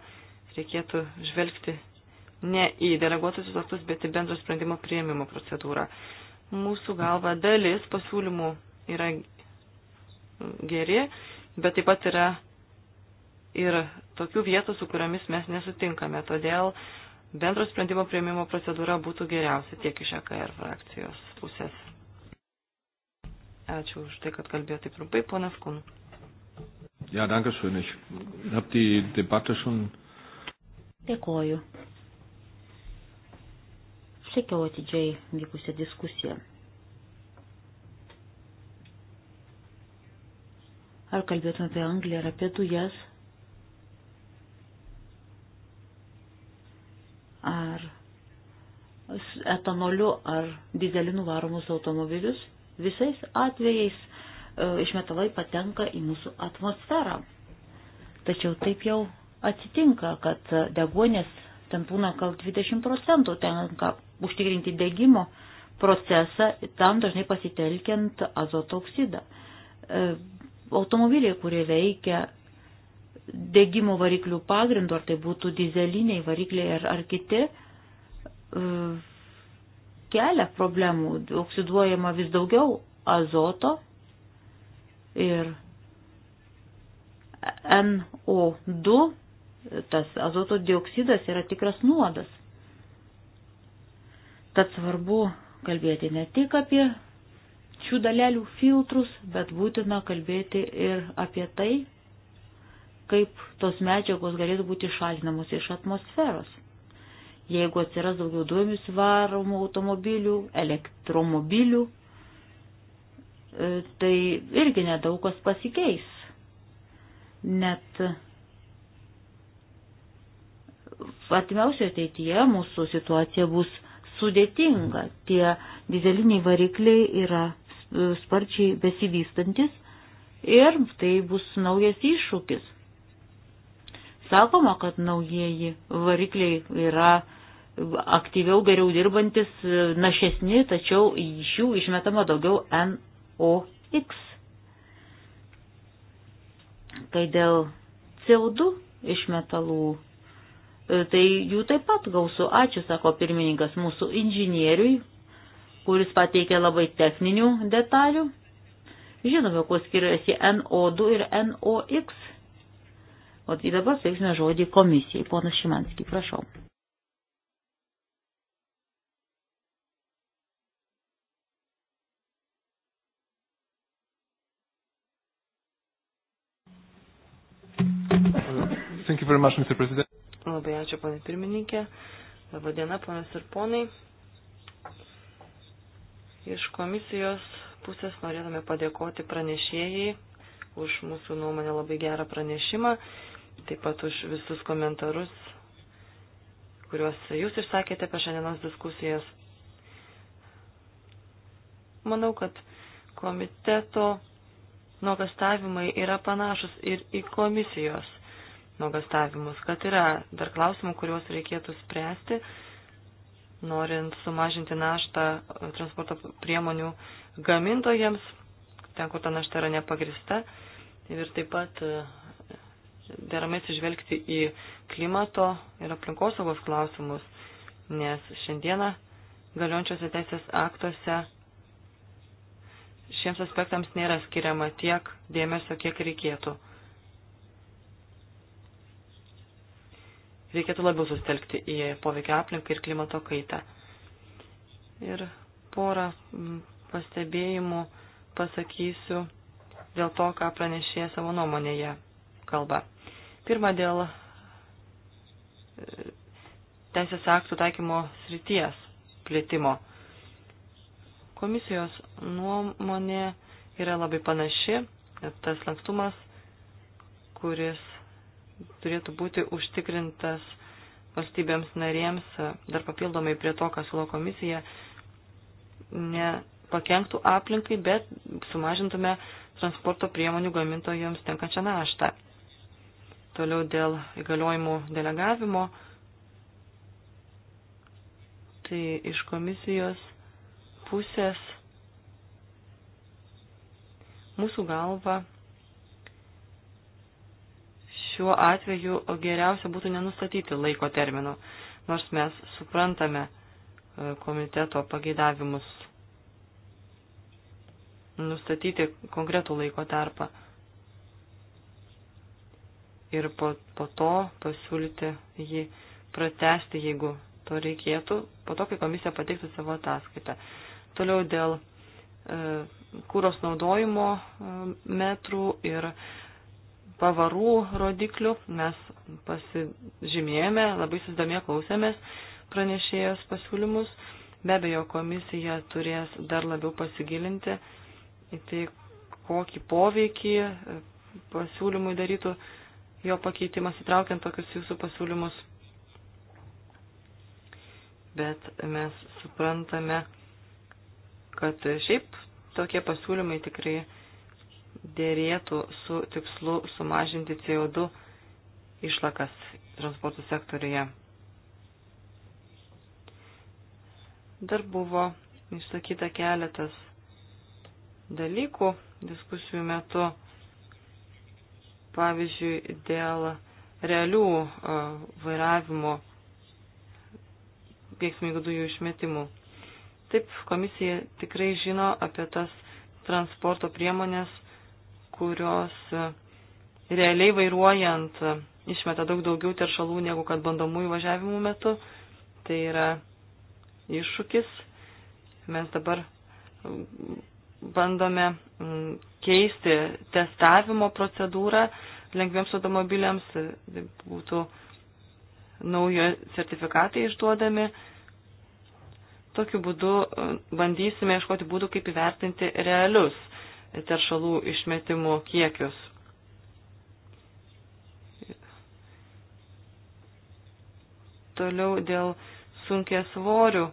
reikėtų žvelgti ne į deleguotusius aktus, bet į bendro sprendimo prieimimo procedūrą. Mūsų galva dalis pasiūlymų yra geri, bet taip pat yra ir tokių vietų, su kuriomis mes nesutinkame. Todėl bendro sprendimo prieimimo procedūra būtų geriausia tiek iš EKR frakcijos pusės. Ačiū už tai, kad kalbėjo taip trumpai, ponas Kun. Ja, danke schön. Ich habe die Debatte schon. Dėkoju sekiau atidžiai vykusią diskusiją. Ar kalbėtume apie Angliją ar apie dujas? Ar etanoliu ar dizelinu varomus automobilius? Visais atvejais e, išmetalai patenka į mūsų atmosferą. Tačiau taip jau atsitinka, kad deguonės ten būna gal 20 procentų tenka užtikrinti degimo procesą, tam dažnai pasitelkiant azoto oksidą. E, automobiliai, kurie veikia degimo variklių pagrindu, ar tai būtų dizeliniai varikliai ar, ar kiti, e, kelia problemų, oksiduojama vis daugiau azoto ir NO2, tas azoto dioksidas yra tikras nuodas. Tad svarbu kalbėti ne tik apie šių dalelių filtrus, bet būtina kalbėti ir apie tai, kaip tos medžiagos galėtų būti šalinamos iš atmosferos. Jeigu atsiras daugiau duomis varomų automobilių, elektromobilių, e, tai irgi nedaug kas pasikeis. Net atmiausioje ateityje mūsų situacija bus sudėtinga. Tie dizeliniai varikliai yra e, sparčiai besivystantis ir tai bus naujas iššūkis. Sakoma, kad naujieji varikliai yra aktyviau geriau dirbantis, e, našesni, tačiau iš jų išmetama daugiau NOx. Kai dėl CO2 išmetalų E, tai jų taip pat gausu. Ačiū, sako pirmininkas, mūsų inžinieriui, kuris pateikė labai techninių detalių. Žinome, kuo skiriasi NO2 ir NOX. O tai dabar sveiksime žodį komisijai. Ponas Šimanski, prašau. Thank you very much, Mr. President. Labai ačiū, ponė pirmininkė. Labą dieną, ponės ir ponai. Iš komisijos pusės norėtume padėkoti pranešėjai už mūsų nuomonę labai gerą pranešimą, taip pat už visus komentarus, kuriuos jūs išsakėte apie šiandienos diskusijas. Manau, kad komiteto nuogastavimai yra panašus ir į komisijos nuogastavimus, kad yra dar klausimų, kuriuos reikėtų spręsti, norint sumažinti naštą e, transporto priemonių gamintojams, ten, kur ta našta yra nepagrista, ir taip pat e, deramai atsižvelgti į klimato ir aplinkosaugos klausimus, nes šiandieną galiončiose teisės aktuose šiems aspektams nėra skiriama tiek dėmesio, kiek reikėtų. reikėtų labiau sustelkti į poveikio aplinką ir klimato kaitą. Ir porą pastebėjimų pasakysiu dėl to, ką pranešė savo nuomonėje kalba. Pirma, dėl e, teisės aktų taikymo srities plėtimo. Komisijos nuomonė yra labai panaši, tas lankstumas, kuris turėtų būti užtikrintas valstybėms narėms, dar papildomai prie to, ką siūlo komisija, nepakenktų aplinkai, bet sumažintume transporto priemonių gamintojams tenkančią naštą. Toliau dėl įgaliojimų delegavimo, tai iš komisijos pusės mūsų galva šiuo atveju geriausia būtų nenustatyti laiko terminų, nors mes suprantame e, komiteto pageidavimus nustatyti konkretų laiko tarpą ir po, po to pasiūlyti jį pratesti, jeigu to reikėtų, po to, kai komisija pateiktų savo ataskaitą. Toliau dėl e, kūros naudojimo e, metrų ir e, pavarų rodiklių. Mes pasižymėjome, labai susidomė klausėmės pranešėjos pasiūlymus. Be abejo, komisija turės dar labiau pasigilinti į tai, kokį poveikį e, pasiūlymui darytų jo pakeitimas įtraukiant tokius jūsų pasiūlymus. Bet mes suprantame, kad šiaip tokie pasiūlymai tikrai dėrėtų su tikslu sumažinti CO2 išlakas transporto sektoriuje. Dar buvo išsakyta keletas dalykų diskusijų metu, pavyzdžiui, dėl realių vairavimo veiksmingų dujų išmetimų. Taip, komisija tikrai žino apie tas transporto priemonės, kurios e, realiai vairuojant e, išmeta daug daugiau teršalų negu kad bandomųjų važiavimų metu. Tai yra iššūkis. Mes dabar e, bandome keisti testavimo procedūrą lengviems automobiliams. Tai būtų naujo sertifikatai išduodami. Tokiu būdu bandysime ieškoti būdų, kaip įvertinti realius teršalų išmetimų kiekius. Toliau dėl sunkia svorių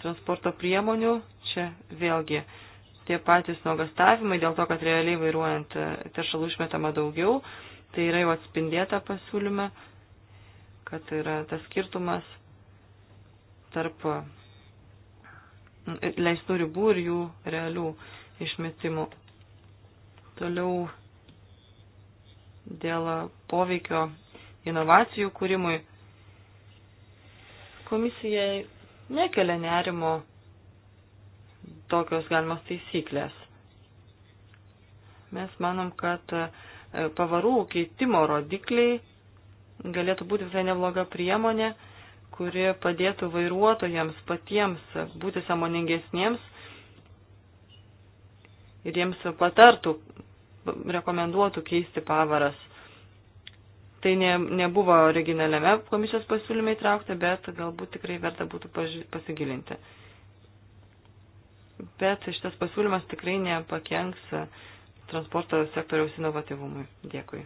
transporto priemonių, čia vėlgi tie patys nuogastavimai dėl to, kad realiai vairuojant teršalų išmetama daugiau, tai yra jau atspindėta pasiūlyme, kad tai yra tas skirtumas tarp leistų ribų ir jų realių išmetimų. Toliau dėl poveikio inovacijų kūrimui komisijai nekelia nerimo tokios galimos taisyklės. Mes manom, kad e, pavarų keitimo rodikliai galėtų būti visai nebloga priemonė, kuri padėtų vairuotojams patiems būti samoningesniems ir jiems patartų, rekomenduotų keisti pavaras. Tai ne, nebuvo originaliame komisijos pasiūlyme įtraukta, bet galbūt tikrai verta būtų pasigilinti. Bet šitas pasiūlymas tikrai nepakenks transporto sektoriaus inovatyvumui. Dėkui.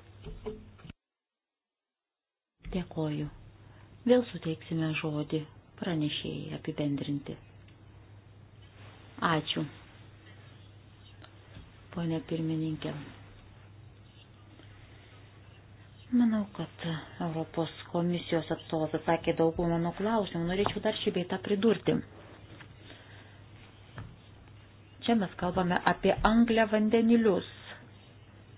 Dėkoju. Vėl suteiksime žodį pranešėjai apibendrinti. Ačiū ponė pirmininkė. Manau, kad Europos komisijos atstovas atsakė daugų mano klausimų. Norėčiau dar šį beitą pridurti. Čia mes kalbame apie anglę vandenilius.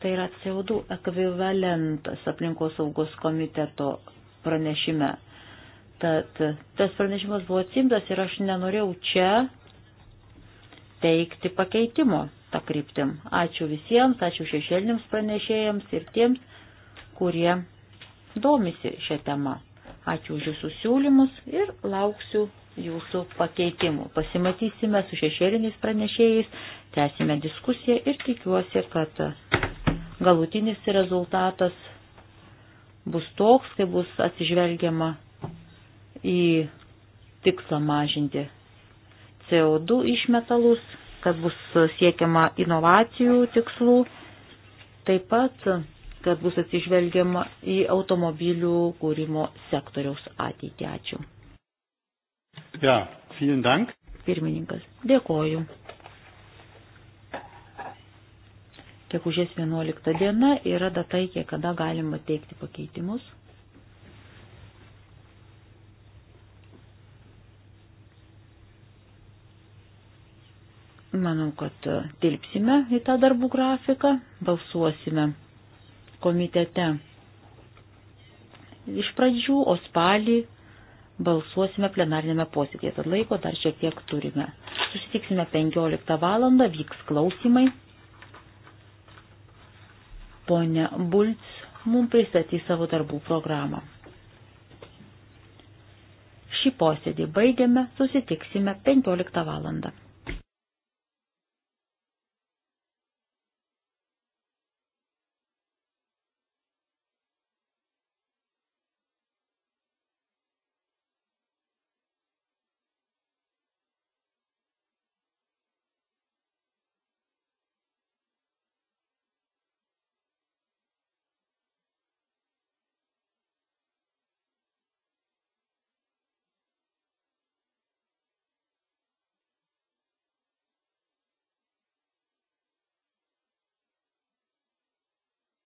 Tai yra CO2 ekvivalentas aplinkos saugos komiteto pranešime. Tad tas pranešimas buvo atsimtas ir aš nenorėjau čia teikti pakeitimo tą kryptim. Ačiū visiems, ačiū šešėlinims pranešėjams ir tiems, kurie domisi šią temą. Ačiū už jūsų siūlymus ir lauksiu jūsų pakeitimų. Pasimatysime su šešėliniais pranešėjais, tęsime diskusiją ir tikiuosi, kad galutinis rezultatas bus toks, kai bus atsižvelgiama į tikslą mažinti CO2 išmetalus kad bus siekiama inovacijų tikslų, taip pat, kad bus atsižvelgiama į automobilių kūrimo sektoriaus ateitį. Ačiū. Ja, vielen Dank. Pirmininkas, dėkoju. Kiekužės 11 diena yra data, iki kada galima teikti pakeitimus. Manau, kad tilpsime e, į tą darbų grafiką, balsuosime komitete iš pradžių, o spalį balsuosime plenarnėme posėdėje. Tad laiko dar šiek tiek turime. Susitiksime 15 val. vyks klausimai. Pone Bulc mums pristatys savo darbų programą. Šį posėdį baigiame, susitiksime 15 val.